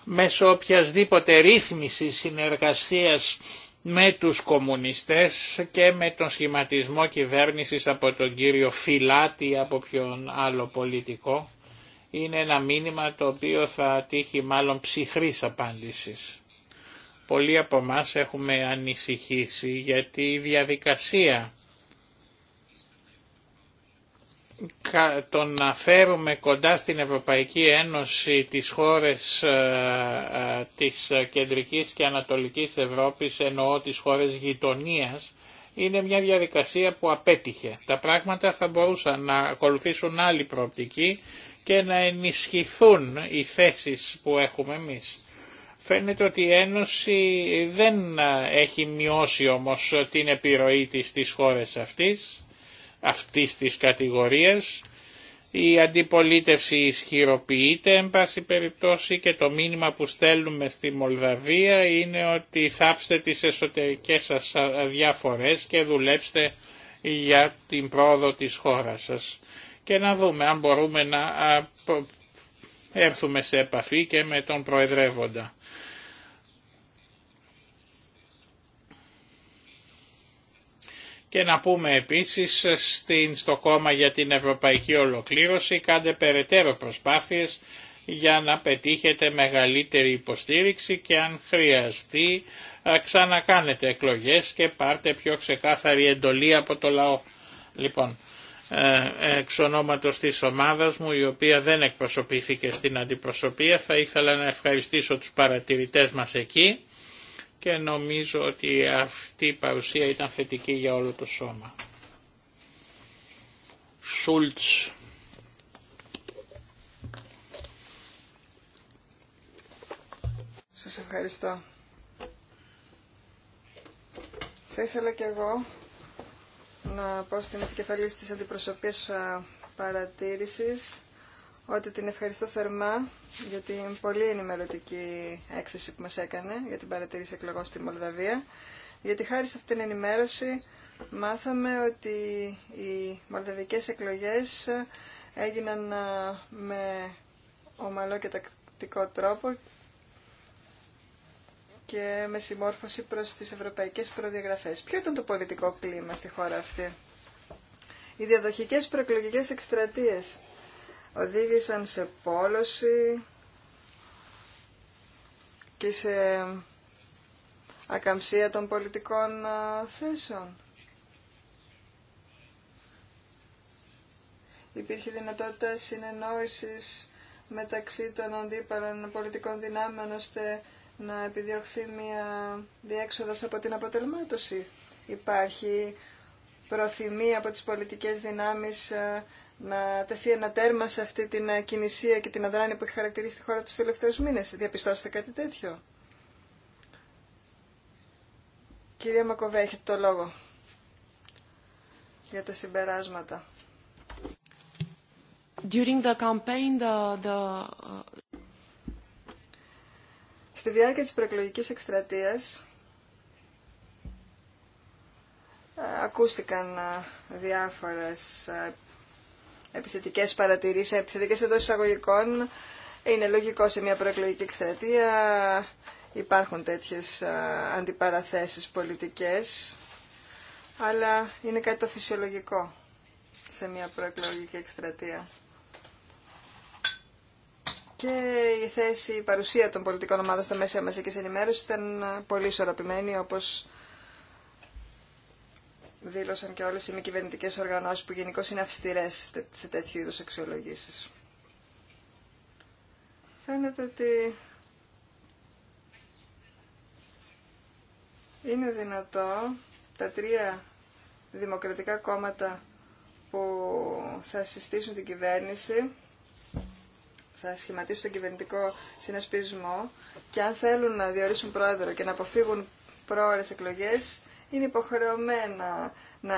μέσω οποιασδήποτε ρύθμιση συνεργασίας με τους κομμουνιστές και με τον σχηματισμό κυβέρνησης από τον κύριο Φιλάτη από ποιον άλλο πολιτικό είναι ένα μήνυμα το οποίο θα τύχει μάλλον ψυχρής απάντησης. Πολλοί από εμά έχουμε ανησυχήσει γιατί η διαδικασία το να φέρουμε κοντά στην Ευρωπαϊκή Ένωση τις χώρες ε, ε, της Κεντρικής και Ανατολικής Ευρώπης, εννοώ τις χώρες γειτονίας, είναι μια διαδικασία που απέτυχε. Τα πράγματα θα μπορούσαν να ακολουθήσουν άλλη προοπτική και να ενισχυθούν οι θέσεις που έχουμε εμείς. Φαίνεται ότι η Ένωση δεν έχει μειώσει όμως την επιρροή της στις χώρες αυτής, αυτής της κατηγορίας. Η αντιπολίτευση ισχυροποιείται, εν πάση περιπτώσει, και το μήνυμα που στέλνουμε στη Μολδαβία είναι ότι θάψτε τις εσωτερικές σας διαφορές και δουλέψτε για την πρόοδο της χώρας σας και να δούμε αν μπορούμε να έρθουμε σε επαφή και με τον Προεδρεύοντα. Και να πούμε επίσης στην, στο κόμμα για την ευρωπαϊκή ολοκλήρωση κάντε περαιτέρω προσπάθειες για να πετύχετε μεγαλύτερη υποστήριξη και αν χρειαστεί ξανακάνετε εκλογές και πάρτε πιο ξεκάθαρη εντολή από το λαό. Λοιπόν, ε, εξ ονόματος της ομάδας μου η οποία δεν εκπροσωπήθηκε στην αντιπροσωπεία θα ήθελα να ευχαριστήσω τους παρατηρητές μας εκεί και νομίζω ότι αυτή η παρουσία ήταν θετική για όλο το σώμα. Σούλτς Σας ευχαριστώ. Θα ήθελα και εγώ να πω στην επικεφαλή της αντιπροσωπής παρατήρησης ότι την ευχαριστώ θερμά για την πολύ ενημερωτική έκθεση που μας έκανε για την παρατήρηση εκλογών στη Μολδαβία. Γιατί χάρη σε αυτήν την ενημέρωση μάθαμε ότι οι μολδαβικές εκλογές έγιναν με ομαλό και τακτικό τρόπο και με συμμόρφωση προς τις ευρωπαϊκές προδιαγραφές. Ποιο ήταν το πολιτικό κλίμα στη χώρα αυτή. Οι διαδοχικές προεκλογικές εκστρατείες οδήγησαν σε πόλωση και σε ακαμψία των πολιτικών θέσεων. Υπήρχε δυνατότητα συνεννόησης μεταξύ των αντίπαλων πολιτικών δυνάμεων ώστε να επιδιώξει μια διέξοδος από την αποτελμάτωση. Υπάρχει προθυμία από τις πολιτικές δυνάμεις ε, να τεθεί ένα τέρμα σε αυτή την ε, κινησία και την αδράνεια που έχει χαρακτηρίσει τη χώρα τους τελευταίους μήνες. Διαπιστώσετε κάτι τέτοιο. Κυρία Μακοβέ, έχετε το λόγο για τα συμπεράσματα. During the campaign, the, the... Στη διάρκεια της προεκλογικής εκστρατείας ε, ακούστηκαν ε, διάφορες ε, επιθετικές παρατηρήσεις, επιθετικές εντός εισαγωγικών. Είναι λογικό σε μια προεκλογική εκστρατεία, υπάρχουν τέτοιες αντιπαραθέσεις πολιτικές, αλλά είναι κάτι το φυσιολογικό σε μια προεκλογική εκστρατεία και η θέση, η παρουσία των πολιτικών ομάδων στα μέσα μαζική ενημέρωση ήταν πολύ ισορροπημένη όπως δήλωσαν και όλες οι μη κυβερνητικέ οργανώσεις που γενικώ είναι αυστηρέ σε τέτοιου είδου αξιολογήσεις. Φαίνεται ότι είναι δυνατό τα τρία δημοκρατικά κόμματα που θα συστήσουν την κυβέρνηση θα σχηματίσουν τον κυβερνητικό συνασπισμό και αν θέλουν να διορίσουν πρόεδρο και να αποφύγουν προώρες εκλογές, είναι υποχρεωμένα να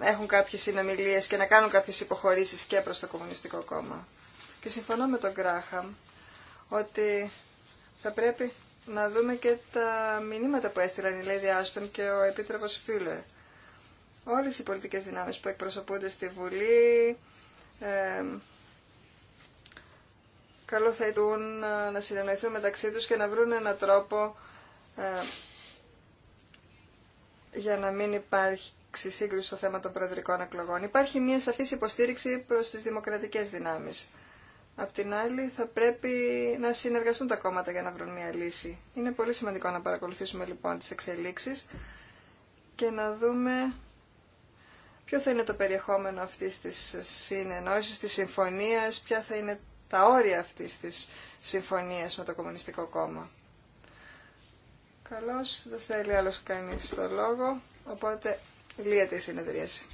έχουν κάποιες συνομιλίες και να κάνουν κάποιες υποχωρήσεις και προς το Κομμουνιστικό Κόμμα. Και συμφωνώ με τον Γκράχαμ ότι θα πρέπει να δούμε και τα μηνύματα που έστειλαν η Λέιδη Άστον και ο Επίτροπος Φίλε. Όλες οι πολιτικές δυνάμεις που εκπροσωπούνται στη Βουλή, ε, καλό θα ήταν ε, να συνεννοηθούν μεταξύ τους και να βρουν έναν τρόπο ε, για να μην υπάρξει σύγκρουση στο θέμα των προεδρικών εκλογών. Υπάρχει μια σαφής υποστήριξη προς τις δημοκρατικές δυνάμεις. Απ' την άλλη θα πρέπει να συνεργαστούν τα κόμματα για να βρουν μια λύση. Είναι πολύ σημαντικό να παρακολουθήσουμε λοιπόν τις εξελίξεις και να δούμε ποιο θα είναι το περιεχόμενο αυτής της συνεννόησης, της συμφωνίας, ποια θα είναι τα όρια αυτής της συμφωνίας με το Κομμουνιστικό Κόμμα. Καλώς, δεν θέλει άλλος κανείς το λόγο, οπότε λύεται η συνεδρίαση.